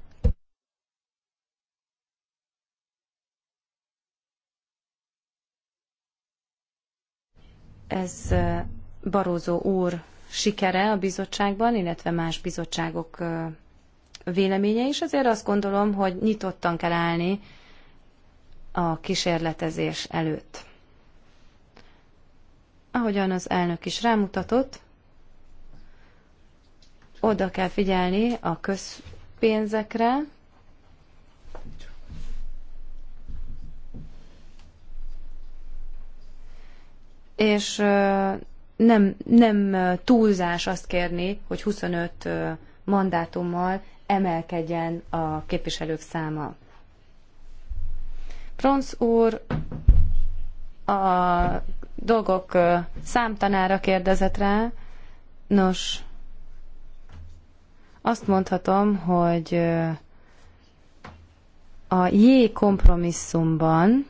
Ez Barózó úr sikere a bizottságban, illetve más bizottságok véleménye is. Azért azt gondolom, hogy nyitottan kell állni a kísérletezés előtt. Ahogyan az elnök is rámutatott, oda kell figyelni a közpénzekre, és nem, nem túlzás azt kérni, hogy 25 mandátummal emelkedjen a képviselők száma. Pronsz úr a dolgok számtanára kérdezett rá. Nos, azt mondhatom, hogy a J kompromisszumban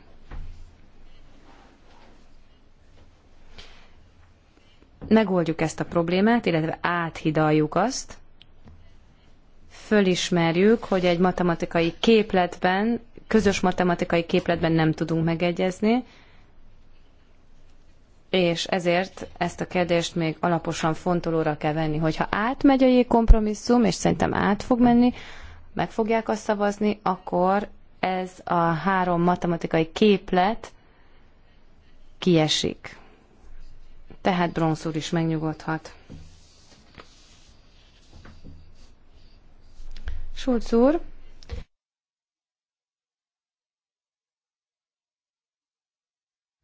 megoldjuk ezt a problémát, illetve áthidaljuk azt, fölismerjük, hogy egy matematikai képletben, közös matematikai képletben nem tudunk megegyezni, és ezért ezt a kérdést még alaposan fontolóra kell venni, hogyha átmegy a jégkompromisszum, és szerintem át fog menni, meg fogják azt szavazni, akkor ez a három matematikai képlet kiesik. Tehát bronzúr is megnyugodhat. Schulz úr,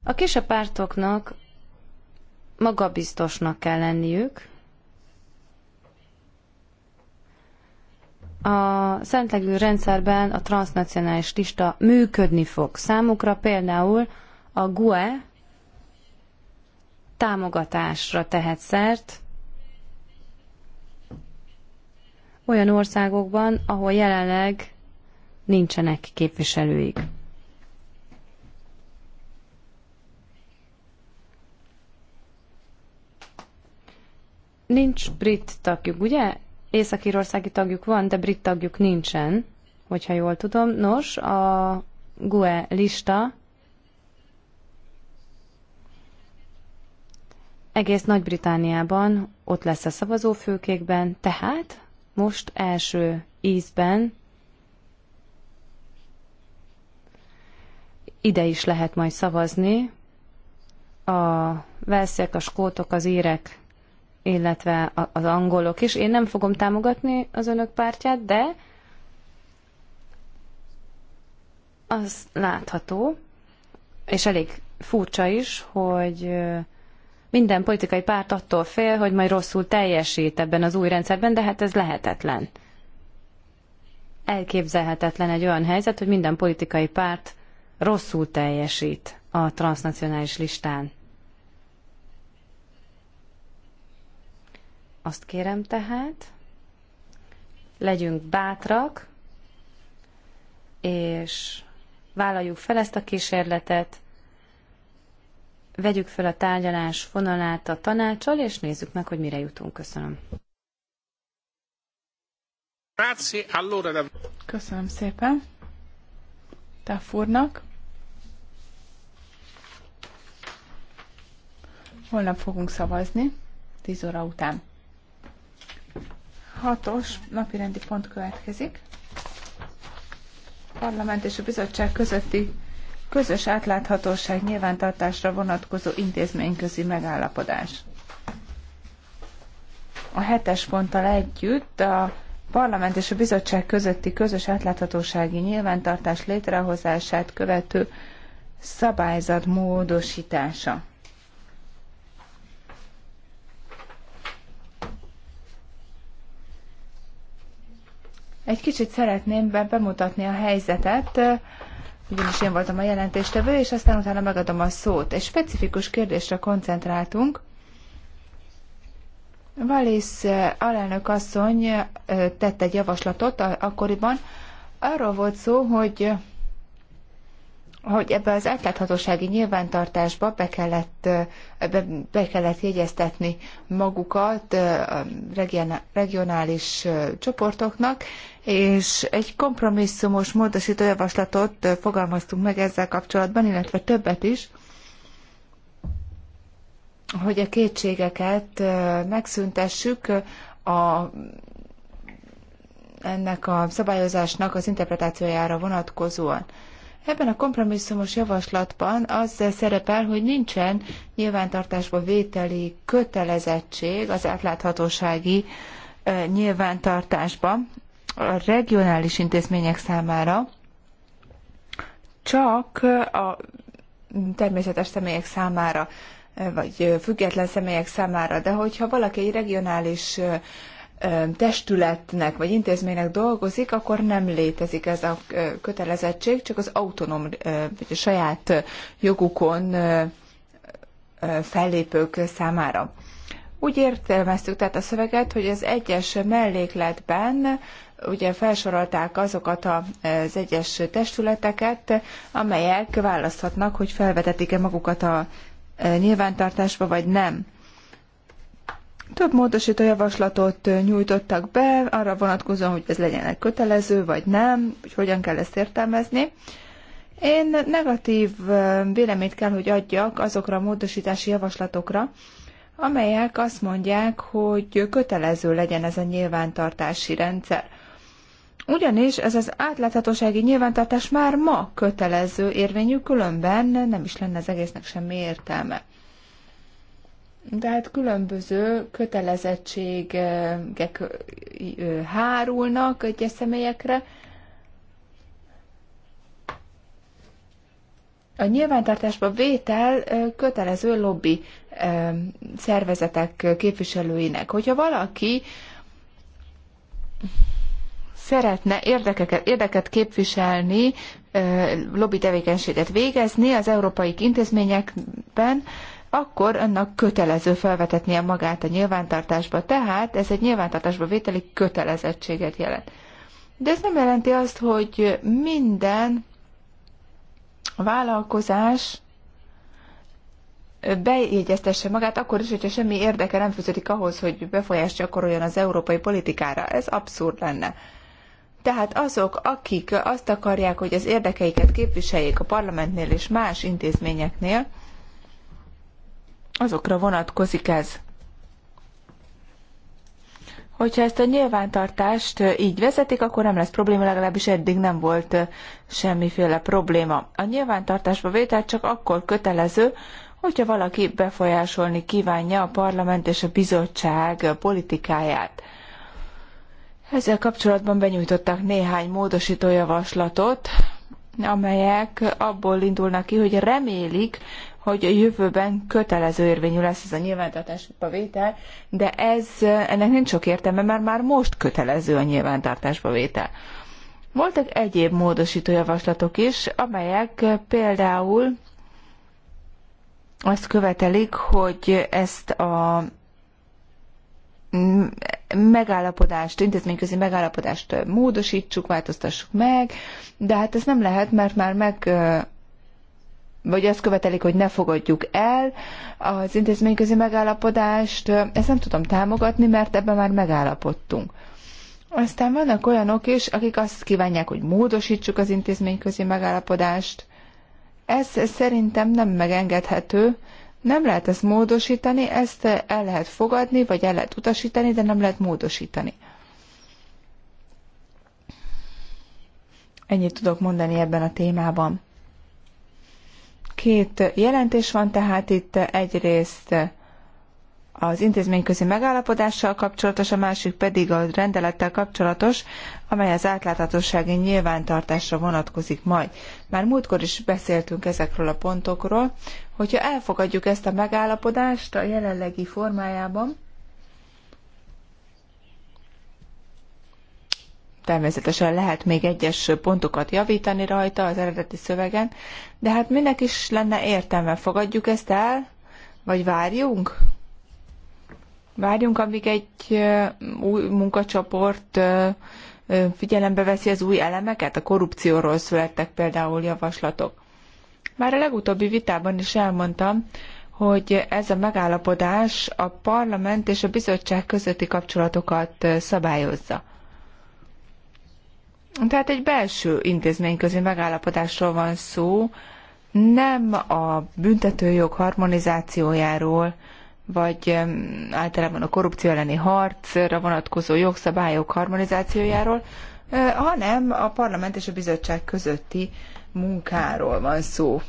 a kisebb pártoknak magabiztosnak kell lenniük. A szentlegű rendszerben a transnacionális lista működni fog. Számukra például a GUE támogatásra tehet szert, olyan országokban, ahol jelenleg nincsenek képviselőik. Nincs brit tagjuk, ugye? Észak-írországi tagjuk van, de brit tagjuk nincsen, hogyha jól tudom. Nos, a GUE lista egész Nagy-Britániában ott lesz a szavazófőkékben, tehát most első ízben ide is lehet majd szavazni. A velszek, a skótok, az írek illetve az angolok is. Én nem fogom támogatni az önök pártját, de az látható, és elég furcsa is, hogy minden politikai párt attól fél, hogy majd rosszul teljesít ebben az új rendszerben, de hát ez lehetetlen. Elképzelhetetlen egy olyan helyzet, hogy minden politikai párt rosszul teljesít a transnacionális listán. Azt kérem tehát, legyünk bátrak, és vállaljuk fel ezt a kísérletet, vegyük fel a tárgyalás fonalát a tanácsal, és nézzük meg, hogy mire jutunk. Köszönöm. Köszönöm szépen. Táfúrnak. Holnap fogunk szavazni, 10 óra után hatos napirendi pont következik. Parlament és a bizottság közötti közös átláthatóság nyilvántartásra vonatkozó intézményközi megállapodás. A hetes ponttal együtt a parlament és a bizottság közötti közös átláthatósági nyilvántartás létrehozását követő szabályzat módosítása. Egy kicsit szeretném be, bemutatni a helyzetet, ugyanis én voltam a jelentéstevő, és aztán utána megadom a szót. Egy specifikus kérdésre koncentráltunk. Valisz alelnök asszony tett egy javaslatot akkoriban. Arról volt szó, hogy hogy ebbe az átláthatósági nyilvántartásba be kellett, be, be kellett jegyeztetni magukat a regionális csoportoknak, és egy kompromisszumos módosító javaslatot fogalmaztunk meg ezzel kapcsolatban, illetve többet is, hogy a kétségeket megszüntessük a ennek a szabályozásnak az interpretációjára vonatkozóan. Ebben a kompromisszumos javaslatban az szerepel, hogy nincsen nyilvántartásba vételi kötelezettség az átláthatósági nyilvántartásban a regionális intézmények számára, csak a természetes személyek számára, vagy független személyek számára, de hogyha valaki egy regionális testületnek vagy intézménynek dolgozik, akkor nem létezik ez a kötelezettség, csak az autonóm vagy a saját jogukon fellépők számára. Úgy értelmeztük tehát a szöveget, hogy az egyes mellékletben ugye felsorolták azokat az egyes testületeket, amelyek választhatnak, hogy felvetetik-e magukat a nyilvántartásba, vagy nem. Több módosító javaslatot nyújtottak be, arra vonatkozóan, hogy ez legyen egy kötelező, vagy nem, hogy hogyan kell ezt értelmezni. Én negatív véleményt kell, hogy adjak azokra a módosítási javaslatokra, amelyek azt mondják, hogy kötelező legyen ez a nyilvántartási rendszer. Ugyanis ez az átláthatósági nyilvántartás már ma kötelező érvényű, különben nem is lenne az egésznek semmi értelme de hát különböző kötelezettségek hárulnak egyes személyekre. A nyilvántartásba vétel kötelező lobby szervezetek képviselőinek. Hogyha valaki szeretne érdekeket, érdeket képviselni, lobby tevékenységet végezni az európai intézményekben, akkor önnek kötelező felvetetnie magát a nyilvántartásba, tehát ez egy nyilvántartásba vételi kötelezettséget jelent. De ez nem jelenti azt, hogy minden vállalkozás bejegyeztesse magát, akkor is, hogyha semmi érdeke nem fűződik ahhoz, hogy befolyást gyakoroljon az európai politikára. Ez abszurd lenne. Tehát azok, akik azt akarják, hogy az érdekeiket képviseljék a parlamentnél és más intézményeknél, azokra vonatkozik ez. Hogyha ezt a nyilvántartást így vezetik, akkor nem lesz probléma, legalábbis eddig nem volt semmiféle probléma. A nyilvántartásba vétel csak akkor kötelező, hogyha valaki befolyásolni kívánja a parlament és a bizottság politikáját. Ezzel kapcsolatban benyújtottak néhány módosító javaslatot, amelyek abból indulnak ki, hogy remélik, hogy a jövőben kötelező érvényű lesz ez a nyilvántartásba vétel, de ez, ennek nincs sok értelme, mert már most kötelező a nyilvántartásba vétel. Voltak egyéb módosító javaslatok is, amelyek például azt követelik, hogy ezt a megállapodást, intézményközi megállapodást módosítsuk, változtassuk meg, de hát ez nem lehet, mert már meg vagy azt követelik, hogy ne fogadjuk el az intézményközi megállapodást. Ezt nem tudom támogatni, mert ebben már megállapodtunk. Aztán vannak olyanok is, akik azt kívánják, hogy módosítsuk az intézményközi megállapodást. Ez szerintem nem megengedhető. Nem lehet ezt módosítani, ezt el lehet fogadni, vagy el lehet utasítani, de nem lehet módosítani. Ennyit tudok mondani ebben a témában. Két jelentés van tehát itt, egyrészt az intézményközi megállapodással kapcsolatos, a másik pedig a rendelettel kapcsolatos, amely az átláthatósági nyilvántartásra vonatkozik majd. Már múltkor is beszéltünk ezekről a pontokról, hogyha elfogadjuk ezt a megállapodást a jelenlegi formájában, természetesen lehet még egyes pontokat javítani rajta az eredeti szövegen, de hát minek is lenne értelme? Fogadjuk ezt el? Vagy várjunk? Várjunk, amíg egy új munkacsoport figyelembe veszi az új elemeket? A korrupcióról születtek például javaslatok. Már a legutóbbi vitában is elmondtam, hogy ez a megállapodás a parlament és a bizottság közötti kapcsolatokat szabályozza. Tehát egy belső közé megállapodásról van szó, nem a büntetőjog harmonizációjáról, vagy általában a korrupció elleni harcra vonatkozó jogszabályok harmonizációjáról, hanem a parlament és a bizottság közötti munkáról van szó.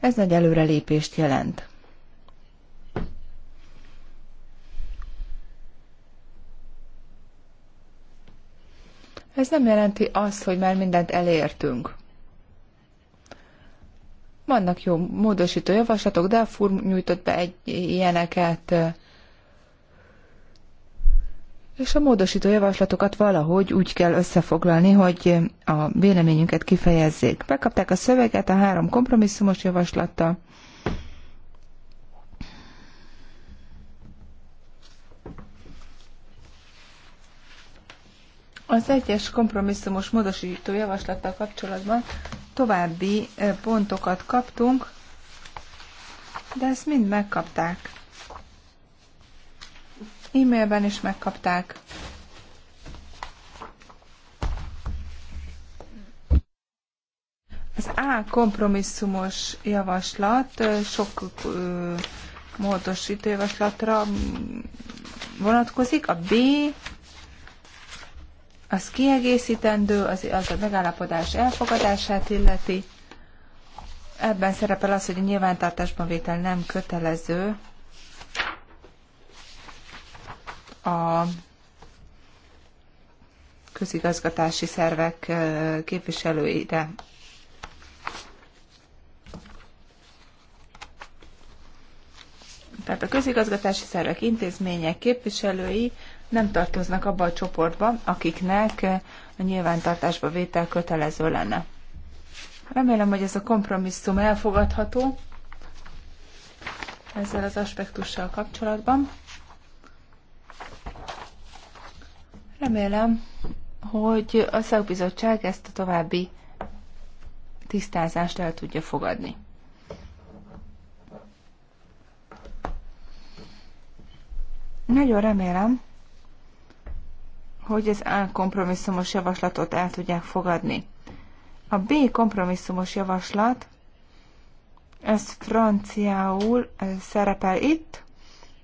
Ez nagy előrelépést jelent. Ez nem jelenti azt, hogy már mindent elértünk. Vannak jó módosító javaslatok, de a FUR nyújtott be egy ilyeneket. És a módosító javaslatokat valahogy úgy kell összefoglalni, hogy a véleményünket kifejezzék. Bekapták a szöveget a három kompromisszumos javaslattal. Az egyes kompromisszumos módosító javaslattal kapcsolatban további pontokat kaptunk, de ezt mind megkapták. E-mailben is megkapták. Az A kompromisszumos javaslat sok ö, módosító javaslatra mm, vonatkozik, a B az kiegészítendő, az, az a megállapodás elfogadását illeti. Ebben szerepel az, hogy a nyilvántartásban vétel nem kötelező a közigazgatási szervek képviselőire. Tehát a közigazgatási szervek, intézmények képviselői nem tartoznak abba a csoportba, akiknek a nyilvántartásba vétel kötelező lenne. Remélem, hogy ez a kompromisszum elfogadható ezzel az aspektussal kapcsolatban. Remélem, hogy a szakbizottság ezt a további tisztázást el tudja fogadni. Nagyon remélem, hogy az A kompromisszumos javaslatot el tudják fogadni. A B kompromisszumos javaslat, ez franciául szerepel itt,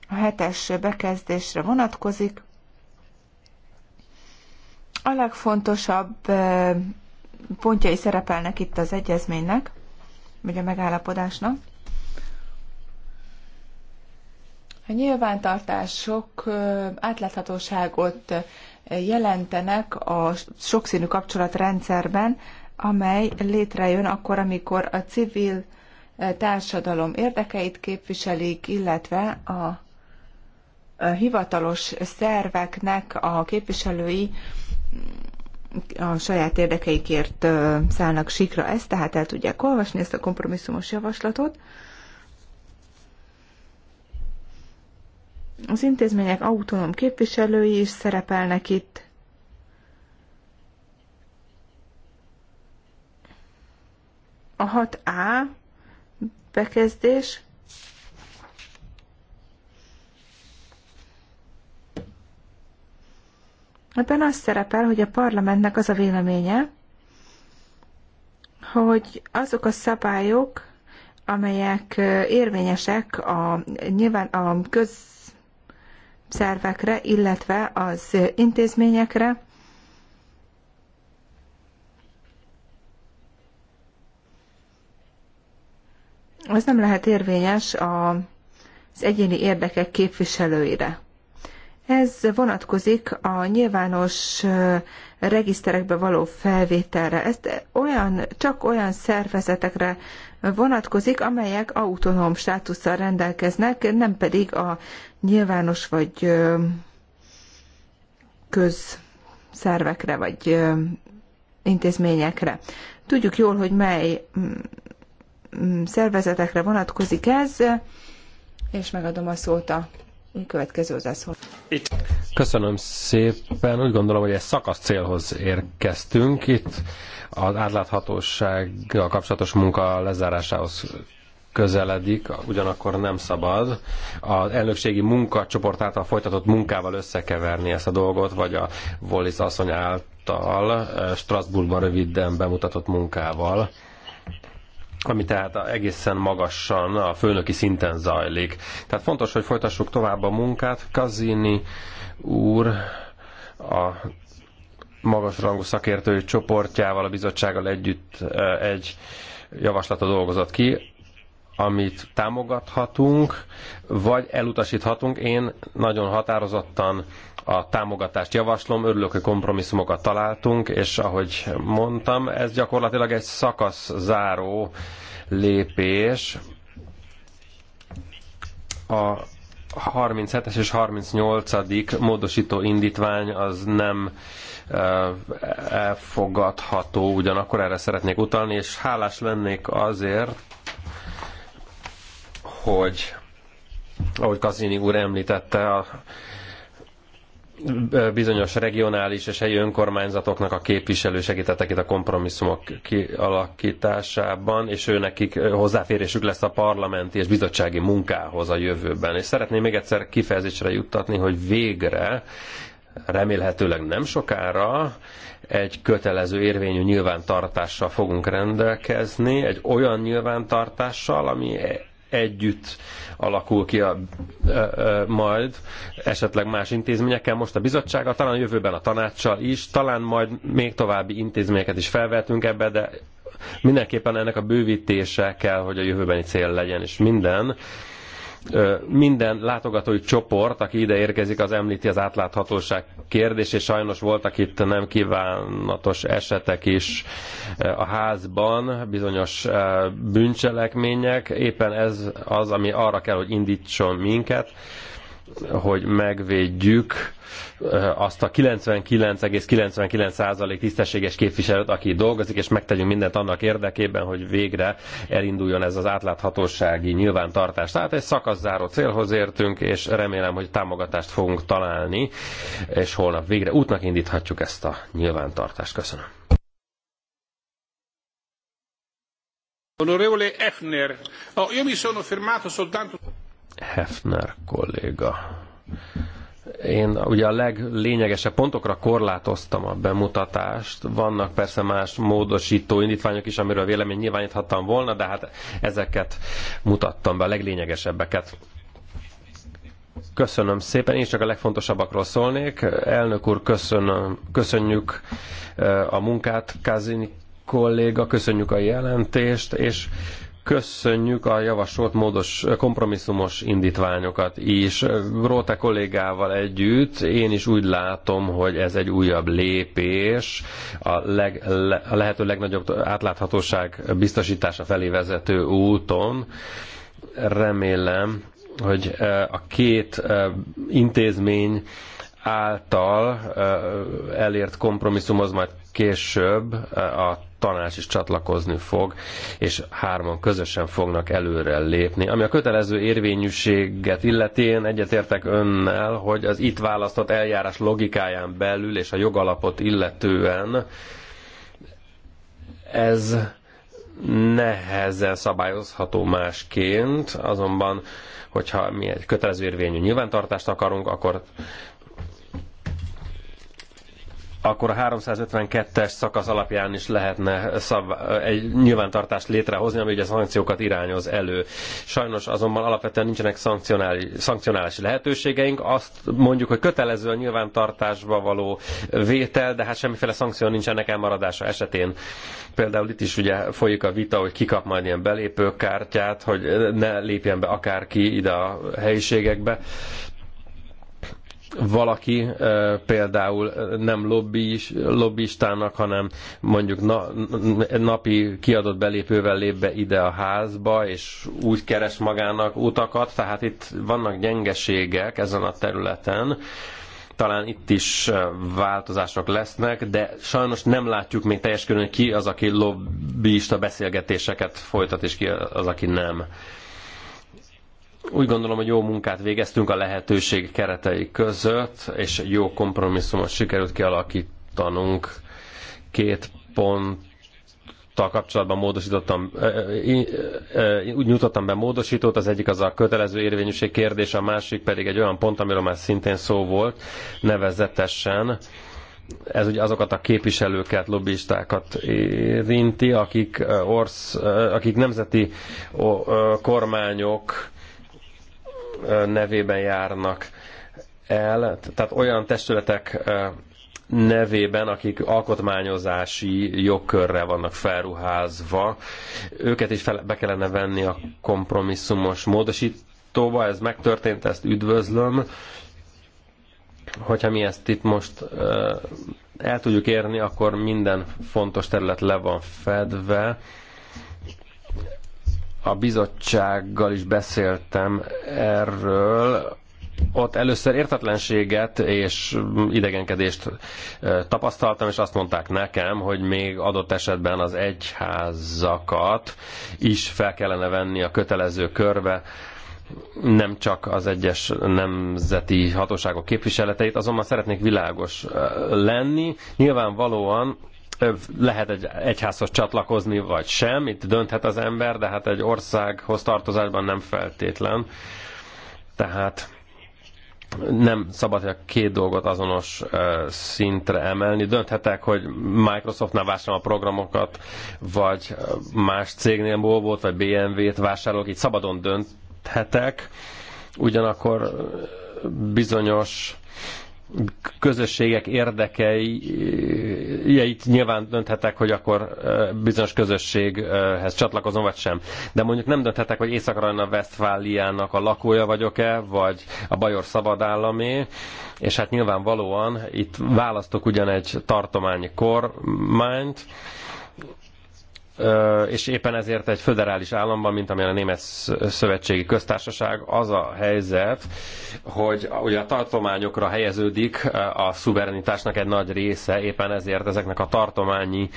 a hetes bekezdésre vonatkozik. A legfontosabb pontjai szerepelnek itt az egyezménynek, vagy a megállapodásnak. A nyilvántartások átláthatóságot jelentenek a sokszínű kapcsolatrendszerben, amely létrejön akkor, amikor a civil eh, társadalom érdekeit képviselik, illetve a hivatalos szerveknek a képviselői mm, a saját érdekeikért eh, szállnak sikra ezt, tehát el tudják olvasni ezt a kompromisszumos javaslatot. Az intézmények autonóm képviselői is szerepelnek itt. A 6A bekezdés Ebben az szerepel, hogy a parlamentnek az a véleménye, hogy azok a szabályok, amelyek érvényesek a, nyilván a köz, szervekre, illetve az intézményekre. Az nem lehet érvényes az egyéni érdekek képviselőire. Ez vonatkozik a nyilvános regiszterekbe való felvételre. Ezt olyan, csak olyan szervezetekre vonatkozik, amelyek autonóm státusszal rendelkeznek, nem pedig a nyilvános vagy közszervekre vagy intézményekre. Tudjuk jól, hogy mely szervezetekre vonatkozik ez, és megadom a szót a Következő hozzászól. Köszönöm szépen. Úgy gondolom, hogy egy szakasz célhoz érkeztünk. Itt az átláthatósággal kapcsolatos munka lezárásához közeledik, ugyanakkor nem szabad az elnökségi munkacsoport által folytatott munkával összekeverni ezt a dolgot, vagy a Wallis asszony által eh, Strasbourgban röviden bemutatott munkával ami tehát egészen magasan a főnöki szinten zajlik. Tehát fontos, hogy folytassuk tovább a munkát. Kazini úr a magas rangú szakértői csoportjával, a bizottsággal együtt eh, egy javaslatot dolgozott ki, amit támogathatunk, vagy elutasíthatunk. Én nagyon határozottan a támogatást javaslom. Örülök, hogy kompromisszumokat találtunk, és ahogy mondtam, ez gyakorlatilag egy szakasz záró lépés. A 37-es és 38. módosító indítvány az nem elfogadható, ugyanakkor erre szeretnék utalni, és hálás lennék azért, hogy ahogy Kazini úr említette, a bizonyos regionális és helyi önkormányzatoknak a képviselő segítettek itt a kompromisszumok kialakításában, és őnekik hozzáférésük lesz a parlamenti és bizottsági munkához a jövőben. És szeretném még egyszer kifejezésre juttatni, hogy végre remélhetőleg nem sokára egy kötelező érvényű nyilvántartással fogunk rendelkezni, egy olyan nyilvántartással, ami együtt alakul ki a, ö, ö, majd, esetleg más intézményekkel, most a bizottsággal, talán a jövőben a tanácssal is, talán majd még további intézményeket is felvetünk ebbe, de mindenképpen ennek a bővítése kell, hogy a jövőbeni cél legyen, és minden minden látogatói csoport, aki ide érkezik, az említi az átláthatóság kérdés, és sajnos voltak itt nem kívánatos esetek is a házban, bizonyos bűncselekmények. Éppen ez az, ami arra kell, hogy indítson minket, hogy megvédjük eh, azt a 99,99% tisztességes képviselőt, aki dolgozik, és megtegyünk mindent annak érdekében, hogy végre elinduljon ez az átláthatósági nyilvántartás. Tehát egy szakaszzáró célhoz értünk, és remélem, hogy támogatást fogunk találni, és holnap végre útnak indíthatjuk ezt a nyilvántartást. Köszönöm. Honorevole Efner, oh, io mi sono fermato soltanto... Hefner kolléga. Én ugye a leglényegesebb pontokra korlátoztam a bemutatást. Vannak persze más módosító indítványok is, amiről vélemény nyilváníthattam volna, de hát ezeket mutattam be, a leglényegesebbeket. Köszönöm szépen, én csak a legfontosabbakról szólnék. Elnök úr, köszönöm, köszönjük eh, a munkát, Kazin kolléga, köszönjük a jelentést, és Köszönjük a javasolt módos kompromisszumos indítványokat is. Róta kollégával együtt én is úgy látom, hogy ez egy újabb lépés a, leg, le, a lehető legnagyobb átláthatóság biztosítása felé vezető úton. Remélem, hogy eh, a két eh, intézmény által elért kompromisszum az majd később a tanács is csatlakozni fog, és hárman közösen fognak előre lépni. Ami a kötelező érvényűséget illeti, egyetértek önnel, hogy az itt választott eljárás logikáján belül és a jogalapot illetően ez nehezen szabályozható másként, azonban, hogyha mi egy kötelező érvényű nyilvántartást akarunk, akkor akkor a 352-es szakasz alapján is lehetne szab- egy nyilvántartást létrehozni, ami ugye a szankciókat irányoz elő. Sajnos azonban alapvetően nincsenek szankcionálási lehetőségeink. Azt mondjuk, hogy kötelező a nyilvántartásba való vétel, de hát semmiféle szankció nincsenek elmaradása esetén. Például itt is ugye folyik a vita, hogy ki kap majd ilyen belépőkártyát, hogy ne lépjen be akárki ide a helyiségekbe valaki például nem lobbis, lobbistának, hanem mondjuk na, napi kiadott belépővel lép be ide a házba, és úgy keres magának utakat, tehát itt vannak gyengeségek ezen a területen, talán itt is változások lesznek, de sajnos nem látjuk még teljes körülön ki az, aki lobbyista beszélgetéseket folytat, és ki az, aki nem. Úgy gondolom, hogy jó munkát végeztünk a lehetőség keretei között, és jó kompromisszumot sikerült kialakítanunk. Két pont tal kapcsolatban módosítottam, úgy nyújtottam be módosítót, az egyik az a kötelező érvényűség kérdés, a másik pedig egy olyan pont, amiről már szintén szó volt, nevezetesen, ez ugye azokat a képviselőket, lobbistákat érinti, akik, orsz, akik nemzeti kormányok nevében járnak el, tehát olyan testületek nevében, akik alkotmányozási jogkörre vannak felruházva, őket is fel, be kellene venni a kompromisszumos módosítóba, ez megtörtént, ezt üdvözlöm. Hogyha mi ezt itt most el tudjuk érni, akkor minden fontos terület le van fedve a bizottsággal is beszéltem erről, ott először értetlenséget és idegenkedést tapasztaltam, és azt mondták nekem, hogy még adott esetben az egyházakat is fel kellene venni a kötelező körbe, nem csak az egyes nemzeti hatóságok képviseleteit, azonban szeretnék világos lenni. Nyilvánvalóan lehet egy egyházhoz csatlakozni, vagy sem, itt dönthet az ember, de hát egy országhoz tartozásban nem feltétlen. Tehát nem szabad, hogy a két dolgot azonos szintre emelni. Dönthetek, hogy Microsoftnál vásárolom a programokat, vagy más cégnél volt, vagy BMW-t vásárolok, így szabadon dönthetek. Ugyanakkor bizonyos közösségek érdekeit nyilván dönthetek, hogy akkor bizonyos közösséghez csatlakozom, vagy sem. De mondjuk nem dönthetek, hogy észak a Westfáliának a lakója vagyok-e, vagy a Bajor szabadállamé, és hát nyilvánvalóan itt választok ugyan egy tartományi kormányt, és éppen ezért egy föderális államban, mint amilyen a Német Szövetségi Köztársaság, az a helyzet, hogy ugye a tartományokra helyeződik a szuverenitásnak egy nagy része, éppen ezért ezeknek a tartományi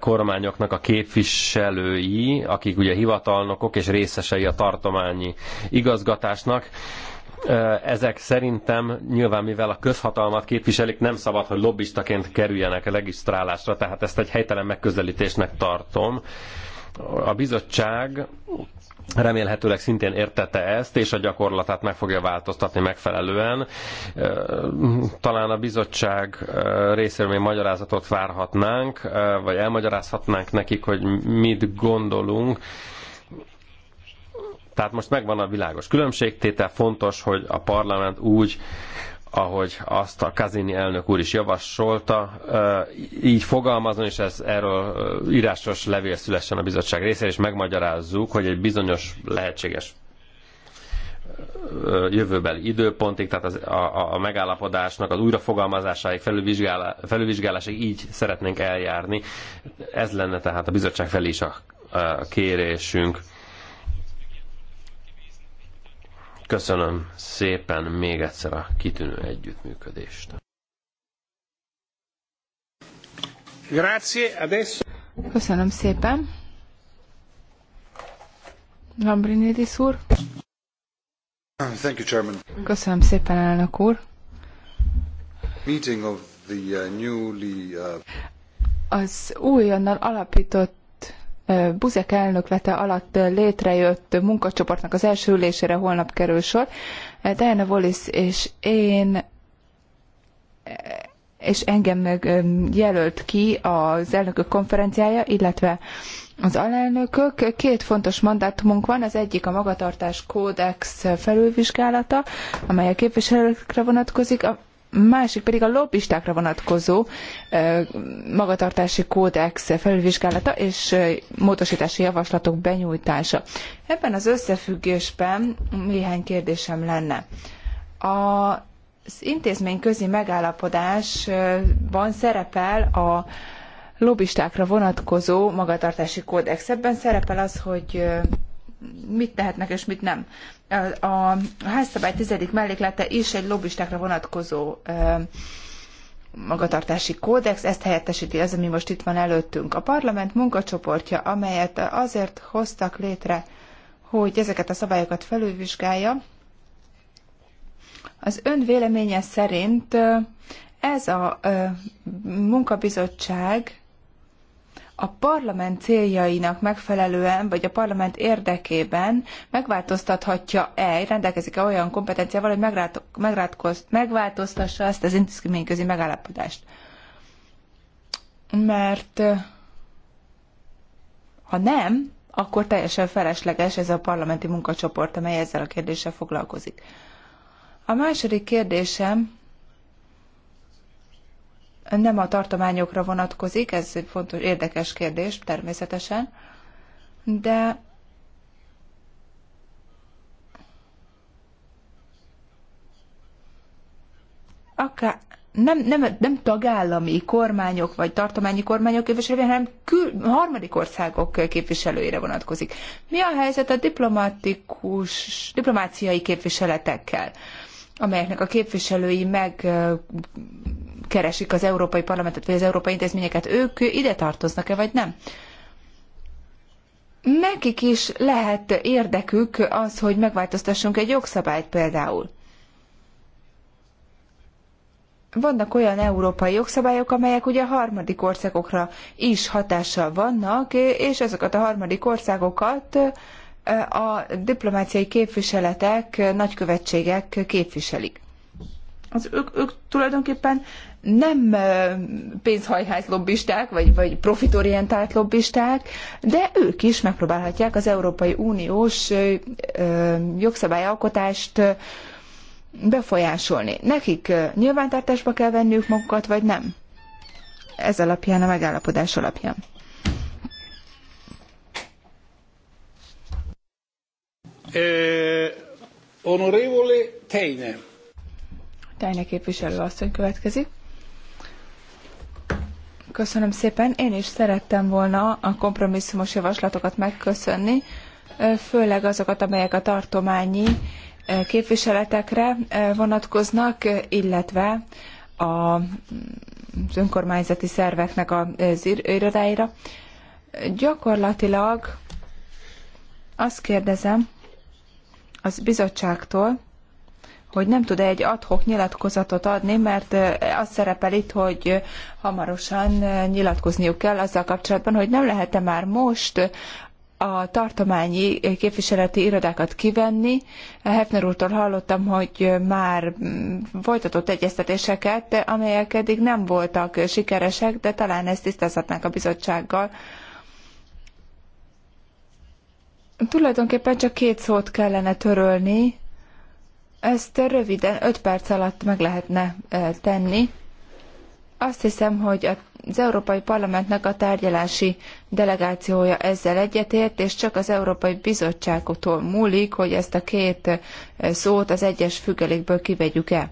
kormányoknak a képviselői, akik ugye hivatalnokok és részesei a tartományi igazgatásnak, ezek szerintem nyilván mivel a közhatalmat képviselik, nem szabad, hogy lobbistaként kerüljenek a regisztrálásra, tehát ezt egy helytelen megközelítésnek tartom. A bizottság remélhetőleg szintén értette ezt, és a gyakorlatát meg fogja változtatni megfelelően. Talán a bizottság részéről még magyarázatot várhatnánk, vagy elmagyarázhatnánk nekik, hogy mit gondolunk tehát most megvan a világos különbségtétel, fontos, hogy a parlament úgy, ahogy azt a Kazini elnök úr is javasolta, így fogalmazon, és ez erről írásos levél szülessen a bizottság részére, és megmagyarázzuk, hogy egy bizonyos lehetséges jövőbeli időpontig, tehát az, a, a megállapodásnak az újrafogalmazásáig, felülvizsgálá, felülvizsgálásig így szeretnénk eljárni. Ez lenne tehát a bizottság felé is a, a kérésünk. köszönöm szépen még egyszer a kitűnő együttműködést. Grazie, adesso... Köszönöm szépen. Lambrinidis úr. Thank you, Chairman. Köszönöm szépen, elnök úr. Meeting of the uh, newly, uh... Az újonnan alapított Buzek elnöklete alatt létrejött munkacsoportnak az első ülésére holnap kerül sor. Diana Wallis és én és engem meg jelölt ki az elnökök konferenciája, illetve az alelnökök. Két fontos mandátumunk van, az egyik a magatartás kódex felülvizsgálata, amely a képviselőkre vonatkozik, másik pedig a lobbistákra vonatkozó magatartási kódex felülvizsgálata és módosítási javaslatok benyújtása. Ebben az összefüggésben néhány kérdésem lenne. az intézményközi megállapodásban szerepel a lobbistákra vonatkozó magatartási kódex. Ebben szerepel az, hogy mit tehetnek és mit nem a házszabály tizedik melléklete is egy lobbistákra vonatkozó magatartási kódex, ezt helyettesíti az, ami most itt van előttünk. A parlament munkacsoportja, amelyet azért hoztak létre, hogy ezeket a szabályokat felülvizsgálja, az ön véleménye szerint ez a munkabizottság a parlament céljainak megfelelően, vagy a parlament érdekében megváltoztathatja-e, rendelkezik-e olyan kompetenciával, hogy megváltoztassa ezt az intézményközi megállapodást. Mert ha nem, akkor teljesen felesleges ez a parlamenti munkacsoport, amely ezzel a kérdéssel foglalkozik. A második kérdésem nem a tartományokra vonatkozik, ez egy fontos, érdekes kérdés természetesen, de akár nem, nem, nem tagállami kormányok vagy tartományi kormányok képviselői, hanem kül, harmadik országok képviselőire vonatkozik. Mi a helyzet a diplomatikus, diplomáciai képviseletekkel, amelyeknek a képviselői meg keresik az Európai Parlamentet vagy az Európai Intézményeket, ők ide tartoznak-e vagy nem? Nekik is lehet érdekük az, hogy megváltoztassunk egy jogszabályt például. Vannak olyan európai jogszabályok, amelyek ugye a harmadik országokra is hatással vannak, és ezeket a harmadik országokat eh, a diplomáciai képviseletek, nagykövetségek képviselik. Az ők, ők tulajdonképpen nem pénzhajhász lobbisták, vagy, vagy profitorientált lobbisták, de ők is megpróbálhatják az Európai Uniós jogszabályalkotást befolyásolni. Nekik nyilvántartásba kell venniük magukat, vagy nem? Ez alapján, a megállapodás alapján. Eh, Honorevole Teine. Teine képviselő asszony következik. Köszönöm szépen. Én is szerettem volna a kompromisszumos javaslatokat megköszönni, főleg azokat, amelyek a tartományi képviseletekre vonatkoznak, illetve a önkormányzati szerveknek az irodáira. Gyakorlatilag azt kérdezem az bizottságtól, hogy nem tud -e egy adhok nyilatkozatot adni, mert eh, az szerepel itt, hogy eh, hamarosan eh, nyilatkozniuk kell azzal kapcsolatban, hogy nem lehet-e már most a tartományi képviseleti irodákat kivenni. Hefner úrtól hallottam, hogy már mm, folytatott egyeztetéseket, amelyek eddig nem voltak sikeresek, de talán ezt tisztázhatnánk a bizottsággal. Tulajdonképpen csak két szót kellene törölni, ezt röviden, 5 perc alatt meg lehetne tenni. Azt hiszem, hogy az Európai Parlamentnek a tárgyalási delegációja ezzel egyetért, és csak az Európai Bizottságtól múlik, hogy ezt a két szót az egyes függelékből kivegyük-e.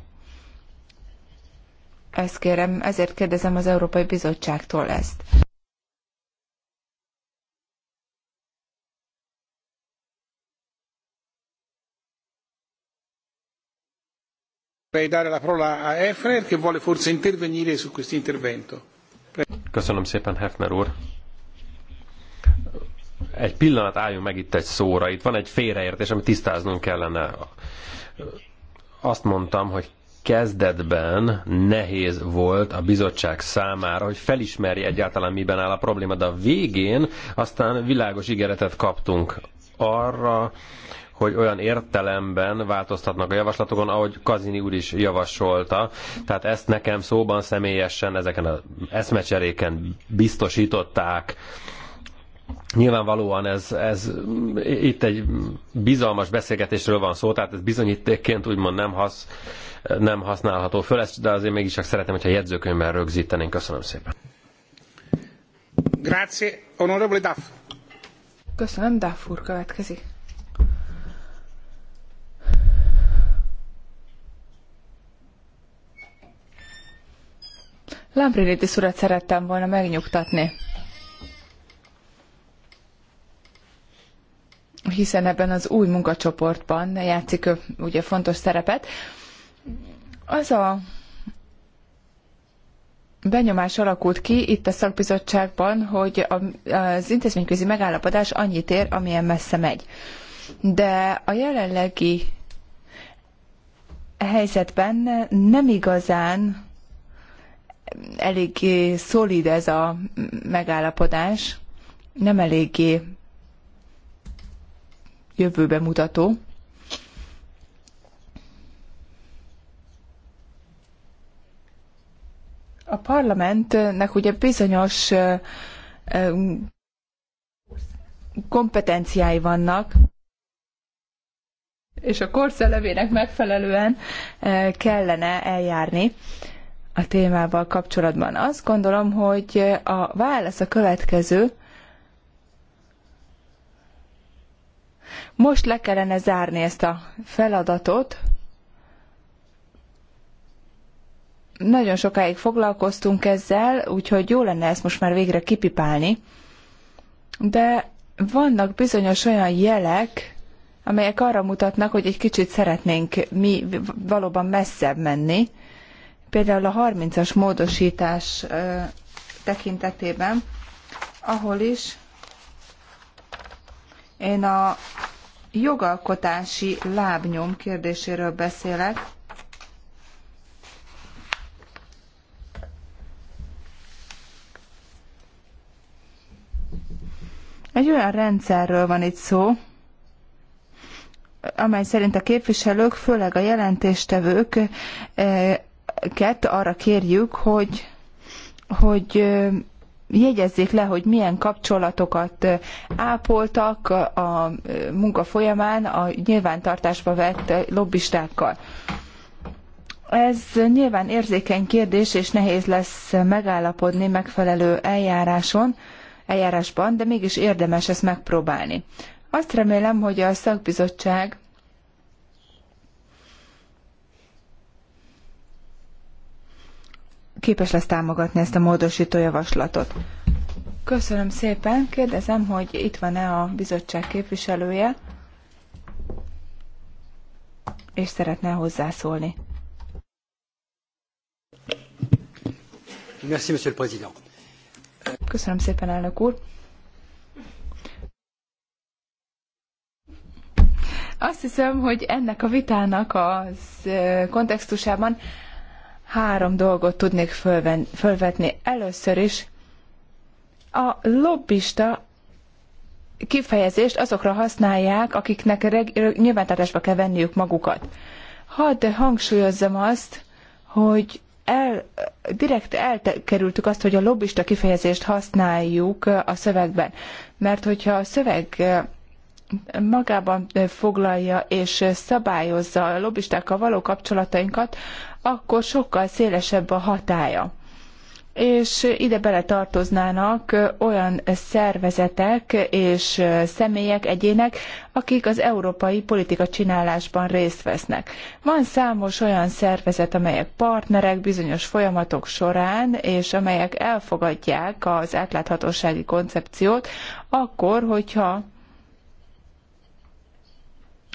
Ezt kérem, ezért kérdezem az Európai Bizottságtól ezt. Köszönöm szépen, Hefner úr. Egy pillanat álljunk meg itt egy szóra. Itt van egy félreértés, amit tisztáznunk kellene. Azt mondtam, hogy kezdetben nehéz volt a bizottság számára, hogy felismerje egyáltalán miben áll a probléma, de a végén aztán világos ígéretet kaptunk arra, hogy olyan értelemben változtatnak a javaslatokon, ahogy Kazini úr is javasolta. Tehát ezt nekem szóban személyesen ezeken az eszmecseréken biztosították. Nyilvánvalóan ez, ez itt egy bizalmas beszélgetésről van szó, tehát ez bizonyítékként úgymond nem, hasz, nem használható föl, ezt, de azért mégis csak szeretem, hogyha jegyzőkönyvben rögzítenénk. Köszönöm szépen. Grazie, onorevole Duff. Köszönöm, Duff úr következik. Lambrinidis urat szerettem volna megnyugtatni. Hiszen ebben az új munkacsoportban játszik ő ugye fontos szerepet. Az a benyomás alakult ki itt a szakbizottságban, hogy az intézményközi megállapodás annyit ér, amilyen messze megy. De a jelenlegi helyzetben nem igazán eléggé eh, szolid ez a megállapodás, nem eléggé jövőbe mutató. A parlamentnek ugye bizonyos eh, eh, kompetenciái vannak, és a korszelevének megfelelően kellene eljárni a témával kapcsolatban. Azt gondolom, hogy a válasz a következő. Most le kellene zárni ezt a feladatot. Nagyon sokáig foglalkoztunk ezzel, úgyhogy jó lenne ezt most már végre kipipálni. De vannak bizonyos olyan jelek, amelyek arra mutatnak, hogy egy kicsit szeretnénk mi valóban messzebb menni, például a 30-as módosítás tekintetében, ahol is én a jogalkotási lábnyom kérdéséről beszélek, Egy olyan rendszerről van itt szó, amely szerint a képviselők, főleg a jelentéstevők embereket arra kérjük, hogy, hogy jegyezzék le, hogy milyen kapcsolatokat ápoltak a munka folyamán a nyilvántartásba vett lobbistákkal. Ez nyilván érzékeny kérdés, és nehéz lesz megállapodni megfelelő eljáráson, eljárásban, de mégis érdemes ezt megpróbálni. Azt remélem, hogy a szakbizottság képes lesz támogatni ezt a módosító javaslatot. Köszönöm szépen. Kérdezem, hogy itt van-e a bizottság képviselője, és szeretne hozzászólni. Merci, monsieur le président. Köszönöm szépen, elnök úr. Azt hiszem, hogy ennek a vitának az kontextusában három dolgot tudnék fölven, fölvetni. Először is a lobbista kifejezést azokra használják, akiknek reg- nyilvántartásba kell venniük magukat. Hadd hangsúlyozzam azt, hogy el, direkt elkerültük azt, hogy a lobbista kifejezést használjuk a szövegben. Mert hogyha a szöveg eh, magában eh, foglalja és szabályozza a lobbistákkal való kapcsolatainkat, akkor sokkal szélesebb a hatája. És ide bele tartoznának olyan szervezetek és személyek, egyének, akik az európai politika csinálásban részt vesznek. Van számos olyan szervezet, amelyek partnerek bizonyos folyamatok során, és amelyek elfogadják az átláthatósági koncepciót, akkor, hogyha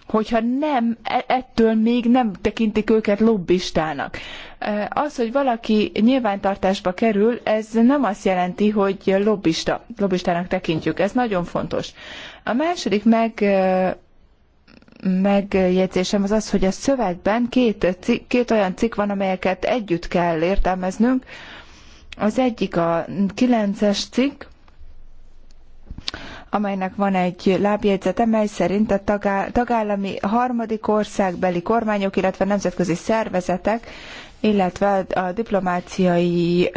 hogyha nem, e, ettől még nem tekintik őket lobbistának. E, az, hogy valaki nyilvántartásba kerül, ez nem azt jelenti, hogy lobbista, lobbistának tekintjük. Ez nagyon fontos. A második meg e, megjegyzésem az az, hogy a szövegben két, két olyan cikk van, amelyeket együtt kell értelmeznünk. Az egyik a 9-es cikk, amelynek van egy lábjegyzete, mely szerint a tagállami harmadik országbeli kormányok, illetve nemzetközi szervezetek illetve a diplomáciai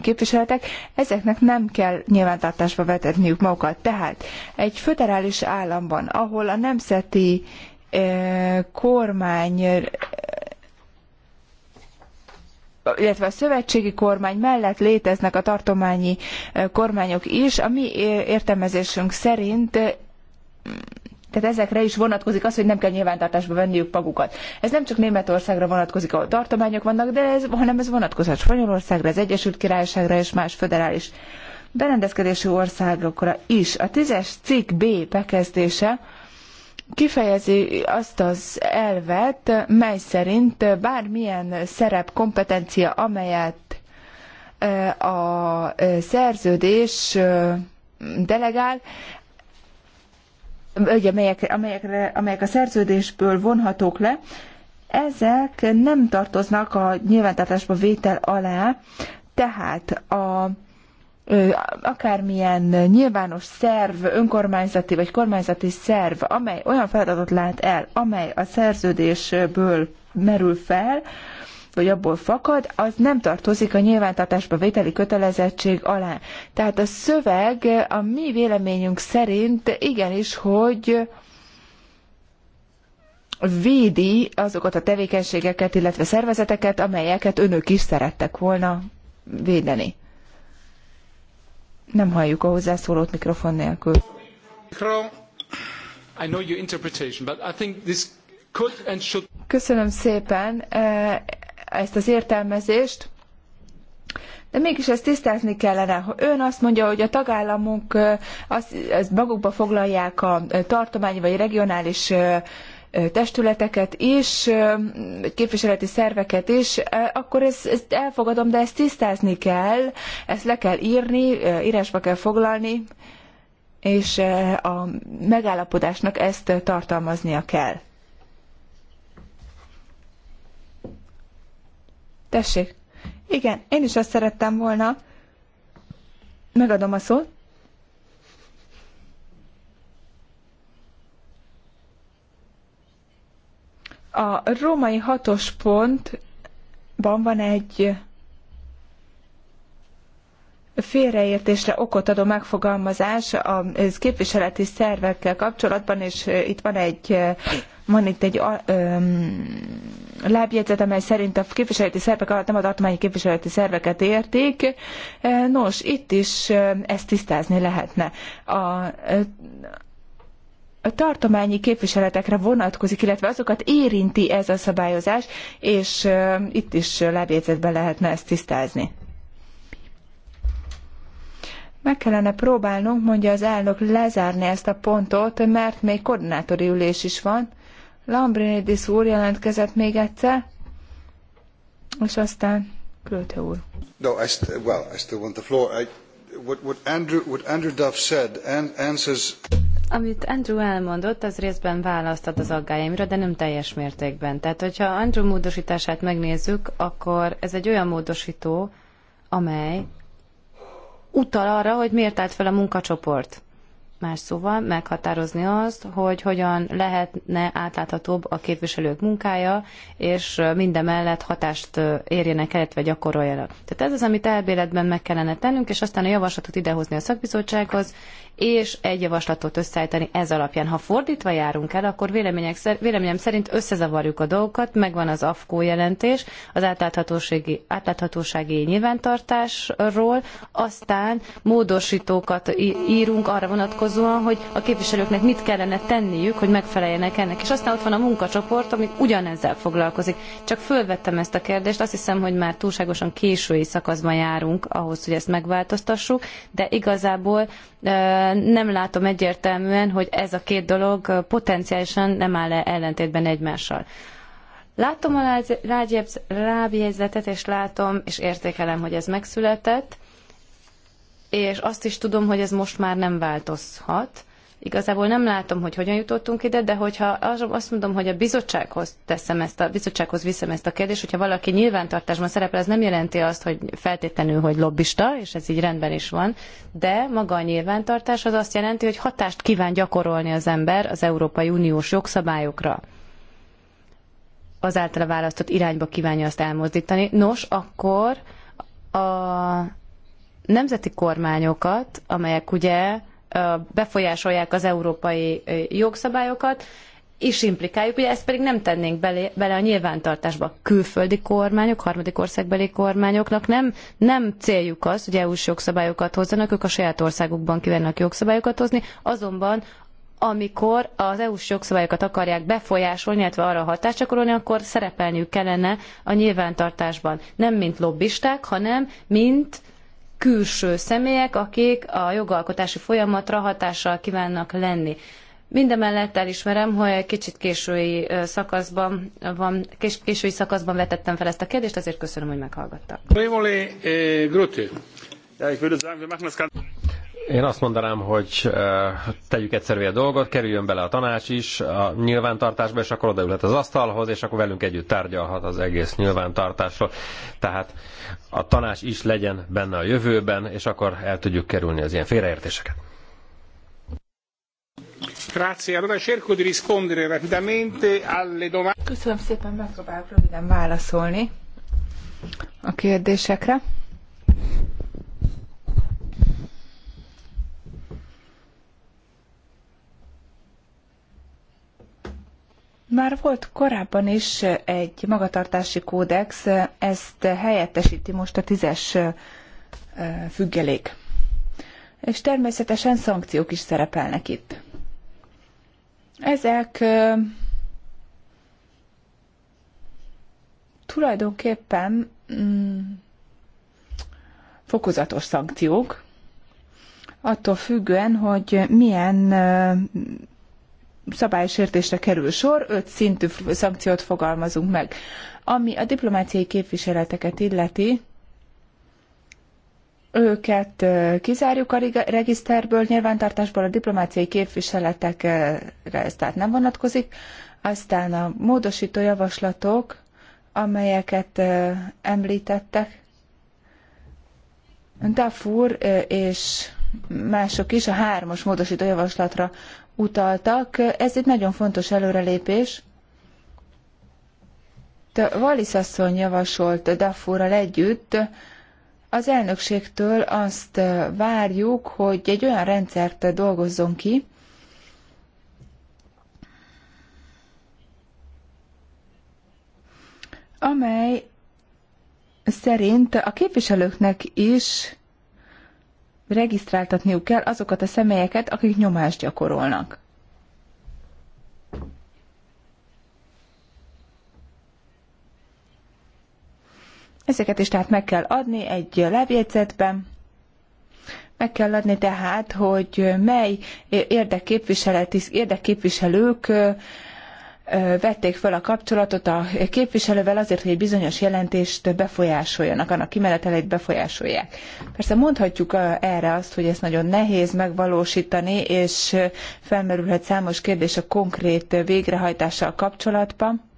képviseletek, ezeknek nem kell nyilvántartásba vetetniük magukat. Tehát egy föderális államban, ahol a nemzeti kormány illetve a szövetségi kormány mellett léteznek a tartományi kormányok is. A mi értelmezésünk szerint tehát ezekre is vonatkozik az, hogy nem kell nyilvántartásba venniük magukat. Ez nem csak Németországra vonatkozik, ahol tartományok vannak, de ez, hanem ez vonatkozhat Spanyolországra, az Egyesült Királyságra és más föderális berendezkedésű országokra is. A tízes cikk B bekezdése kifejezi azt az elvet, mely szerint bármilyen szerep, kompetencia, amelyet a szerződés delegál, vagy amelyek, amelyekre, amelyek a szerződésből vonhatók le, ezek nem tartoznak a nyilvántartásba vétel alá, tehát a akármilyen nyilvános szerv, önkormányzati vagy kormányzati szerv, amely olyan feladatot lát el, amely a szerződésből merül fel, vagy abból fakad, az nem tartozik a nyilvántartásba vételi kötelezettség alá. Tehát a szöveg a mi véleményünk szerint igenis, hogy védi azokat a tevékenységeket, illetve szervezeteket, amelyeket önök is szerettek volna védeni. Nem halljuk a hozzászólót mikrofon nélkül. Köszönöm szépen eh, ezt az értelmezést. De mégis ezt tisztázni kellene. Ön azt mondja, hogy a tagállamok eh, azt, ezt magukba foglalják a eh, tartományi vagy regionális testületeket is, képviseleti szerveket is, akkor ezt, ezt elfogadom, de ezt tisztázni kell, ezt le kell írni, írásba kell foglalni, és a megállapodásnak ezt tartalmaznia kell. Tessék. Igen, én is azt szerettem volna. Megadom a szót. A római hatos pontban van egy félreértésre okot adó megfogalmazás a képviseleti szervekkel kapcsolatban, és itt van egy van itt egy um, lábjegyzet, amely szerint a képviseleti szervek alatt nem a tartományi képviseleti szerveket érték. Nos, itt is ezt tisztázni lehetne. A, a tartományi képviseletekre vonatkozik, illetve azokat érinti ez a szabályozás, és itt is levédzetben lehetne ezt tisztázni. Meg kellene próbálnunk, mondja az elnök, lezárni ezt a pontot, mert még koordinátori ülés is van. Lambrinidis úr jelentkezett még egyszer, és aztán Kröte úr. No, I st- well, I still want the floor. I, what, what Andrew, what Andrew Duff said answers... Amit Andrew elmondott, az részben választ ad az aggájaimra, de nem teljes mértékben. Tehát, hogyha Andrew módosítását megnézzük, akkor ez egy olyan módosító, amely utal arra, hogy miért állt fel a munkacsoport. Más szóval meghatározni azt, hogy hogyan lehetne átláthatóbb a képviselők munkája, és minden mellett hatást érjenek el, vagy gyakoroljanak. Tehát ez az, amit elbéletben meg kellene tennünk, és aztán a javaslatot idehozni a szakbizottsághoz, és egy javaslatot összeállítani ez alapján. Ha fordítva járunk el, akkor vélemények véleményem szerint összezavarjuk a dolgokat, megvan az AFKO jelentés, az átláthatósági, átláthatósági nyilvántartásról, aztán módosítókat írunk arra vonatkozóan, hogy a képviselőknek mit kellene tenniük, hogy megfeleljenek ennek. És aztán ott van a munkacsoport, ami ugyanezzel foglalkozik. Csak fölvettem ezt a kérdést, azt hiszem, hogy már túlságosan késői szakaszban járunk ahhoz, hogy ezt megváltoztassuk, de igazából e, nem látom egyértelműen, hogy ez a két dolog potenciálisan nem áll -e ellentétben egymással. Látom a rábjegyzetet, és látom, és értékelem, hogy ez megszületett, és azt is tudom, hogy ez most már nem változhat. Igazából nem látom, hogy hogyan jutottunk ide, de hogyha azt mondom, hogy a bizottsághoz teszem ezt a bizottsághoz viszem ezt a kérdést, hogyha valaki nyilvántartásban szerepel, ez nem jelenti azt, hogy feltétlenül, hogy lobbista, és ez így rendben is van, de maga a nyilvántartás az azt jelenti, hogy hatást kíván gyakorolni az ember az Európai Uniós jogszabályokra az általa választott irányba kívánja azt elmozdítani. Nos, akkor a nemzeti kormányokat, amelyek ugye befolyásolják az európai jogszabályokat, és implikáljuk, ugye ezt pedig nem tennénk bele, bele a nyilvántartásba. Külföldi kormányok, harmadik országbeli kormányoknak nem, nem céljuk az, hogy EU-s jogszabályokat hozzanak, ők a saját országukban kívánnak jogszabályokat hozni, azonban amikor az EU-s jogszabályokat akarják befolyásolni, illetve arra hatást gyakorolni, akkor szerepelniük kellene a nyilvántartásban. Nem mint lobbisták, hanem mint külső személyek, akik a jogalkotási folyamatra hatással kívánnak lenni. Mindemellett elismerem, hogy kicsit késői szakaszban, van, kés, késői szakaszban vetettem fel ezt a kérdést, ezért köszönöm, hogy meghallgattak. Eh, én azt mondanám, hogy tegyük egyszerűen a dolgot, kerüljön bele a tanács is a nyilvántartásba, és akkor odaülhet az asztalhoz, és akkor velünk együtt tárgyalhat az egész nyilvántartásról. Tehát a tanács is legyen benne a jövőben, és akkor el tudjuk kerülni az ilyen félreértéseket. Köszönöm szépen, megpróbálok röviden válaszolni a kérdésekre. Már volt korábban is egy magatartási kódex, ezt helyettesíti most a tízes függelék. És természetesen szankciók is szerepelnek itt. Ezek tulajdonképpen mm, fokozatos szankciók, attól függően, hogy milyen szabálysértésre kerül sor, öt szintű szankciót fogalmazunk meg. Ami a diplomáciai képviseleteket illeti, őket kizárjuk a regiszterből, nyilvántartásból a diplomáciai képviseletekre ez tehát nem vonatkozik. Aztán a módosító javaslatok, amelyeket említettek, Dafur és mások is a hármas módosító javaslatra utaltak. Ez egy nagyon fontos előrelépés. Wallis asszony javasolt Daffurral együtt, az elnökségtől azt várjuk, hogy egy olyan rendszert dolgozzon ki, amely szerint a képviselőknek is regisztráltatniuk kell azokat a személyeket, akik nyomást gyakorolnak. Ezeket is tehát meg kell adni egy levjegyzetben. Meg kell adni tehát, hogy mely érdekképviselők vették fel a kapcsolatot a képviselővel azért, hogy egy bizonyos jelentést befolyásoljanak, annak kimeneteleit befolyásolják. Persze mondhatjuk erre azt, hogy ezt nagyon nehéz megvalósítani, és felmerülhet számos kérdés a konkrét végrehajtással kapcsolatban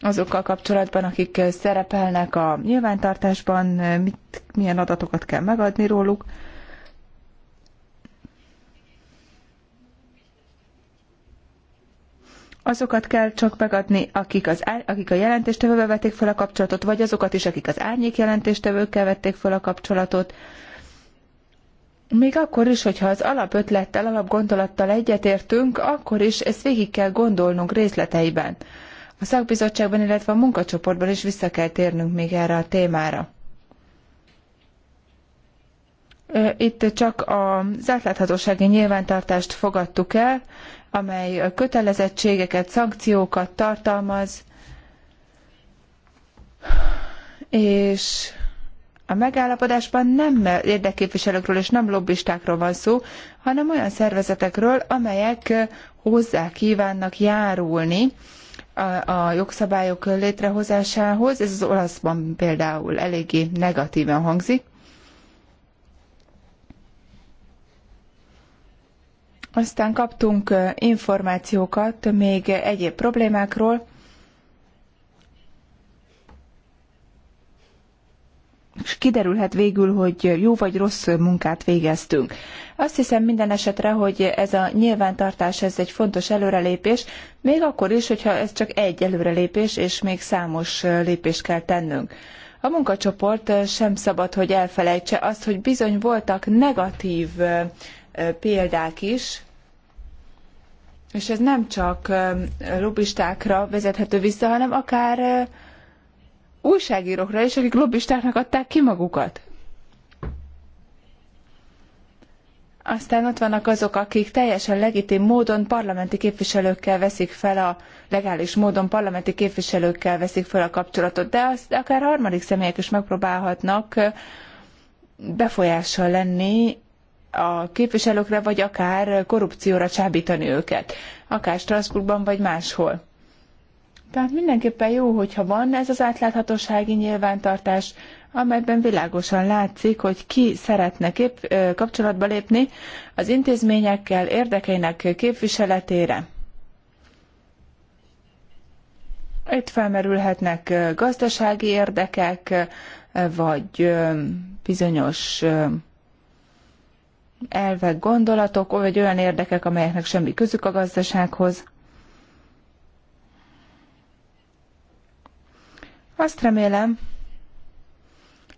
azokkal kapcsolatban, akik szerepelnek a nyilvántartásban, mit, milyen adatokat kell megadni róluk. azokat kell csak megadni, akik, az, akik a jelentéstevővel vették fel a kapcsolatot, vagy azokat is, akik az árnyék jelentéstevőkkel vették fel a kapcsolatot. Még akkor is, hogyha az alapötlettel, alapgondolattal egyetértünk, akkor is ezt végig kell gondolnunk részleteiben. A szakbizottságban, illetve a munkacsoportban is vissza kell térnünk még erre a témára. Itt csak az átláthatósági nyilvántartást fogadtuk el, amely kötelezettségeket, szankciókat tartalmaz, és a megállapodásban nem érdekképviselőkről és nem lobbistákról van szó, hanem olyan szervezetekről, amelyek hozzá kívánnak járulni a, a jogszabályok létrehozásához. Ez az olaszban például eléggé negatívan hangzik. Aztán kaptunk információkat még egyéb problémákról, és kiderülhet végül, hogy jó vagy rossz munkát végeztünk. Azt hiszem minden esetre, hogy ez a nyilvántartás, ez egy fontos előrelépés, még akkor is, hogyha ez csak egy előrelépés, és még számos lépést kell tennünk. A munkacsoport sem szabad, hogy elfelejtse azt, hogy bizony voltak negatív példák is, és ez nem csak lobbistákra vezethető vissza, hanem akár újságírókra is, akik lobbistáknak adták ki magukat. Aztán ott vannak azok, akik teljesen legitim módon parlamenti képviselőkkel veszik fel a legális módon parlamenti képviselőkkel veszik fel a kapcsolatot, de azt akár harmadik személyek is megpróbálhatnak befolyással lenni a képviselőkre, vagy akár korrupcióra csábítani őket, akár Strasbourgban, vagy máshol. Tehát mindenképpen jó, hogyha van ez az átláthatósági nyilvántartás, amelyben világosan látszik, hogy ki szeretne kép, kapcsolatba lépni az intézményekkel érdekeinek képviseletére. Itt felmerülhetnek gazdasági érdekek, vagy bizonyos elvek, gondolatok, vagy olyan érdekek, amelyeknek semmi közük a gazdasághoz. Azt remélem,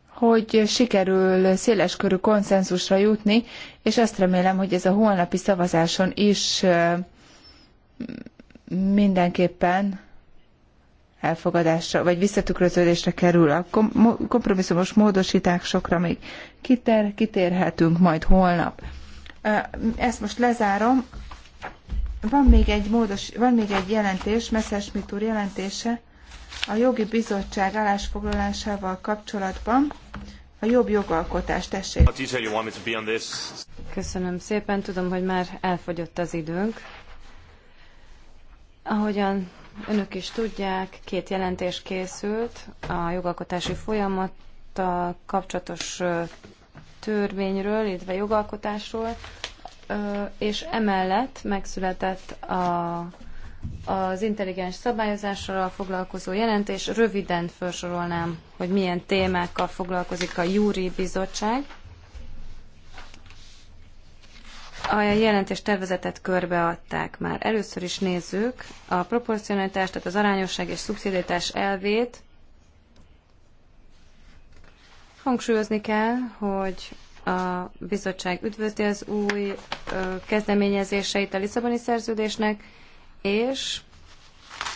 hogy sikerül széles körű konszenzusra jutni, és azt remélem, hogy ez a holnapi szavazáson is mindenképpen elfogadásra vagy visszatükröződésre kerül. A kompromisszumos módosításokra még kiter, kitérhetünk majd holnap. Ezt most lezárom. Van még egy, módos, van még egy jelentés, Messzes Mitúr jelentése, a jogi bizottság állásfoglalásával kapcsolatban a jobb jogalkotás, tessék. Köszönöm szépen, tudom, hogy már elfogyott az időnk. Ahogyan önök is tudják, két jelentés készült a jogalkotási folyamattal kapcsolatos törvényről, illetve jogalkotásról, és emellett megszületett a, az intelligens szabályozással foglalkozó jelentés. Röviden felsorolnám, hogy milyen témákkal foglalkozik a Júri Bizottság. A jelentés tervezetet körbeadták már. Először is nézzük a proporcionalitást, tehát az arányosság és szubszidiaritás elvét. Hangsúlyozni kell, hogy a bizottság üdvözli az új kezdeményezéseit a Lisszaboni szerződésnek, és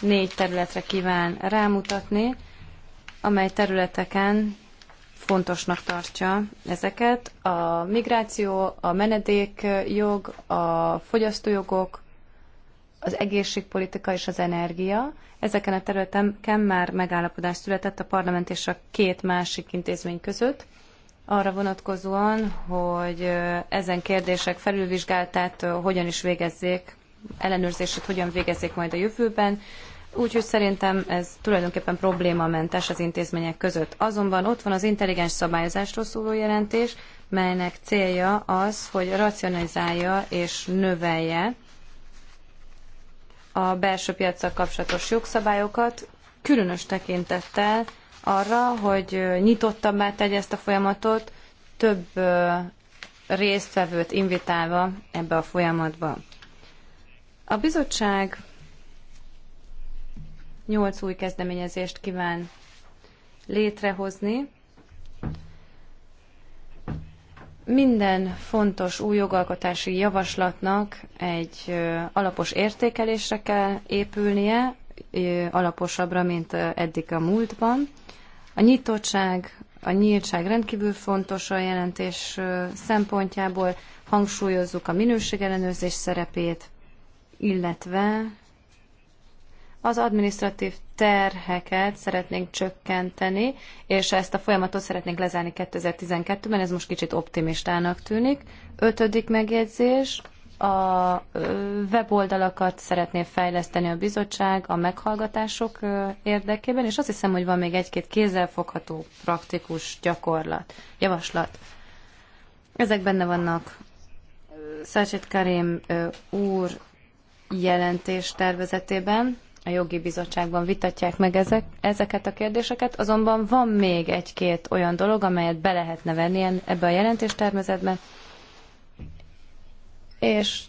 négy területre kíván rámutatni, amely területeken fontosnak tartja ezeket. A migráció, a menedékjog, a fogyasztójogok, az egészségpolitika és az energia. Ezeken a területeken már megállapodás született a parlament és a két másik intézmény között arra vonatkozóan, hogy ezen kérdések felülvizsgáltát hogyan is végezzék, ellenőrzését hogyan végezzék majd a jövőben, Úgyhogy szerintem ez tulajdonképpen problémamentes az intézmények között. Azonban ott van az intelligens szabályozásról szóló jelentés, melynek célja az, hogy racionalizálja és növelje a belső piacsal kapcsolatos jogszabályokat, különös tekintettel arra, hogy nyitottabbá tegye ezt a folyamatot, több résztvevőt invitálva ebbe a folyamatba. A bizottság nyolc új kezdeményezést kíván létrehozni. Minden fontos új jogalkotási javaslatnak egy alapos értékelésre kell épülnie, alaposabbra, mint eddig a múltban. A nyitottság, a nyíltság rendkívül fontos a jelentés szempontjából, hangsúlyozzuk a minőségellenőrzés szerepét, illetve az administratív terheket szeretnénk csökkenteni, és ezt a folyamatot szeretnénk lezárni 2012-ben, ez most kicsit optimistának tűnik. Ötödik megjegyzés, a weboldalakat szeretné fejleszteni a bizottság a meghallgatások érdekében, és azt hiszem, hogy van még egy-két kézzelfogható praktikus gyakorlat, javaslat. Ezek benne vannak Szácsit Karim úr jelentés tervezetében, a jogi bizottságban vitatják meg ezek, ezeket a kérdéseket, azonban van még egy-két olyan dolog, amelyet be lehetne venni ebbe a jelentéstermezetbe, és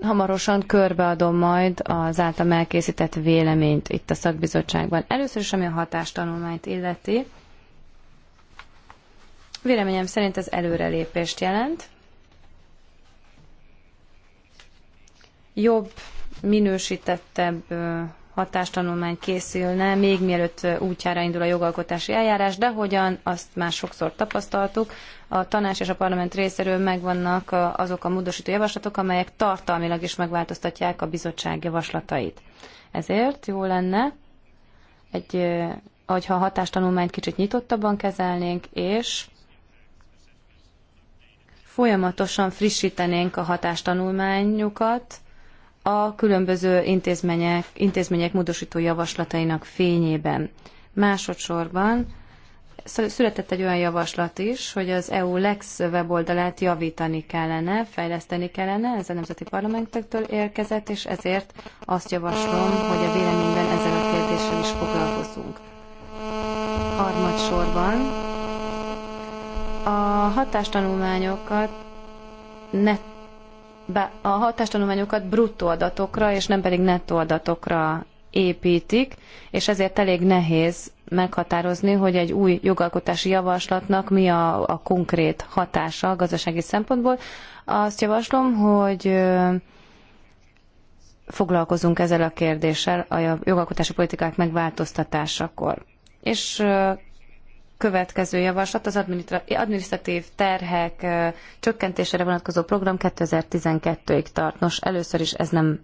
hamarosan körbeadom majd az általam elkészített véleményt itt a szakbizottságban. Először is, ami a hatástanulmányt illeti, véleményem szerint ez előrelépést jelent. Jobb minősítettebb hatástanulmány készülne, még mielőtt útjára indul a jogalkotási eljárás, de hogyan, azt már sokszor tapasztaltuk, a tanács és a parlament részéről megvannak azok a módosító javaslatok, amelyek tartalmilag is megváltoztatják a bizottság javaslatait. Ezért jó lenne, egy, hogyha a hatástanulmányt kicsit nyitottabban kezelnénk, és folyamatosan frissítenénk a hatástanulmányokat, a különböző intézmények, intézmények módosító javaslatainak fényében. Másodszorban született egy olyan javaslat is, hogy az EU Lex weboldalát javítani kellene, fejleszteni kellene, ez a nemzeti parlamentektől érkezett, és ezért azt javaslom, hogy a véleményben ezzel a kérdéssel is foglalkozunk. Harmadsorban a hatástanulmányokat net a hatástanulmányokat bruttó adatokra, és nem pedig nettó adatokra építik, és ezért elég nehéz meghatározni, hogy egy új jogalkotási javaslatnak mi a, a konkrét hatása a gazdasági szempontból. Azt javaslom, hogy foglalkozunk ezzel a kérdéssel a jogalkotási politikák megváltoztatásakor. És következő javaslat az administratív terhek csökkentésére vonatkozó program 2012-ig tart. Nos, először is ez nem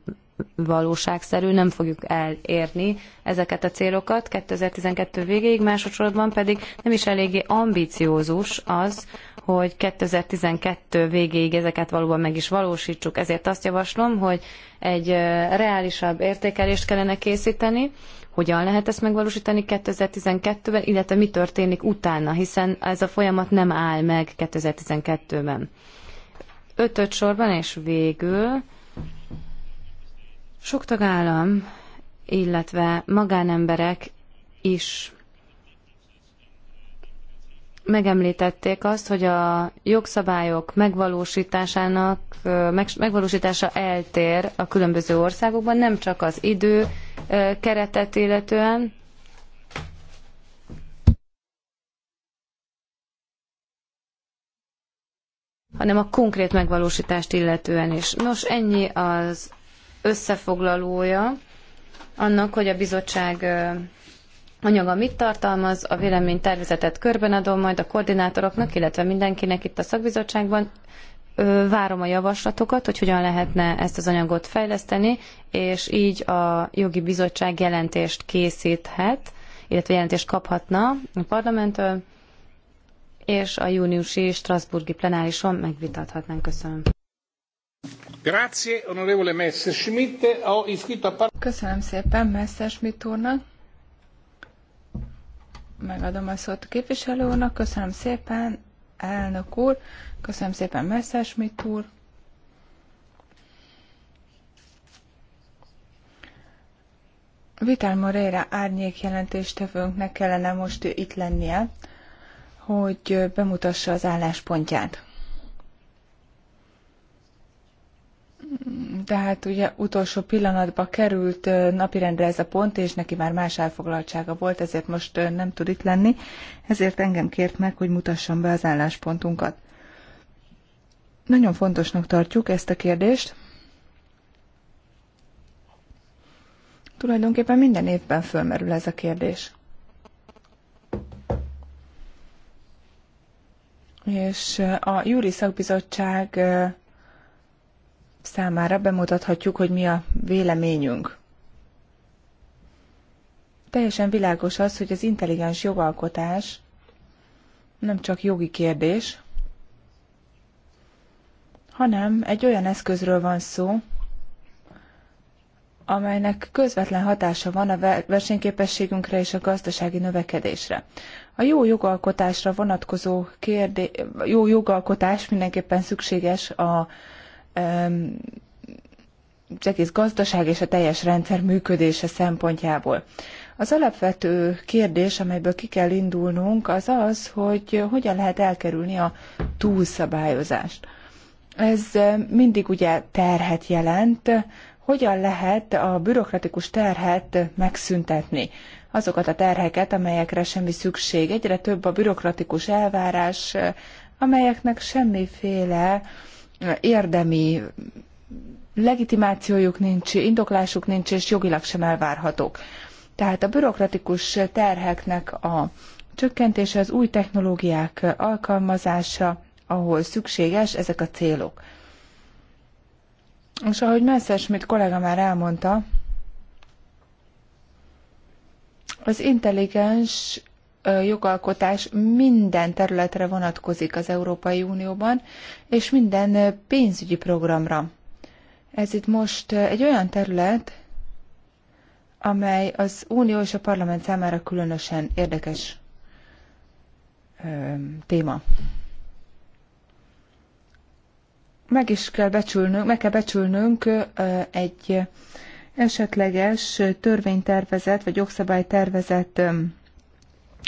valóságszerű, nem fogjuk elérni ezeket a célokat 2012 végéig, másodszorban pedig nem is eléggé ambiciózus az, hogy 2012 végéig ezeket valóban meg is valósítsuk. Ezért azt javaslom, hogy egy reálisabb értékelést kellene készíteni, hogyan lehet ezt megvalósítani 2012-ben, illetve mi történik utána, hiszen ez a folyamat nem áll meg 2012-ben. Ötöt sorban és végül sok tagállam, illetve magánemberek is megemlítették azt, hogy a jogszabályok megvalósításának, megvalósítása eltér a különböző országokban, nem csak az idő keretet illetően, hanem a konkrét megvalósítást illetően is. Nos, ennyi az összefoglalója annak, hogy a bizottság anyaga mit tartalmaz, a véleménytervezetet körbenadom majd a koordinátoroknak, illetve mindenkinek itt a szakbizottságban. Várom a javaslatokat, hogy hogyan lehetne ezt az anyagot fejleszteni, és így a jogi bizottság jelentést készíthet, illetve jelentést kaphatna a parlamenttől, és a júniusi Strasburgi plenárison megvitathatnánk. Köszönöm. Grazie, onorevole Messerschmidt. Ho Köszönöm szépen Messerschmidt úrnak. Megadom a szót a képviselő úrnak. Köszönöm szépen, elnök úr. Köszönöm szépen, Messerschmidt úr. Vital Moreira árnyék jelentéstevőnknek kellene most itt lennie, hogy bemutassa az álláspontját. tehát ugye utolsó pillanatba került napirendre ez a pont, és neki már más elfoglaltsága volt, ezért most nem tud itt lenni, ezért engem kért meg, hogy mutassam be az álláspontunkat. Nagyon fontosnak tartjuk ezt a kérdést. Tulajdonképpen minden évben fölmerül ez a kérdés. És a Júri Szakbizottság számára bemutathatjuk, hogy mi a véleményünk. Teljesen világos az, hogy az intelligens jogalkotás nem csak jogi kérdés, hanem egy olyan eszközről van szó, amelynek közvetlen hatása van a versenyképességünkre és a gazdasági növekedésre. A jó jogalkotásra vonatkozó kérdé... jó jogalkotás mindenképpen szükséges a az egész gazdaság és a teljes rendszer működése szempontjából. Az alapvető kérdés, amelyből ki kell indulnunk, az az, hogy hogyan lehet elkerülni a túlszabályozást. Ez mindig ugye terhet jelent, hogyan lehet a bürokratikus terhet megszüntetni. Azokat a terheket, amelyekre semmi szükség. Egyre több a bürokratikus elvárás, amelyeknek semmiféle uh, érdemi legitimációjuk nincs, indoklásuk nincs, és jogilag sem elvárhatók. Tehát a bürokratikus terheknek a csökkentése, az új technológiák alkalmazása, ahol szükséges, ezek a célok. És ahogy Messerschmidt kollega már elmondta, az intelligens jogalkotás minden területre vonatkozik az Európai Unióban, és minden pénzügyi programra. Ez itt most egy olyan terület, amely az Unió és a Parlament számára különösen érdekes téma. Meg is kell becsülnünk, meg kell becsülnünk egy esetleges törvénytervezet vagy jogszabálytervezet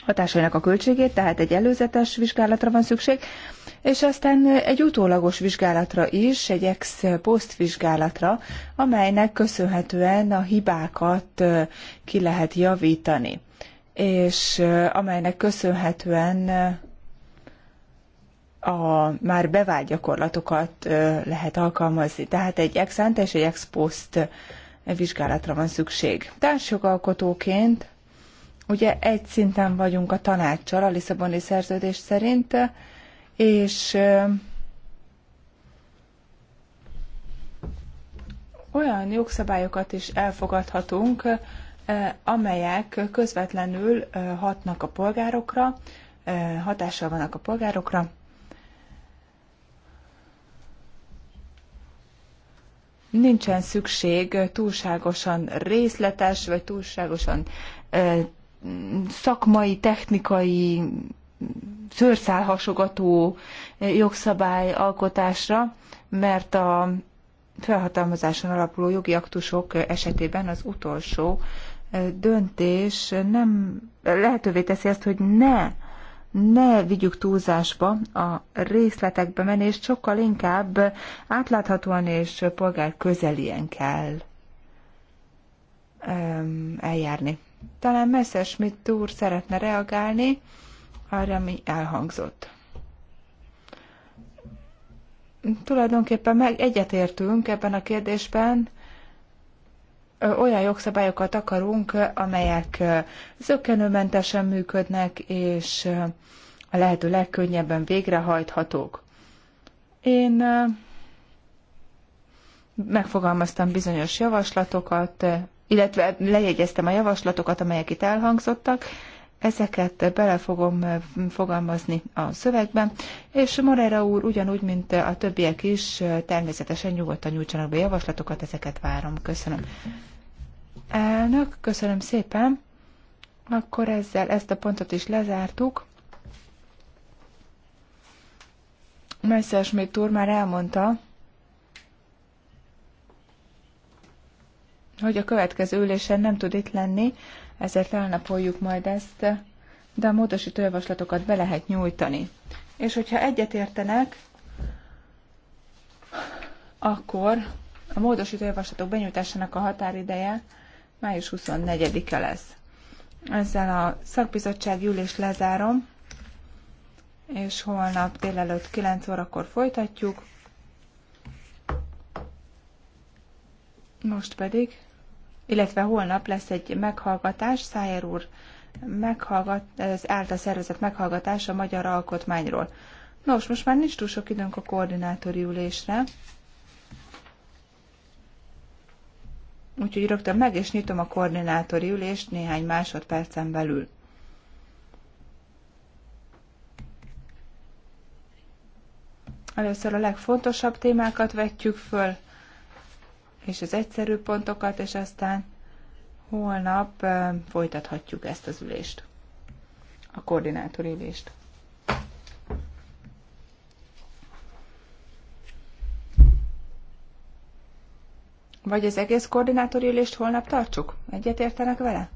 hatásainak a költségét, tehát egy előzetes vizsgálatra van szükség, és aztán egy utólagos vizsgálatra is, egy ex post vizsgálatra, amelynek köszönhetően a hibákat ki lehet javítani, és amelynek köszönhetően a már bevált gyakorlatokat lehet alkalmazni. Tehát egy ex ante és egy ex post vizsgálatra van szükség. Társjogalkotóként Ugye egy szinten vagyunk a tanácssal a Lisszaboni szerződés szerint, és olyan jogszabályokat is elfogadhatunk, amelyek közvetlenül hatnak a polgárokra, hatással vannak a polgárokra. Nincsen szükség túlságosan részletes vagy túlságosan szakmai, technikai, szőrszálhasogató jogszabályalkotásra, mert a felhatalmazáson alapuló jogi aktusok esetében az utolsó döntés nem lehetővé teszi azt, hogy ne ne vigyük túlzásba a részletekbe menést, sokkal inkább átláthatóan és polgár közelien kell eljárni. Talán Messerschmitt úr szeretne reagálni arra, ami elhangzott. Tulajdonképpen meg egyetértünk ebben a kérdésben, olyan jogszabályokat akarunk, amelyek zöggenőmentesen működnek, és a lehető legkönnyebben végrehajthatók. Én megfogalmaztam bizonyos javaslatokat, illetve lejegyeztem a javaslatokat, amelyek itt elhangzottak, ezeket bele fogom fogalmazni a szövegben, és Morera úr ugyanúgy, mint a többiek is, természetesen nyugodtan nyújtsanak be javaslatokat, ezeket várom. Köszönöm. Elnök, köszönöm szépen. Akkor ezzel ezt a pontot is lezártuk. Messerschmidt úr már elmondta, hogy a következő ülésen nem tud itt lenni, ezért elnapoljuk majd ezt, de a módosító javaslatokat be lehet nyújtani. És hogyha egyetértenek, akkor a módosító javaslatok benyújtásának a határideje május 24-e lesz. Ezzel a szakbizottsági ülés lezárom, és holnap délelőtt 9 órakor folytatjuk. Most pedig illetve holnap lesz egy meghallgatás, Szájer úr meghallgat, ez által szervezet meghallgatás a magyar alkotmányról. Nos, most már nincs túl sok időnk a koordinátori ülésre, úgyhogy rögtön meg és nyitom a koordinátori ülést néhány másodpercen belül. Először a legfontosabb témákat vetjük föl, és az egyszerű pontokat, és aztán holnap folytathatjuk ezt az ülést, a koordinátor ülést. Vagy az egész koordinátori ülést holnap tartsuk? Egyetértenek vele?